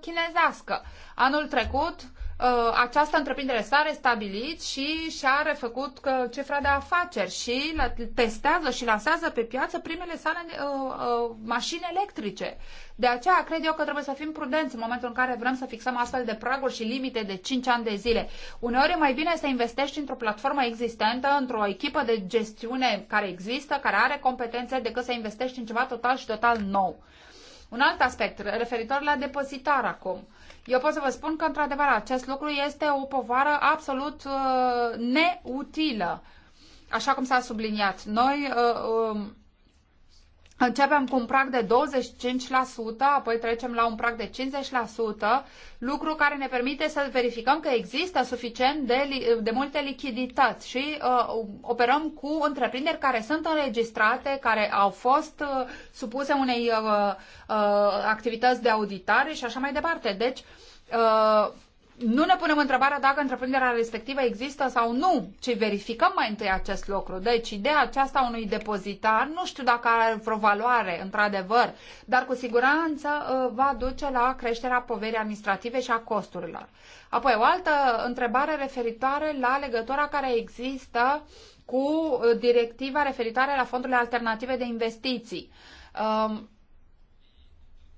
chinezească. Anul trecut Uh, această întreprindere s-a restabilit și și-a refăcut uh, cifra de afaceri și testează și lansează pe piață primele sale uh, uh, mașini electrice. De aceea cred eu că trebuie să fim prudenți în momentul în care vrem să fixăm astfel de praguri și limite de 5 ani de zile. Uneori e mai bine să investești într-o platformă existentă, într-o echipă de gestiune care există, care are competențe, decât să investești în ceva total și total nou. Un alt aspect, referitor la depozitar acum. Eu pot să vă spun că, într-adevăr, acest lucru este o povară absolut uh, neutilă. Așa cum s-a subliniat, noi uh, uh, Începem cu un prag de 25%, apoi trecem la un prag de 50%, lucru care ne permite să verificăm că există suficient de, de multe lichidități și uh, operăm cu întreprinderi care sunt înregistrate, care au fost uh, supuse unei uh, uh, activități de auditare și așa mai departe. Deci, uh, nu ne punem întrebarea dacă întreprinderea respectivă există sau nu, ci verificăm mai întâi acest lucru. Deci, ideea aceasta unui depozitar, nu știu dacă are vreo valoare, într-adevăr, dar cu siguranță uh, va duce la creșterea poverii administrative și a costurilor. Apoi, o altă întrebare referitoare la legătura care există cu uh, directiva referitoare la fondurile alternative de investiții. Um,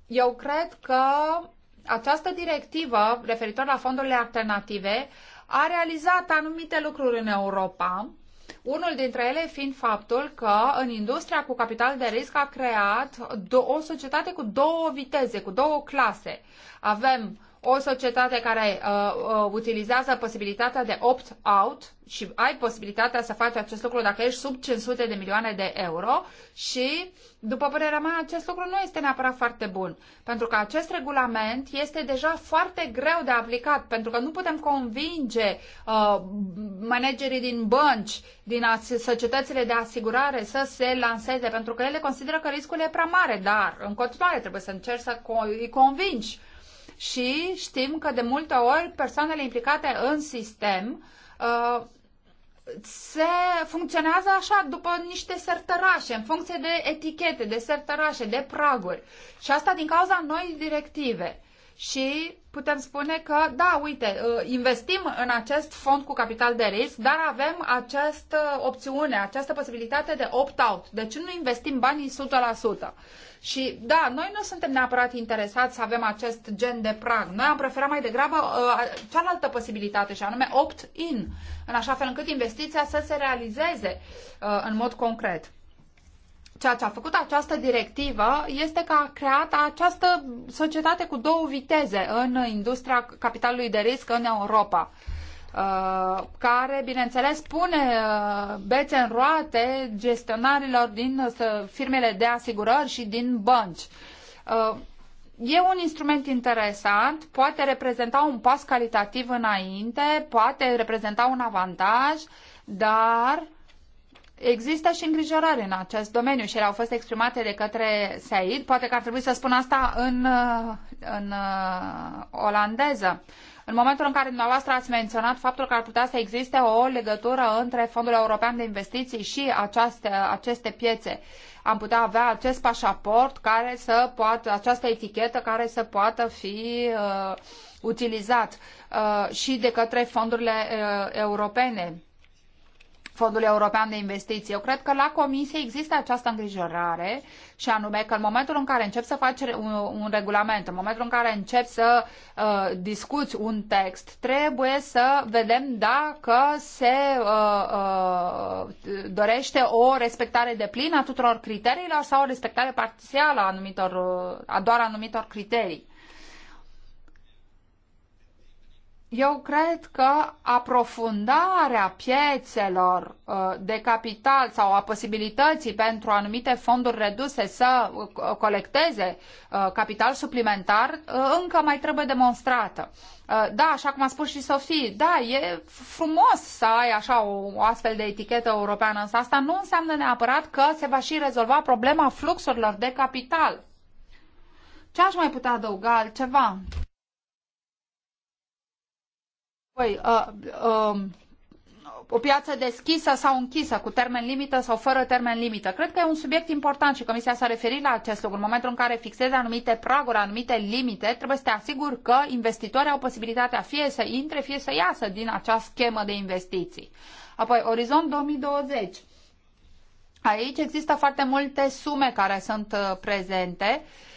eu cred că această directivă referitor la fondurile alternative a realizat anumite lucruri în Europa, unul dintre ele fiind faptul că în industria cu capital de risc a creat o societate cu două viteze, cu două clase. Avem o societate care uh, uh, utilizează posibilitatea de opt-out și ai posibilitatea să faci acest lucru dacă ești sub 500 de milioane de euro și, după părerea mea, acest lucru nu este neapărat foarte bun. Pentru că acest regulament este deja foarte greu de aplicat, pentru că nu putem convinge uh, managerii din bănci, din societățile de asigurare să se lanseze, pentru că ele consideră că riscul e prea mare, dar în continuare trebuie să încerci să îi convingi și știm că de multe ori persoanele implicate în sistem uh, se funcționează așa după niște sertărașe, în funcție de etichete, de sertărașe, de praguri. Și asta din cauza noii directive. Și putem spune că, da, uite, uh, investim în acest fond cu capital de risc, dar avem această opțiune, această posibilitate de opt-out. Deci nu investim banii 100%. Și da, noi nu suntem neapărat interesați să avem acest gen de prag. Noi am preferat mai degrabă uh, cealaltă posibilitate și anume opt-in, în așa fel încât investiția să se realizeze uh, în mod concret. Ceea ce a făcut această directivă este că a creat această societate cu două viteze în industria capitalului de risc în Europa uh, care, bineînțeles, pune uh, bețe în roate gestionarilor din uh, firmele de asigurări și din bănci. E un instrument interesant, poate reprezenta un pas calitativ înainte, poate reprezenta un avantaj, dar Există și îngrijorare în acest domeniu și ele au fost exprimate de către Said. Poate că ar trebui să spun asta în, uh, în uh, olandeză. În momentul în care dumneavoastră ați menționat faptul că ar putea să existe o legătură între Fondul European de Investiții și aceaste, aceste piețe, am putea avea acest pașaport care să poată, această etichetă care să poată fi uh, utilizat uh, și de către fondurile uh, europene Fondul European de Investiții. Eu cred că la Comisie există această îngrijorare și anume că în momentul în care începi să faci un, un regulament, în momentul în care începi să uh, discuți un text, trebuie să vedem dacă se uh, uh, dorește o respectare de plină a tuturor criteriilor sau o respectare parțială a, anumitor, uh, a doar anumitor criterii. eu cred că aprofundarea piețelor uh, de capital sau a posibilității pentru anumite fonduri reduse să uh, colecteze uh, capital suplimentar încă mai trebuie demonstrată. Da, așa cum a spus și Sofie, da, e frumos să ai așa o, o astfel de etichetă europeană, însă asta nu înseamnă neapărat că se va și rezolva problema fluxurilor de capital. Ce aș mai putea adăuga altceva? Apoi, uh, uh, o piață deschisă sau închisă, cu termen limită sau fără termen limită. Cred că e un subiect important și Comisia s-a referit la acest lucru. În momentul în care fixezi anumite praguri, anumite limite, trebuie să te asiguri că investitorii au posibilitatea fie să intre, fie să iasă din acea schemă de investiții. Apoi, Orizont 2020. Aici există foarte multe sume care sunt uh, prezente. Uh,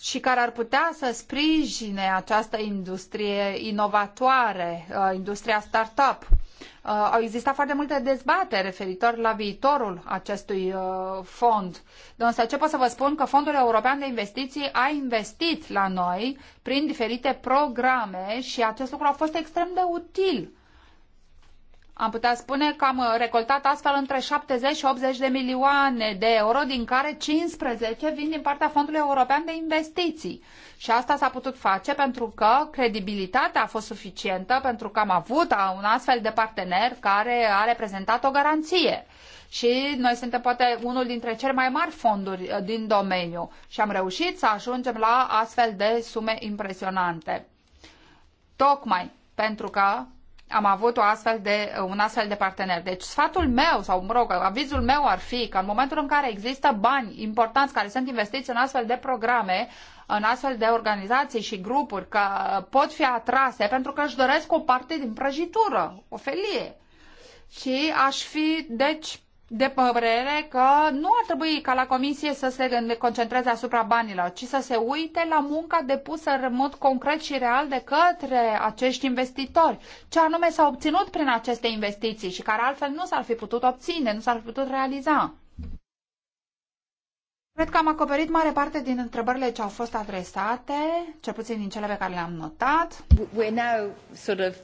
și care ar putea să sprijine această industrie inovatoare, uh, industria startup. Uh, au existat foarte multe dezbateri referitor la viitorul acestui uh, fond. Însă ce pot să vă spun că Fondul European de Investiții a investit la noi prin diferite programe și acest lucru a fost extrem de util am putea spune că am uh, recoltat astfel între 70 și 80 de milioane de euro, din care 15 vin din partea Fondului European de Investiții. Și asta s-a putut face pentru că credibilitatea a fost suficientă, pentru că am avut un astfel de partener care a reprezentat o garanție. Și noi suntem poate unul dintre cele mai mari fonduri uh, din domeniu și am reușit să ajungem la astfel de sume impresionante. Tocmai pentru că am avut o astfel de, un astfel de partener. Deci sfatul meu, sau mă rog, avizul meu ar fi că în momentul în care există bani importanți care sunt investiți în astfel de programe, în astfel de organizații și grupuri că pot fi atrase pentru că își doresc o parte din prăjitură, o felie. Și aș fi, deci, de părere că nu ar trebui ca la comisie să se concentreze asupra banilor, ci să se uite la munca depusă în mod concret și real de către acești investitori. Ce anume s-a obținut prin aceste investiții și care altfel nu s-ar fi putut obține, nu s-ar fi putut realiza. Cred că am acoperit mare parte din întrebările ce au fost adresate, cel puțin din cele pe care le-am notat. We're now sort of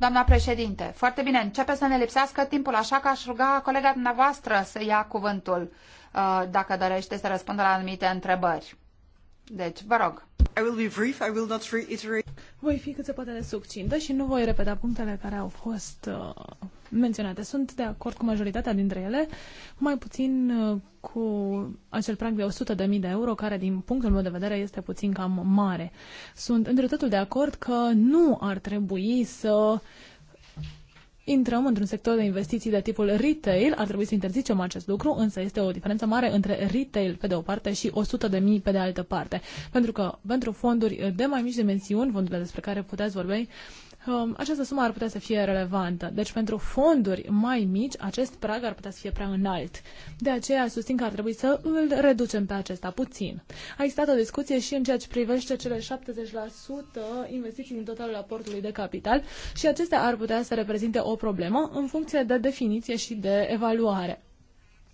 Doamna președinte, foarte bine, începe să ne lipsească timpul, așa că aș ruga colega dumneavoastră să ia cuvântul uh, dacă dorește să răspundă la anumite întrebări. Deci, vă rog. I will be brief, I will not reiterate. Voi fi cât se poate de succintă și nu voi repeta punctele care au fost uh, menționate. Sunt de acord cu majoritatea dintre ele, mai puțin uh, cu acel prag de 100.000 de euro, care din punctul meu de vedere este puțin cam mare. Sunt într totul de acord că nu ar trebui să uh, intrăm într-un sector de investiții de tipul retail, ar trebui să interzicem acest lucru, însă este o diferență mare între retail pe de o parte și 100 de mii pe de altă parte. Pentru că pentru fonduri de mai mici dimensiuni, fondurile despre care puteți vorbi, Um, această sumă ar putea să fie relevantă. Deci pentru fonduri mai mici, acest prag ar putea să fie prea înalt. De aceea susțin că ar trebui să îl reducem pe acesta puțin. A existat o discuție și în ceea ce privește cele 70% investiții din totalul aportului de capital și acestea ar putea să reprezinte o problemă în funcție de definiție și de evaluare.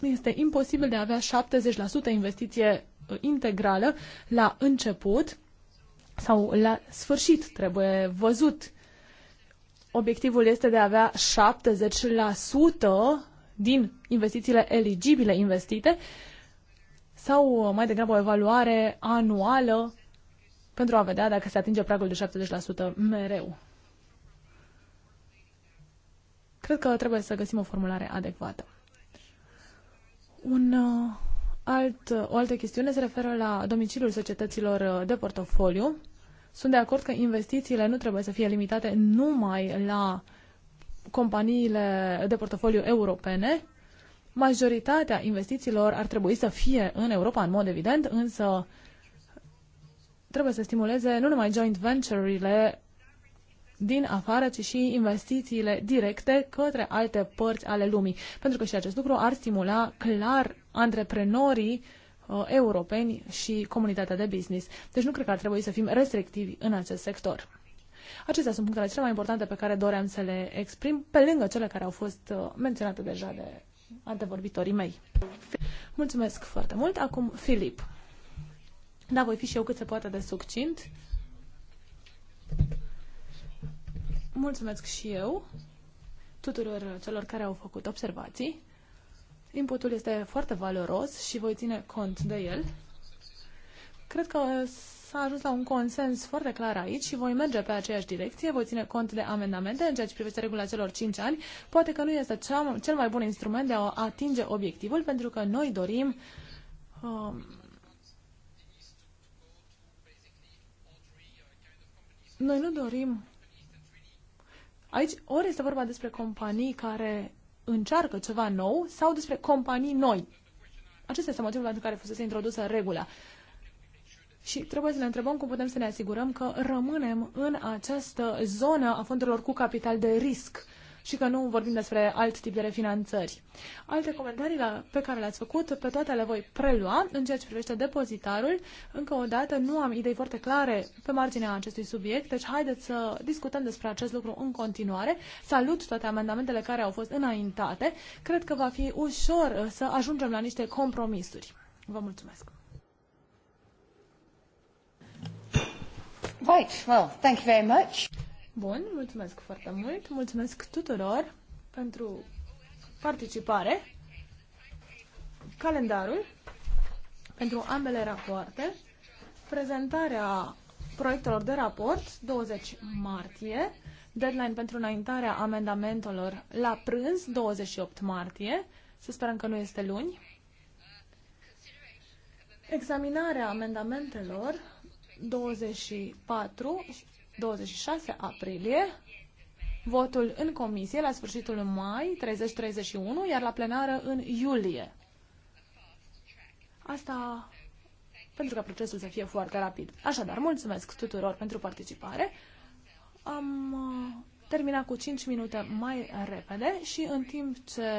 Este imposibil de a avea 70% investiție uh, integrală la început, sau la sfârșit trebuie văzut obiectivul este de a avea 70% din investițiile eligibile investite sau mai degrabă o evaluare anuală pentru a vedea dacă se atinge pragul de 70% mereu. Cred că trebuie să găsim o formulare adecvată. Un uh, alt, o altă chestiune se referă la domiciliul societăților de portofoliu. Sunt de acord că investițiile nu trebuie să fie limitate numai la companiile de portofoliu europene. Majoritatea investițiilor ar trebui să fie în Europa, în mod evident, însă trebuie să stimuleze nu numai joint venture-urile din afară, ci și investițiile directe către alte părți ale lumii. Pentru că și acest lucru ar stimula clar antreprenorii uh, Uh, europeni și comunitatea de business. Deci nu cred că ar trebui să fim restrictivi în acest sector. Acestea sunt punctele cele mai importante pe care doream să le exprim, pe lângă cele care au fost uh, menționate deja de antevorbitorii mei. Mulțumesc foarte mult. Acum, Filip. Da, voi fi și eu cât se poate de succint. Mulțumesc și eu tuturor celor care au făcut observații. Inputul este foarte valoros și voi ține cont de el. Cred că s-a ajuns la un consens foarte clar aici și voi merge pe aceeași direcție, voi ține cont de amendamente în ceea ce privește regula celor 5 ani. Poate că nu este cea, cel mai bun instrument de a atinge obiectivul, pentru că noi dorim Um, noi nu dorim Aici ori este vorba despre companii care încearcă ceva nou sau despre companii noi. Acesta este motivul pentru care fusese introdusă regula. Și trebuie să ne întrebăm cum putem să ne asigurăm că rămânem în această zonă a fondurilor cu capital de risc și că nu vorbim despre alt tip de refinanțări. Alte comentarii la, pe care le-ați făcut, pe toate le voi prelua în ceea ce privește depozitarul. Încă o dată, nu am idei foarte clare pe marginea acestui subiect, deci haideți să discutăm despre acest lucru în continuare. Salut toate amendamentele care au fost înaintate. Cred că va fi ușor uh, să ajungem la niște compromisuri. Vă mulțumesc! Right, well, thank you very much. Bun, mulțumesc foarte mult. Mulțumesc tuturor pentru participare. Calendarul pentru ambele rapoarte. Prezentarea proiectelor de raport 20 martie. Deadline pentru înaintarea amendamentelor la prânz 28 martie. Să sperăm că nu este luni. Examinarea amendamentelor 24 26 aprilie, votul în comisie la sfârșitul mai 30-31, iar la plenară în iulie. Asta pentru ca procesul să fie foarte rapid. Așadar, mulțumesc tuturor pentru participare. Am uh, terminat cu 5 minute mai repede și în timp ce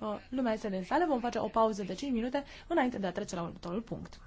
uh, lumea este din sală, vom face o pauză de 5 minute înainte de a trece la următorul punct.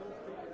don't think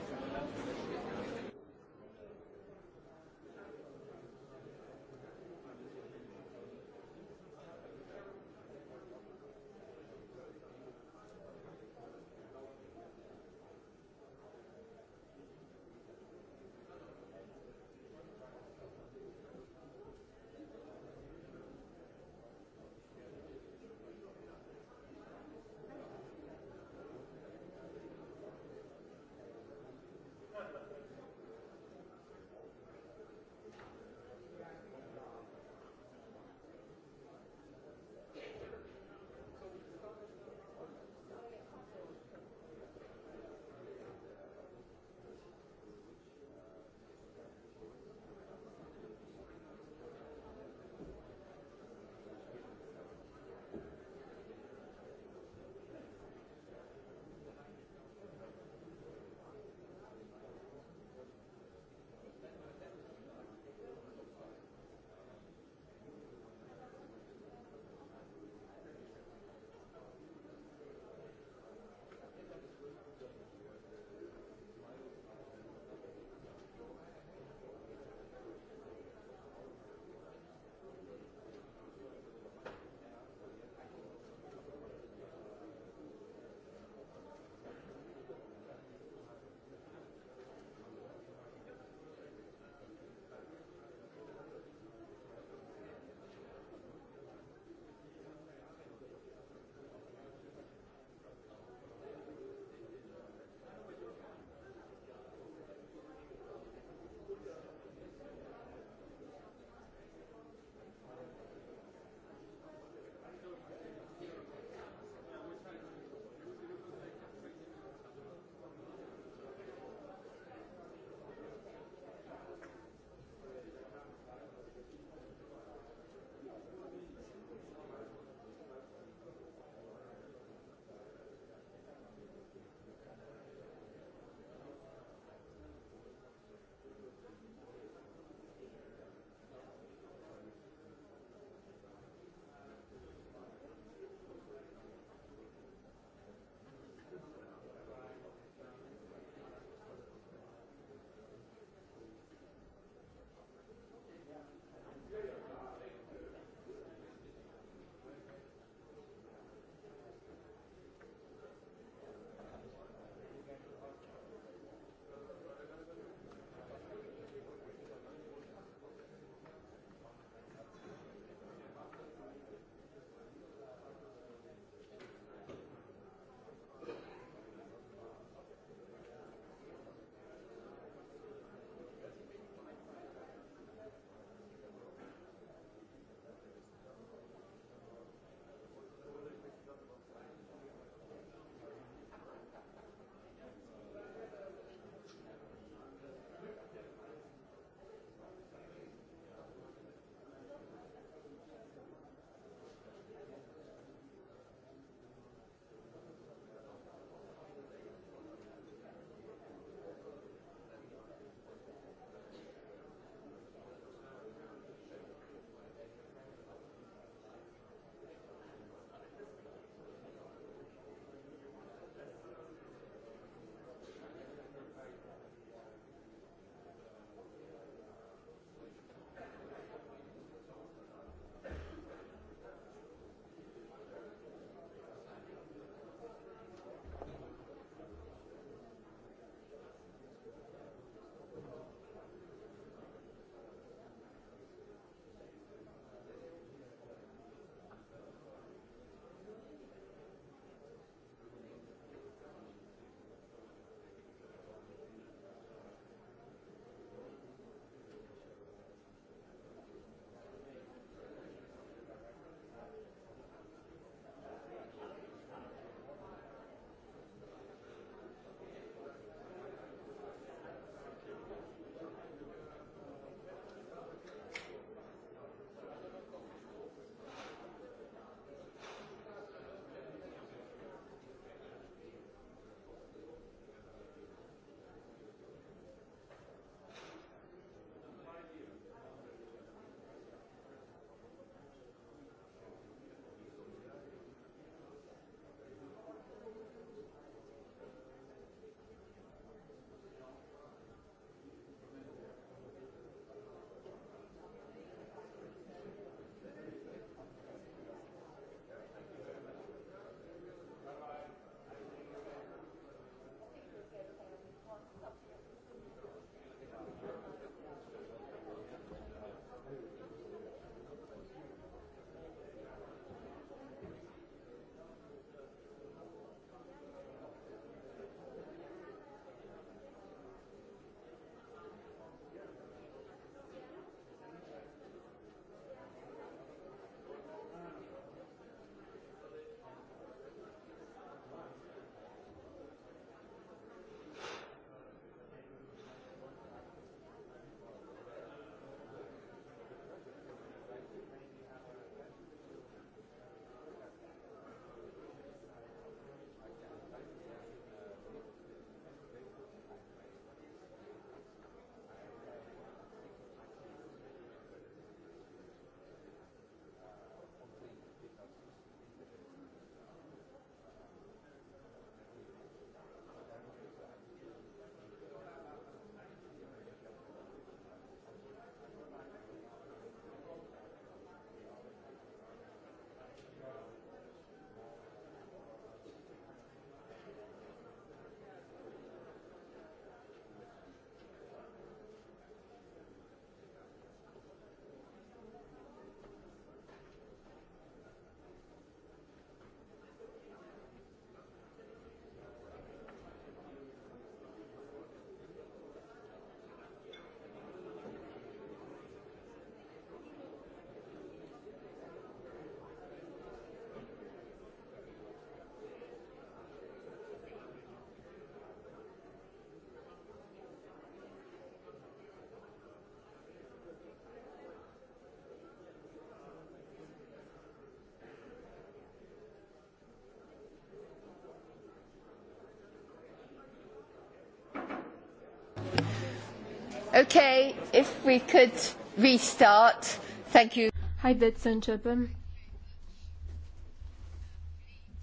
Haideți să începem.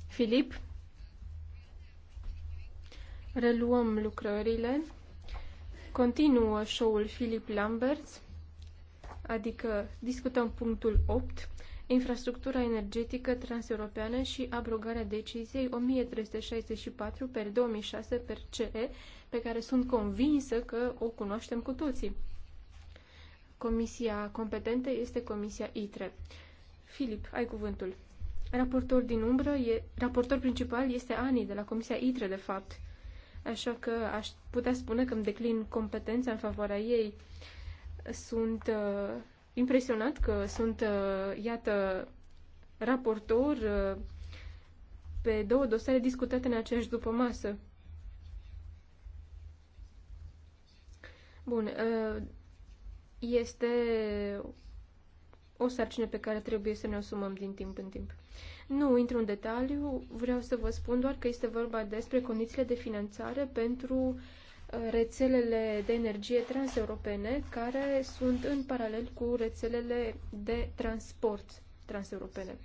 Filip, reluăm lucrările. Continuă show-ul Filip Lambert, adică discutăm punctul 8, infrastructura energetică transeuropeană și abrogarea deciziei 1364 2006 CE, pe care sunt convinsă că o cunoaștem cu toții. Comisia competentă este Comisia ITRE. Filip, ai cuvântul. Raportor din umbră, e, raportor principal este Ani de la Comisia ITRE, de fapt. Așa că aș putea spune că îmi declin competența în favoarea ei. Sunt uh, impresionat că sunt, uh, iată, raportor uh, pe două dosare discutate în aceeași după masă. Bun, uh, este o sarcină pe care trebuie să ne asumăm din timp în timp. Nu intru în detaliu, vreau să vă spun doar că este vorba despre condițiile de finanțare pentru rețelele de energie transeuropene care sunt în paralel cu rețelele de transport transeuropene.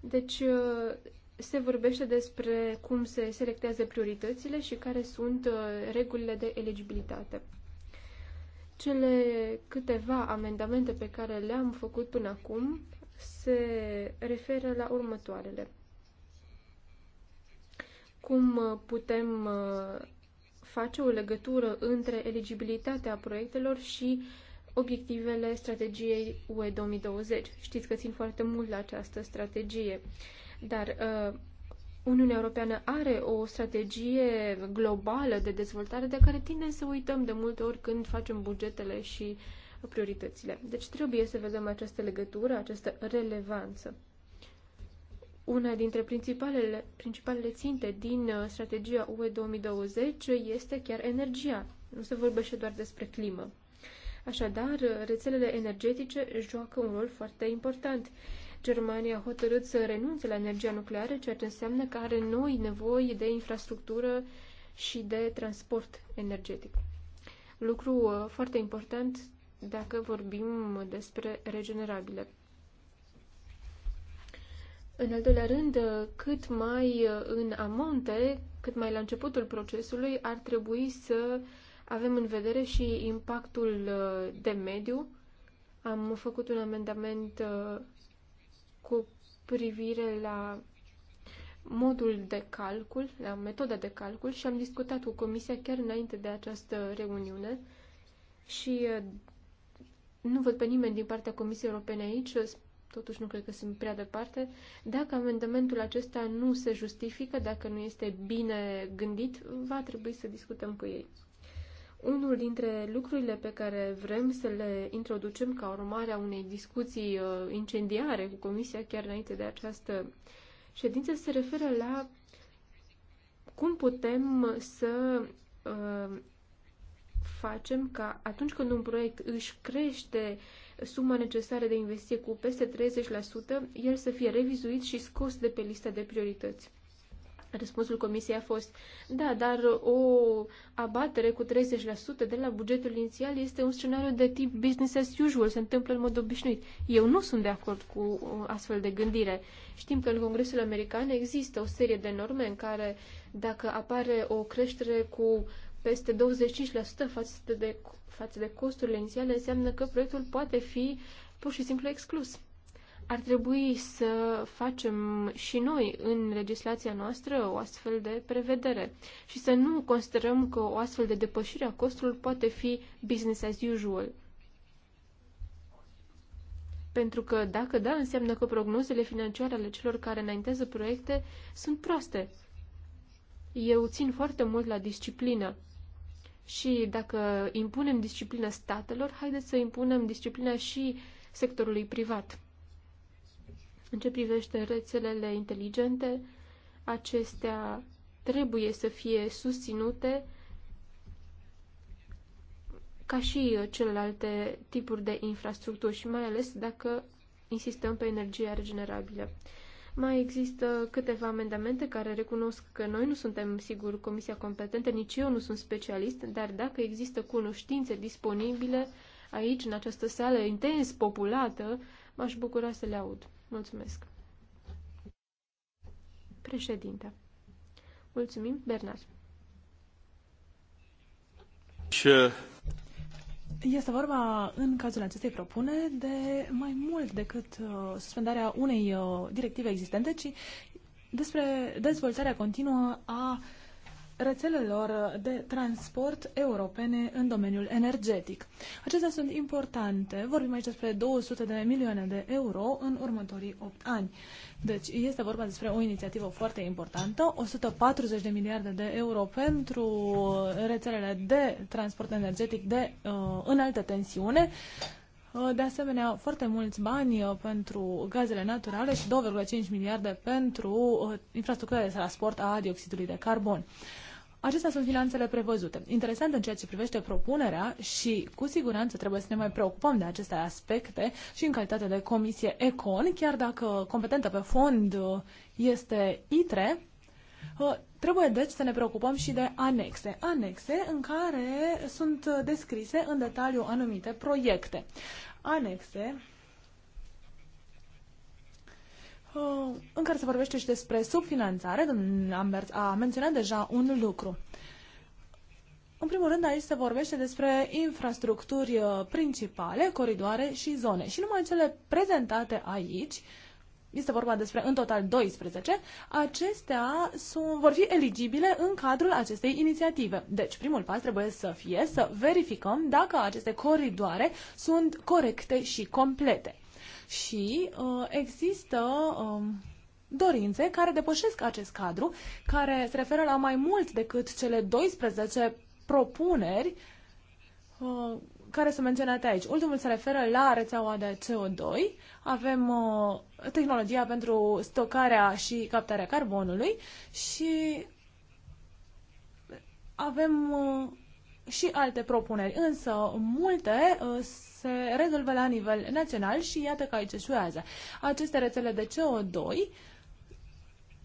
Deci uh, se vorbește despre cum se selectează prioritățile și care sunt uh, regulile de eligibilitate. Cele câteva amendamente pe care le-am făcut până acum se referă la următoarele. Cum uh, putem face o legătură între eligibilitatea proiectelor și obiectivele strategiei UE 2020. Știți că țin foarte mult la această strategie, dar uh, Uniunea Europeană are o strategie globală de dezvoltare de care tindem să uităm de multe ori când facem bugetele și prioritățile. Deci trebuie să vedem această legătură, această relevanță. Una dintre principalele, principalele ținte din uh, strategia UE 2020 este chiar energia. Nu se vorbește doar despre climă. Așadar, rețelele energetice joacă un rol foarte important. Germania a hotărât să renunțe la energia nucleară, ceea ce înseamnă că are noi nevoi de infrastructură și de transport energetic. Lucru uh, foarte important dacă vorbim despre regenerabile. În al doilea rând, cât mai uh, în amonte, cât mai la începutul procesului, ar trebui să avem în vedere și impactul uh, de mediu. Am făcut un amendament uh, cu privire la modul de calcul, la metoda de calcul și am discutat cu comisia chiar înainte de această reuniune și nu văd pe nimeni din partea Comisiei Europene aici totuși nu cred că sunt prea departe, dacă amendamentul acesta nu se justifică, dacă nu este bine gândit, va trebui să discutăm cu ei. Unul dintre lucrurile pe care vrem să le introducem ca urmare a unei discuții uh, incendiare cu Comisia chiar înainte de această ședință se referă la cum putem să uh, facem ca atunci când un proiect își crește uh, suma necesară de investiție cu peste 30%, el să fie revizuit și scos de pe lista de priorități. Răspunsul comisiei a fost, da, dar o abatere cu 30% de la bugetul inițial este un scenariu de tip business as usual, se întâmplă în mod obișnuit. Eu nu sunt de acord cu astfel de gândire. Știm că în Congresul American există o serie de norme în care dacă apare o creștere cu peste 25% față de față de costurile inițiale înseamnă că proiectul poate fi pur și simplu exclus. Ar trebui să facem și noi în legislația noastră o astfel de prevedere și să nu considerăm că o astfel de depășire a costurilor poate fi business as usual. Pentru că dacă da, înseamnă că prognozele financiare ale celor care înaintează proiecte sunt proaste. Eu țin foarte mult la disciplină și dacă impunem disciplina statelor, haideți să impunem disciplina și sectorului privat. În ce privește rețelele inteligente, acestea trebuie să fie susținute ca și celelalte tipuri de infrastructuri și mai ales dacă insistăm pe energia regenerabilă. Mai există câteva amendamente care recunosc că noi nu suntem, sigur, comisia competentă, nici eu nu sunt specialist, dar dacă există cunoștințe disponibile aici, în această sală intens populată, m-aș bucura să le aud. Mulțumesc. Președinte. Mulțumim, Bernard. Și... Uh, este vorba, în cazul acestei propune de mai mult decât uh, suspendarea unei uh, directive existente, ci despre dezvoltarea continuă a uh, rețelelor de transport europene în domeniul energetic. Acestea sunt importante. Vorbim aici despre 200 de milioane de euro în următorii 8 ani. Deci este vorba despre o inițiativă foarte importantă, 140 de miliarde de euro pentru rețelele de transport energetic de uh, înaltă tensiune, uh, de asemenea, foarte mulți bani uh, pentru gazele naturale și 2,5 miliarde pentru uh, infrastructura de transport a dioxidului de carbon. Acestea sunt finanțele prevăzute. Interesant în ceea ce privește propunerea și cu siguranță trebuie să ne mai preocupăm de aceste aspecte și în calitate de comisie ECON, chiar dacă competentă pe fond uh, este ITRE, uh, Trebuie deci să ne preocupăm și de anexe. Anexe în care sunt uh, descrise în detaliu anumite proiecte. Anexe Uh, în care se vorbește și despre subfinanțare. Domnul a menționat deja un lucru. În primul rând, aici se vorbește despre infrastructuri uh, principale, coridoare și zone. Și numai cele prezentate aici, este vorba despre în total 12, acestea sunt, vor fi eligibile în cadrul acestei inițiative. Deci, primul pas trebuie să fie să verificăm dacă aceste coridoare sunt corecte și complete și uh, există uh, dorințe care depășesc acest cadru, care se referă la mai mult decât cele 12 propuneri uh, care sunt menționate aici. Ultimul se referă la rețeaua de CO2. Avem uh, tehnologia pentru stocarea și captarea carbonului și avem uh, și alte propuneri, însă multe uh, se rezolvă la nivel național și iată că aici eșuează. Aceste rețele de CO2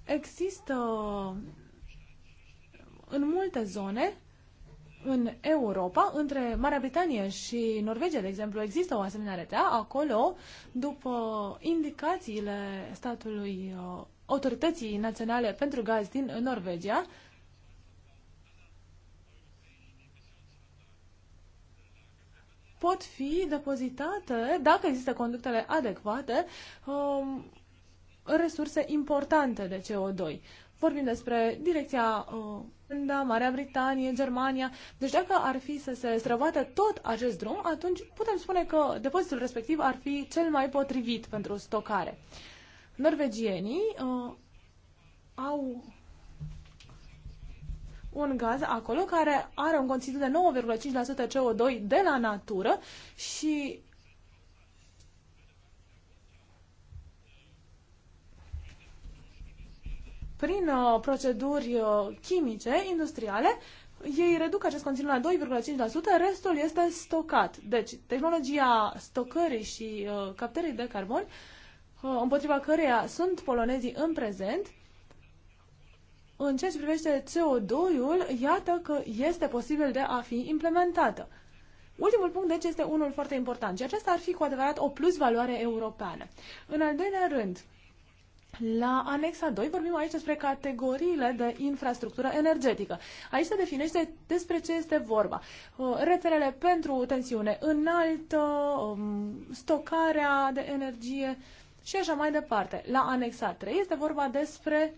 există în multe zone în Europa, între Marea Britanie și Norvegia, de exemplu, există o asemenea rețea. Acolo, după indicațiile statului uh, autorității naționale pentru gaz din Norvegia, pot fi depozitate, dacă există conductele adecvate, um, resurse importante de CO2. Vorbim despre direcția Finlanda, uh, Marea Britanie, Germania. Deci dacă ar fi să se străbată tot acest drum, atunci putem spune că depozitul respectiv ar fi cel mai potrivit pentru stocare. Norvegienii uh, au un gaz acolo care are un conținut de 9,5% CO2 de la natură și prin uh, proceduri uh, chimice, industriale, ei reduc acest conținut la 2,5%, restul este stocat. Deci, tehnologia stocării și uh, captării de carbon, uh, împotriva căreia sunt polonezii în prezent, în ceea ce privește CO2-ul, iată că este posibil de a fi implementată. Ultimul punct, deci, este unul foarte important și acesta ar fi cu adevărat o plus valoare europeană. În al doilea rând, la anexa 2 vorbim aici despre categoriile de infrastructură energetică. Aici se definește despre ce este vorba. Uh, rețelele pentru tensiune înaltă, um, stocarea de energie și așa mai departe. La anexa 3 este vorba despre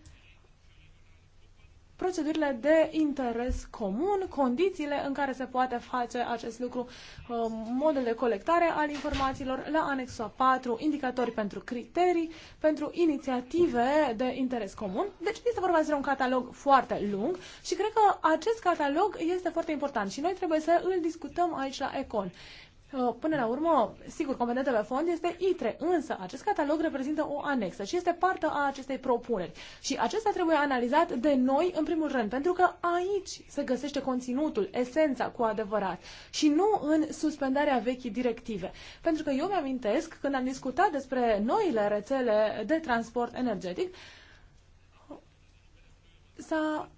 procedurile de interes comun, condițiile în care se poate face acest lucru, um, modul de colectare al informațiilor la anexa 4, indicatori pentru criterii, pentru inițiative de interes comun. Deci este vorba despre un catalog foarte lung și cred că acest catalog este foarte important și noi trebuie să îl discutăm aici la Econ. Uh, până la urmă, sigur, competentă pe fond este ITRE, însă acest catalog reprezintă o anexă și este parte a acestei propuneri. Și acesta trebuie analizat de noi, în primul rând, pentru că aici se găsește conținutul, esența cu adevărat și nu în suspendarea vechii directive. Pentru că eu mi-amintesc, când am discutat despre noile rețele de transport energetic, s-a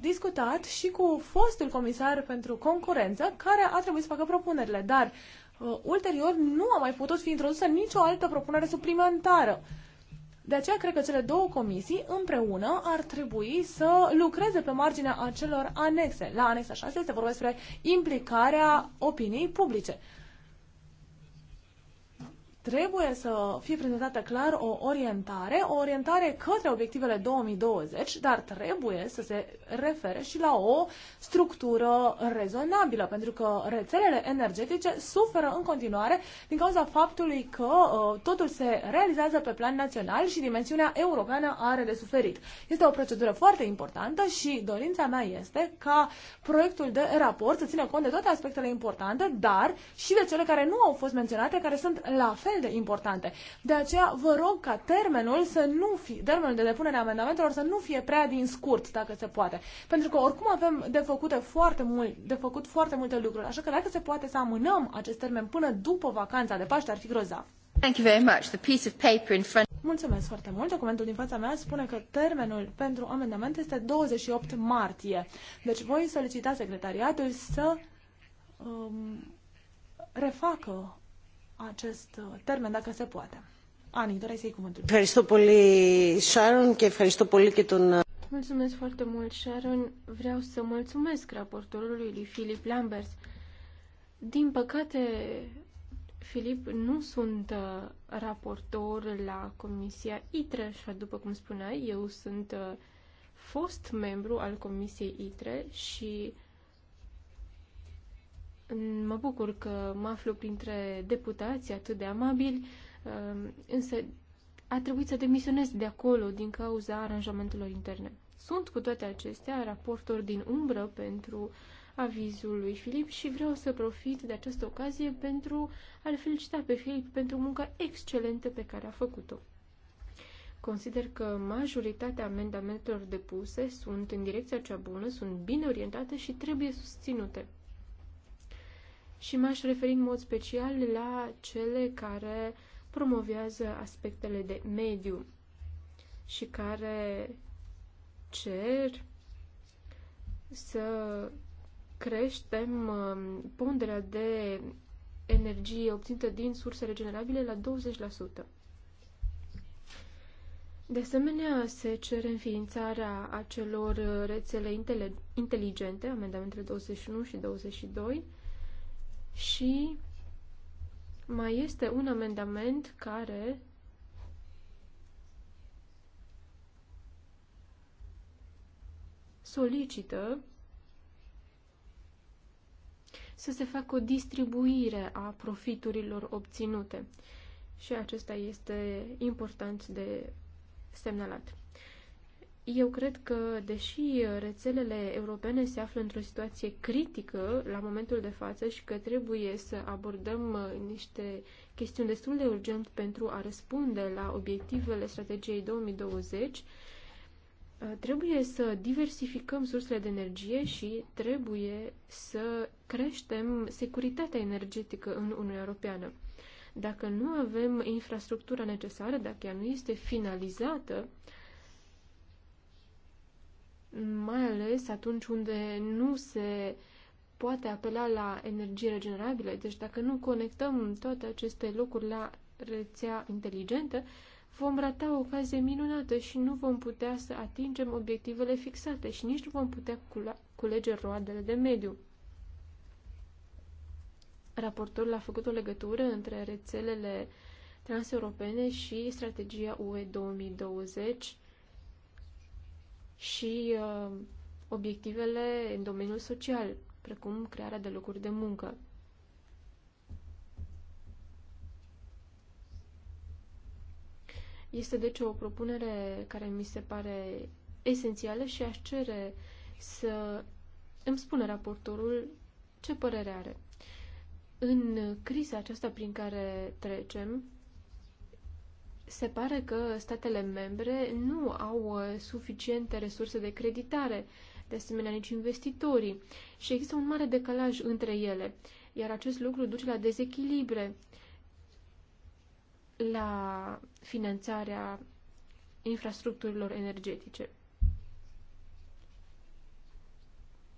discutat și cu fostul comisar pentru concurență, care a trebuit să facă propunerile, dar uh, ulterior nu a mai putut fi introdusă nicio altă propunere suplimentară. De aceea cred că cele două comisii împreună ar trebui să lucreze pe marginea acelor anexe. La anexa 6 se vorbește despre implicarea opiniei publice trebuie să fie prezentată clar o orientare, o orientare către obiectivele 2020, dar trebuie să se refere și la o structură rezonabilă, pentru că rețelele energetice suferă în continuare din cauza faptului că uh, totul se realizează pe plan național și dimensiunea europeană are de suferit. Este o procedură foarte importantă și dorința mea este ca proiectul de raport să țină cont de toate aspectele importante, dar și de cele care nu au fost menționate, care sunt la fel fel de importante. De aceea vă rog ca termenul să nu fie, termenul de depunere a amendamentelor să nu fie prea din scurt, dacă se poate. Pentru că oricum avem de făcute foarte mult, de făcut foarte multe lucruri. Așa că dacă se poate să amânăm acest termen până după vacanța de Paște, ar fi grozav. Thank you very much. The piece of paper in front... Mulțumesc foarte mult. Documentul din fața mea spune că termenul pentru amendament este 28 martie. Deci voi solicita secretariatul să um, refacă acest uh, termen, dacă se poate. Ani, doresc să-i cuvântul. Uh, mulțumesc foarte mult, Sharon. Vreau să mulțumesc raportorului Filip Lambers. Din păcate, Filip, nu sunt uh, raportor la Comisia ITRE, așa după cum spuneai, eu sunt fost membru al Comisiei ITRE și Mă bucur că mă aflu printre deputații atât de amabili, um, însă a trebuit să demisionez de acolo din cauza aranjamentelor interne. Sunt cu toate acestea raportor din umbră pentru avizul lui Filip și vreau să profit de această ocazie pentru a-l felicita pe Filip pentru munca excelentă pe care a făcut-o. Consider că majoritatea amendamentelor depuse sunt în direcția cea bună, sunt bine orientate și trebuie susținute și m-aș referi în mod special la cele care promovează aspectele de mediu și care cer să creștem um, ponderea de energie obținută din surse regenerabile la 20%. De asemenea, se cere înființarea acelor rețele inteligente, amendamentele 21 și 22, și mai este un amendament care solicită să se facă o distribuire a profiturilor obținute. Și acesta este important de semnalat. Eu cred că, deși rețelele europene se află într-o situație critică la momentul de față și că trebuie să abordăm uh, niște chestiuni destul de urgente pentru a răspunde la obiectivele strategiei 2020, uh, trebuie să diversificăm sursele de energie și trebuie să creștem securitatea energetică în Uniunea Europeană. Dacă nu avem infrastructura necesară, dacă ea nu este finalizată, mai ales atunci unde nu se poate apela la energie regenerabilă. Deci dacă nu conectăm toate aceste locuri la rețea inteligentă, vom rata o ocazie minunată și nu vom putea să atingem obiectivele fixate și nici nu vom putea culege roadele de mediu. Raportorul a făcut o legătură între rețelele transeuropene și strategia UE 2020 și uh, obiectivele în domeniul social, precum crearea de locuri de muncă. Este deci o propunere care mi se pare esențială și aș cere să îmi spună raportorul ce părere are. În criza aceasta prin care trecem, se pare că statele membre nu au uh, suficiente resurse de creditare, de asemenea nici investitorii, și există un mare decalaj între ele, iar acest lucru duce la dezechilibre, la finanțarea infrastructurilor energetice.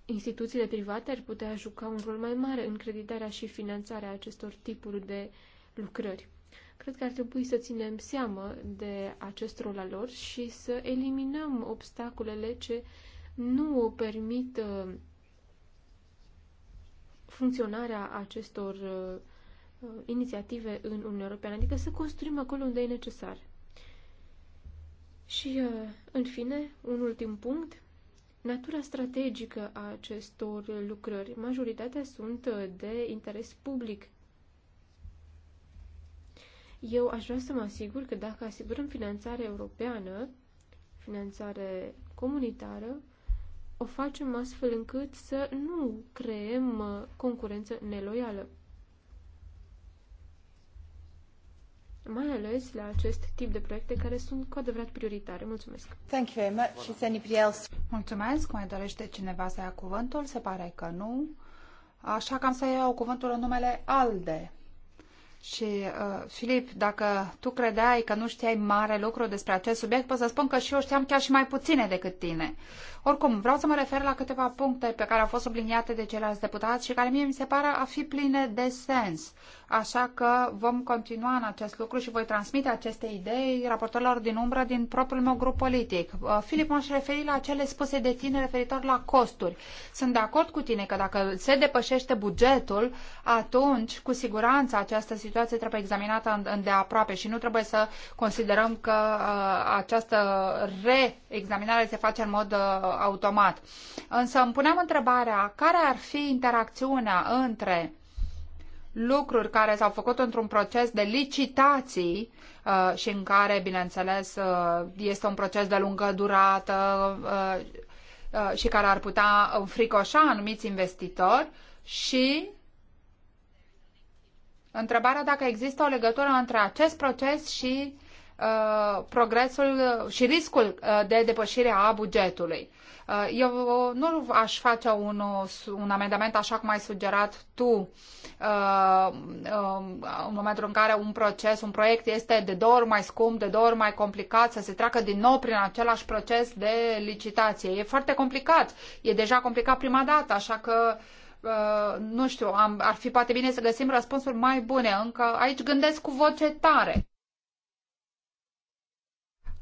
Instituțiile private ar putea juca un rol mai mare în creditarea și finanțarea acestor tipuri de lucrări. Cred că ar trebui să ținem seama de acest rol al lor și să eliminăm obstacolele ce nu permit uh, funcționarea acestor uh, uh, inițiative în Uniunea Europeană, adică să construim acolo unde e necesar. Și, în fine, un ultim punct, natura strategică a acestor lucrări. Majoritatea sunt de interes public eu aș vrea să mă asigur că dacă asigurăm finanțare europeană, finanțare comunitară, o facem astfel încât să nu creăm uh, concurență neloială. mai ales la acest tip de proiecte care sunt cu adevărat prioritare. Mulțumesc! Thank you very much. Is anybody else? Mulțumesc! Mai dorește cineva să ia cuvântul? Se pare că nu. Așa că am să iau cuvântul în numele ALDE. Și, uh, Filip, dacă tu credeai că nu știai mare lucru despre acest subiect, pot să spun că și eu știam chiar și mai puține decât tine. Oricum, vreau să mă refer la câteva puncte pe care au fost subliniate de ceilalți deputați și care mie mi se pare a fi pline de sens. Așa că vom continua în acest lucru și voi transmite aceste idei raportorilor din umbră din propriul meu grup politic. Uh, Filip, m-aș referi la cele spuse de tine referitor la costuri. Sunt de acord cu tine că dacă se depășește bugetul, atunci, cu siguranță, această situație trebuie examinată îndeaproape și nu trebuie să considerăm că uh, această reexaminare se face în mod uh, automat. Însă îmi puneam întrebarea care ar fi interacțiunea între lucruri care s-au făcut într-un proces de licitații uh, și în care, bineînțeles, uh, este un proces de lungă durată uh, uh, și care ar putea înfricoșa anumiți investitori și întrebarea dacă există o legătură între acest proces și uh, progresul și riscul uh, de depășire a bugetului. Uh, eu nu aș face un, un amendament așa cum ai sugerat tu uh, uh, în momentul în care un proces, un proiect este de două ori mai scump, de două ori mai complicat, să se treacă din nou prin același proces de licitație. E foarte complicat. E deja complicat prima dată, așa că nu știu, am, ar fi poate bine să găsim răspunsuri mai bune. Încă aici gândesc cu voce tare.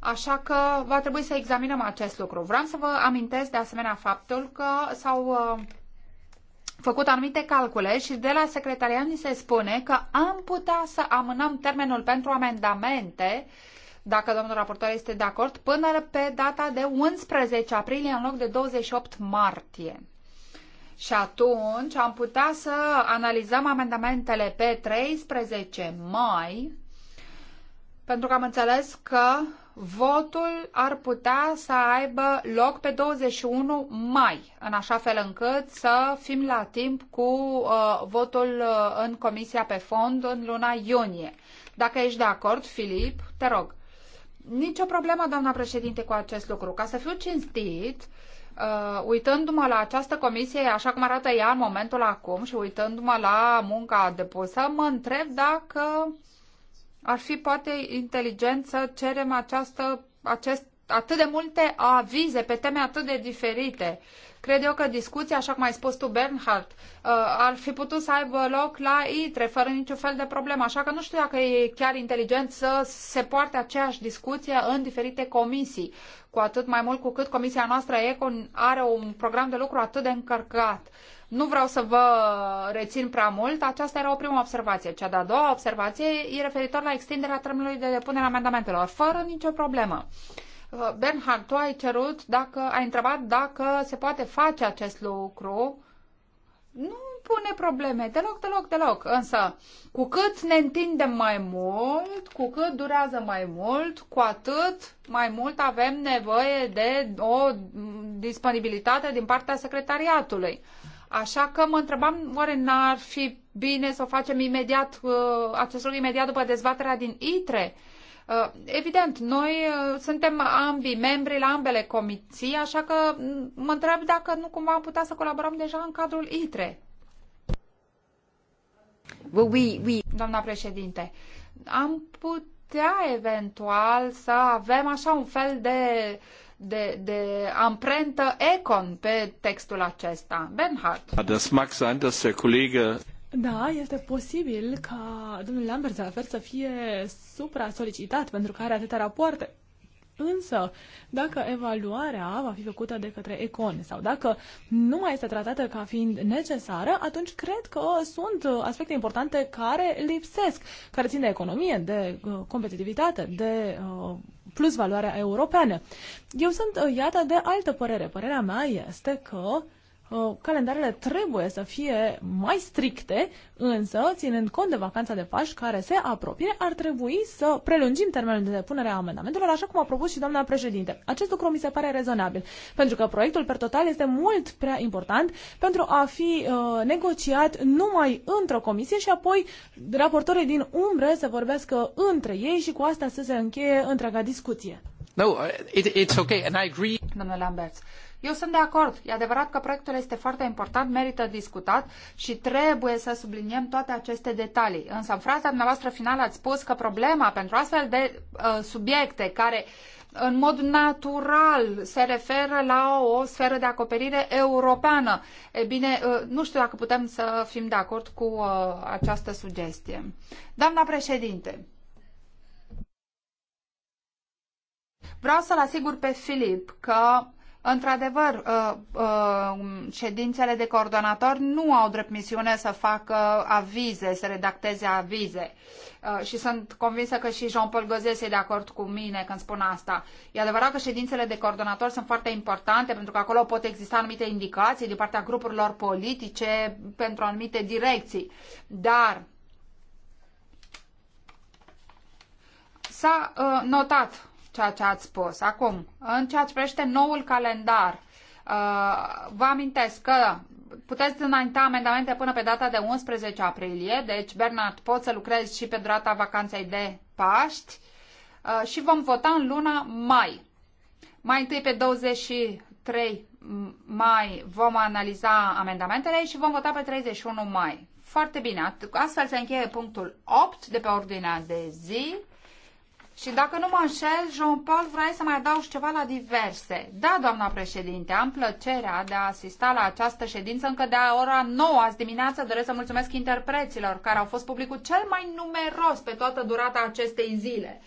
Așa că va trebui să examinăm acest lucru. Vreau să vă amintesc de asemenea faptul că s-au uh, făcut anumite calcule și de la secretariat ni se spune că am putea să amânăm termenul pentru amendamente dacă domnul raportor este de acord, până pe data de 11 aprilie în loc de 28 martie. Și atunci am putea să analizăm amendamentele pe 13 mai, pentru că am înțeles că votul ar putea să aibă loc pe 21 mai, în așa fel încât să fim la timp cu uh, votul uh, în Comisia pe Fond în luna iunie. Dacă ești de acord, Filip, te rog. Nicio problemă, doamna președinte, cu acest lucru. Ca să fiu cinstit, uh, uitându-mă la această comisie, așa cum arată ea în momentul acum și uitându-mă la munca depusă, mă întreb dacă ar fi poate inteligent să cerem această, acest, atât de multe avize pe teme atât de diferite. Cred eu că discuția, așa cum ai spus tu, Bernhard, uh, ar fi putut să aibă loc la ITRE, fără niciun fel de problemă. Așa că nu știu dacă e chiar inteligent să se poarte aceeași discuție în diferite comisii. Cu atât mai mult cu cât comisia noastră ECON are un program de lucru atât de încărcat. Uh, nu vreau să vă rețin prea mult, aceasta era o primă observație. Cea de-a doua observație e referitor la extinderea termenului de depunere a amendamentelor, fără nicio problemă. Uh, Bernhard, tu ai cerut, dacă, ai întrebat dacă se poate face acest lucru. Nu pune probleme, deloc, deloc, deloc. Însă, cu cât ne întindem mai mult, cu cât durează mai mult, cu atât mai mult avem nevoie de o disponibilitate din partea secretariatului. Uh, Așa că mă întrebam, oare n-ar fi bine să o facem imediat, uh, acest lucru imediat după dezbaterea din ITRE? Uh, evident, noi uh, suntem ambii membri la ambele comisii, așa că mă întreb dacă nu cumva am putea să colaborăm deja în cadrul ITRE. Well, we, we... Doamna președinte, am putea eventual să avem așa un fel de uh, de, de amprentă econ pe textul acesta. Bernhard. Das mag sein, dass der Kollege da, este posibil ca domnul Lambert să fie supra-solicitat pentru că are atâtea rapoarte Însă, dacă evaluarea va fi făcută de către Econ sau dacă nu mai este tratată ca fiind necesară, atunci cred că sunt aspecte importante care lipsesc, care țin de economie, de uh, competitivitate, de uh, plus valoarea europeană. Eu sunt, uh, iată, de altă părere. Părerea mea este că Uh, calendarele trebuie să fie mai stricte, însă, ținând cont de vacanța de Paști care se apropie, ar trebui să prelungim termenul de depunere a amendamentelor, așa cum a propus și doamna președinte. Acest lucru mi se pare rezonabil, pentru că proiectul per total este mult prea important pentru a fi uh, negociat numai într-o comisie și apoi raportorii din umbre să vorbească între ei și cu asta să se încheie întreaga discuție. No, uh, it, it's okay and I agree. Domnule Lambert, eu sunt de acord. E adevărat că proiectul este foarte important, merită discutat și trebuie să subliniem toate aceste detalii. Însă în fraza dumneavoastră finală ați spus că problema pentru astfel de uh, subiecte care în mod natural se referă la o sferă de acoperire europeană. E bine, uh, nu știu dacă putem să fim de acord cu uh, această sugestie. Doamna președinte, vreau să-l asigur pe Filip că Într-adevăr, uh, uh, ședințele de coordonatori nu au drept misiune să facă avize, să redacteze avize. Uh, și sunt convinsă că și Jean-Paul Gozes e de acord cu mine când spun asta. E adevărat că ședințele de coordonatori sunt foarte importante pentru că acolo pot exista anumite indicații din partea grupurilor politice pentru anumite direcții. Dar s-a notat ceea ce ați spus. Acum, în ceea ce privește noul calendar, uh, vă amintesc că puteți înainta amendamente până pe data de 11 aprilie, deci, Bernard, poți să lucrezi și pe durata vacanței de Paști uh, și vom vota în luna mai. Mai întâi pe 23 mai vom analiza amendamentele și vom vota pe 31 mai. Foarte bine, astfel se încheie punctul 8 de pe ordinea de zi. Și dacă nu mă înșel, Jean-Paul, vrei să mai adaugi ceva la diverse. Da, doamna președinte, am plăcerea de a asista la această ședință încă de la ora 9 azi dimineață. Doresc să mulțumesc interpreților care au fost publicul cel mai numeros pe toată durata acestei zile.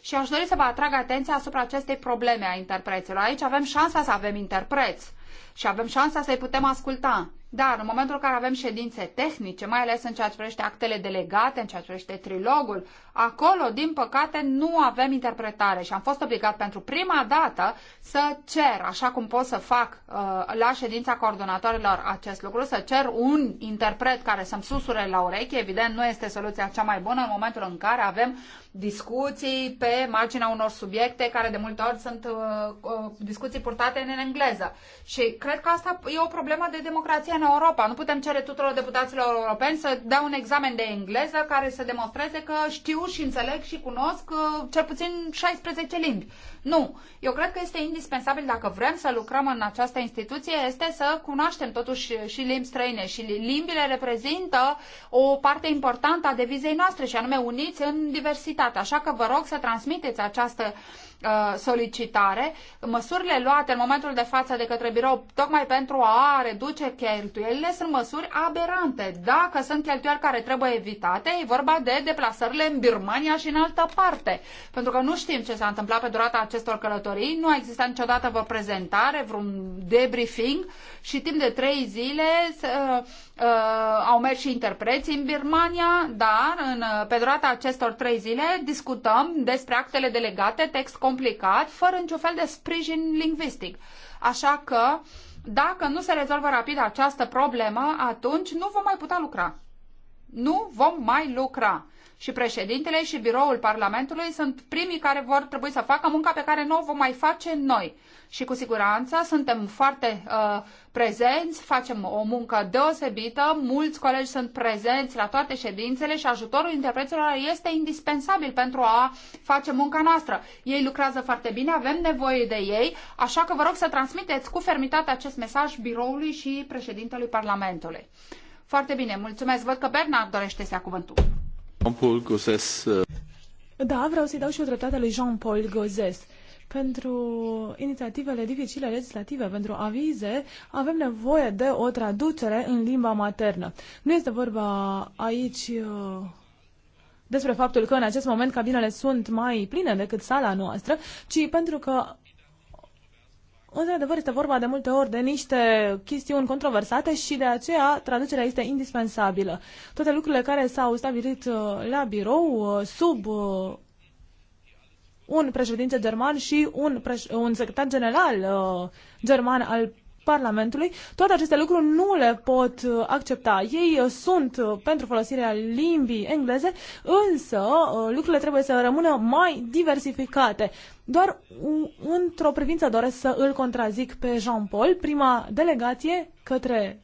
Și aș dori să vă atrag atenția asupra acestei probleme a interpreților. Aici avem șansa să avem interpreți și avem șansa să-i putem asculta. Dar în momentul în care avem ședințe tehnice, mai ales în ceea ce privește actele delegate, în ceea ce privește trilogul, acolo, din păcate, nu avem interpretare și am fost obligat pentru prima dată să cer, așa cum pot să fac uh, la ședința coordonatorilor acest lucru, să cer un interpret care să-mi susure la ureche. Evident, nu este soluția cea mai bună în momentul în care avem discuții pe marginea unor subiecte care de multe ori sunt uh, uh, discuții purtate în engleză. Și cred că asta e o problemă de democrație în Europa. Nu putem cere tuturor deputaților europeni să dea un examen de engleză care să demonstreze că știu și înțeleg și cunosc uh, cel puțin 16 limbi. Nu. Eu cred că este indispensabil dacă vrem să lucrăm în această instituție, este să cunoaștem totuși și limbi străine și limbile reprezintă o parte importantă a devizei noastre și anume uniți în diversitate state. Așa că vă rog să transmiteți această uh, solicitare, măsurile luate în momentul de față de către birou tocmai pentru a reduce cheltuielile sunt măsuri aberante. Dacă sunt cheltuieli care trebuie evitate, e vorba de deplasările în Birmania și în altă parte. Pentru că nu știm ce s-a întâmplat pe durata acestor călătorii, nu a existat niciodată vreo prezentare, vreun debriefing și timp de trei zile uh, uh, au mers și interpreți în Birmania, dar în, uh, pe durata acestor trei zile discutăm despre actele delegate, text complicat, fără niciun fel de sprijin lingvistic. Așa că, dacă nu se rezolvă rapid această problemă, atunci nu vom mai putea lucra. Nu vom mai lucra și președintele și biroul Parlamentului sunt primii care vor trebui să facă munca pe care nu o vom mai face noi și cu siguranță suntem foarte uh, prezenți, facem o muncă deosebită, mulți colegi sunt prezenți la toate ședințele și ajutorul interpreților este indispensabil pentru a face munca noastră. Ei lucrează foarte bine, avem nevoie de ei, așa că vă rog să transmiteți cu fermitate acest mesaj biroului și președintelui Parlamentului. Foarte bine, mulțumesc. Văd că Bernard dorește să ia cuvântul. Uh. Da, vreau să-i dau și o dreptate lui Jean-Paul Gozes pentru inițiativele dificile legislative, pentru avize, avem nevoie de o traducere în limba maternă. Nu este vorba aici uh, despre faptul că în acest moment cabinele sunt mai pline decât sala noastră, ci pentru că Într-adevăr, este vorba de multe ori de niște chestiuni controversate și de aceea traducerea este indispensabilă. Toate lucrurile care s-au stabilit uh, la birou uh, sub un președinte german și un, preș- un secretar general uh, german al Parlamentului, toate aceste lucruri nu le pot uh, accepta. Ei uh, sunt uh, pentru folosirea limbii engleze, însă lucrurile trebuie să rămână mai diversificate. Doar într-o privință doresc să îl contrazic pe Jean-Paul. Prima delegație către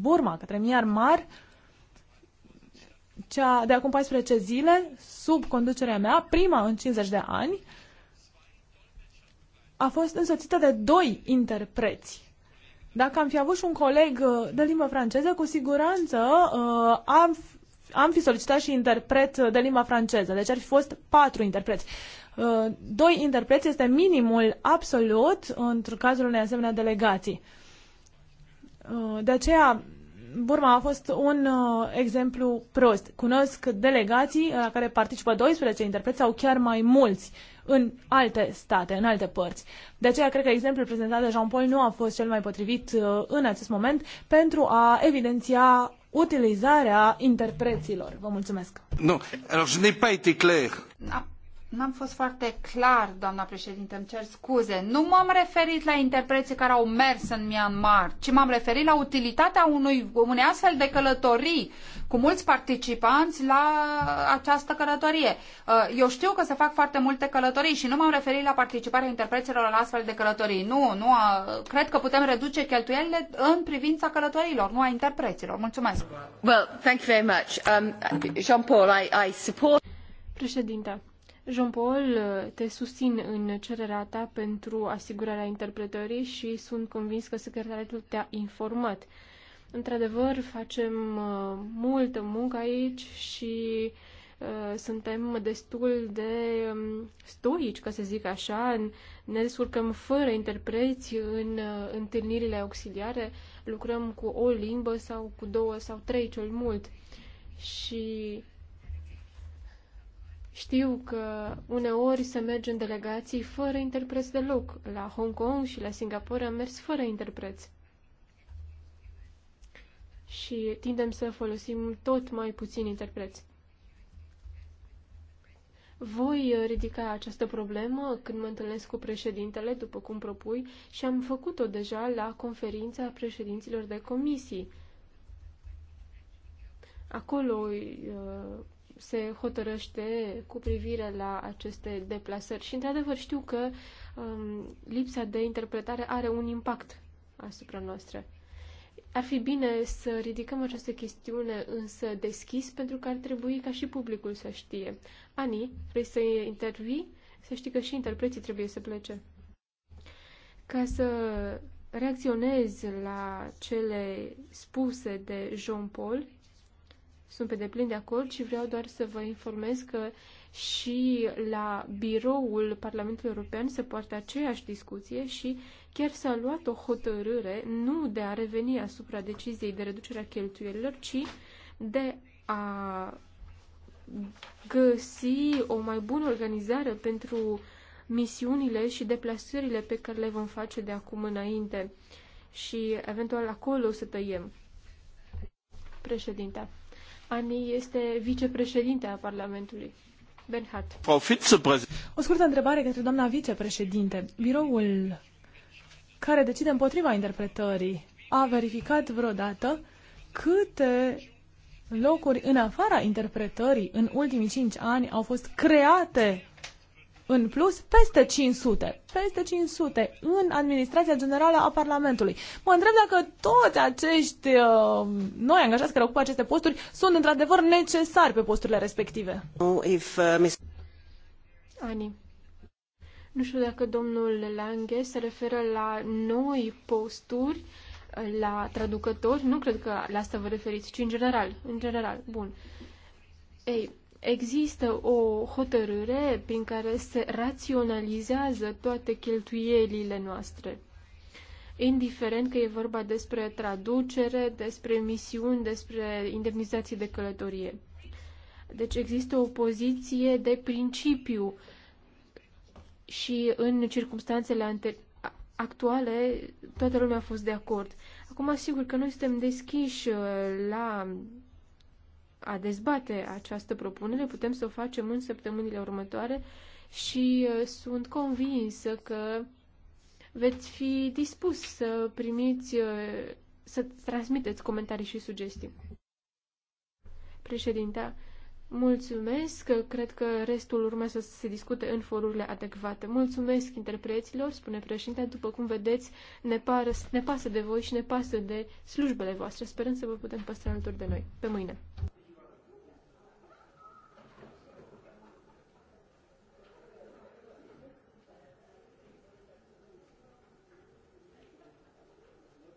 Burma, către Myanmar, cea de acum 14 zile, sub conducerea mea, prima în 50 de ani, a fost însoțită de doi interpreți. Dacă am fi avut și un coleg uh, de limba franceză, cu siguranță uh, am, am fi solicitat și interpret uh, de limba franceză. Deci ar fi fost patru interpreți. Uh, doi interpreți este minimul absolut într cazul unei asemenea delegații. Uh, de aceea Burma a fost un uh, exemplu prost. Cunosc delegații uh, la care participă 12 interpreți sau chiar mai mulți în alte state, în alte părți. De aceea cred că exemplul prezentat de Jean-Paul nu a fost cel mai potrivit uh, în acest moment pentru a evidenția utilizarea interpreților. Vă mulțumesc. Nu, alors je n'ai pas été clair. Ah. N-am fost foarte clar, doamna președinte, îmi cer scuze. Nu m-am referit la interpreții care au mers în Myanmar, ci m-am referit la utilitatea unui, unei astfel de călătorii cu mulți participanți la această călătorie. Uh, eu știu că se fac foarte multe călătorii și nu m-am referit la participarea interpreților la astfel de călătorii. Nu, nu, a, cred că putem reduce cheltuielile în privința călătorilor, nu a interpreților. Mulțumesc. Well, thank you very much. Um, Jean-Paul, I, I support... Președinte, Jean-Paul, te susțin în cererea ta pentru asigurarea interpretării și sunt convins că secretariatul te-a informat. Într-adevăr, facem uh, multă muncă aici și uh, suntem destul de um, stoici, ca să zic așa, ne descurcăm fără interpreți în uh, întâlnirile auxiliare, lucrăm cu o limbă sau cu două sau trei cel mult. Și știu că uneori se merge în delegații fără interpreți deloc. La Hong Kong și la Singapore am mers fără interpreți. Și tindem să folosim tot mai puțin interpreți. Voi ridica această problemă când mă întâlnesc cu președintele, după cum propui, și am făcut-o deja la conferința președinților de comisii. Acolo uh, se hotărăște cu privire la aceste deplasări. Și, într-adevăr, știu că um, lipsa de interpretare are un impact asupra noastră. Ar fi bine să ridicăm această chestiune însă deschis, pentru că ar trebui ca și publicul să știe. Ani, vrei să intervii? Să știi că și interpreții trebuie să plece. Ca să reacționez la cele spuse de Jean-Paul, sunt pe deplin de acord și vreau doar să vă informez că și la biroul Parlamentului European se poartă aceeași discuție și chiar s-a luat o hotărâre nu de a reveni asupra deciziei de reducere a cheltuielilor, ci de a găsi o mai bună organizare pentru misiunile și deplasările pe care le vom face de acum înainte și eventual acolo o să tăiem. Președinte. Ani este vicepreședinte a Parlamentului. Benhat. O scurtă întrebare către doamna vicepreședinte. Biroul care decide împotriva interpretării a verificat vreodată câte locuri în afara interpretării în ultimii cinci ani au fost create în plus peste 500, peste 500 în administrația generală a Parlamentului. Mă întreb dacă toți acești uh, noi angajați care ocupă aceste posturi sunt într-adevăr necesari pe posturile respective. Oh, if, uh, mis- Ani. Nu știu dacă domnul Lange se referă la noi posturi, la traducători, nu cred că la asta vă referiți, ci în general. În general, bun. Ei, Există o hotărâre prin care se raționalizează toate cheltuielile noastre. Indiferent că e vorba despre traducere, despre misiuni, despre indemnizații de călătorie. Deci există o poziție de principiu și în circumstanțele actuale toată lumea a fost de acord. Acum, sigur că noi suntem deschiși uh, la a dezbate această propunere. Putem să o facem în săptămânile următoare și uh, sunt convinsă că veți fi dispus să primiți, uh, să transmiteți comentarii și sugestii. Președinta, mulțumesc. Cred că restul urmează să se discute în forurile adecvate. Mulțumesc interpreților, spune președinta. După cum vedeți, ne, pară, ne pasă de voi și ne pasă de slujbele voastre. Sperăm să vă putem păstra alături de noi. Pe mâine!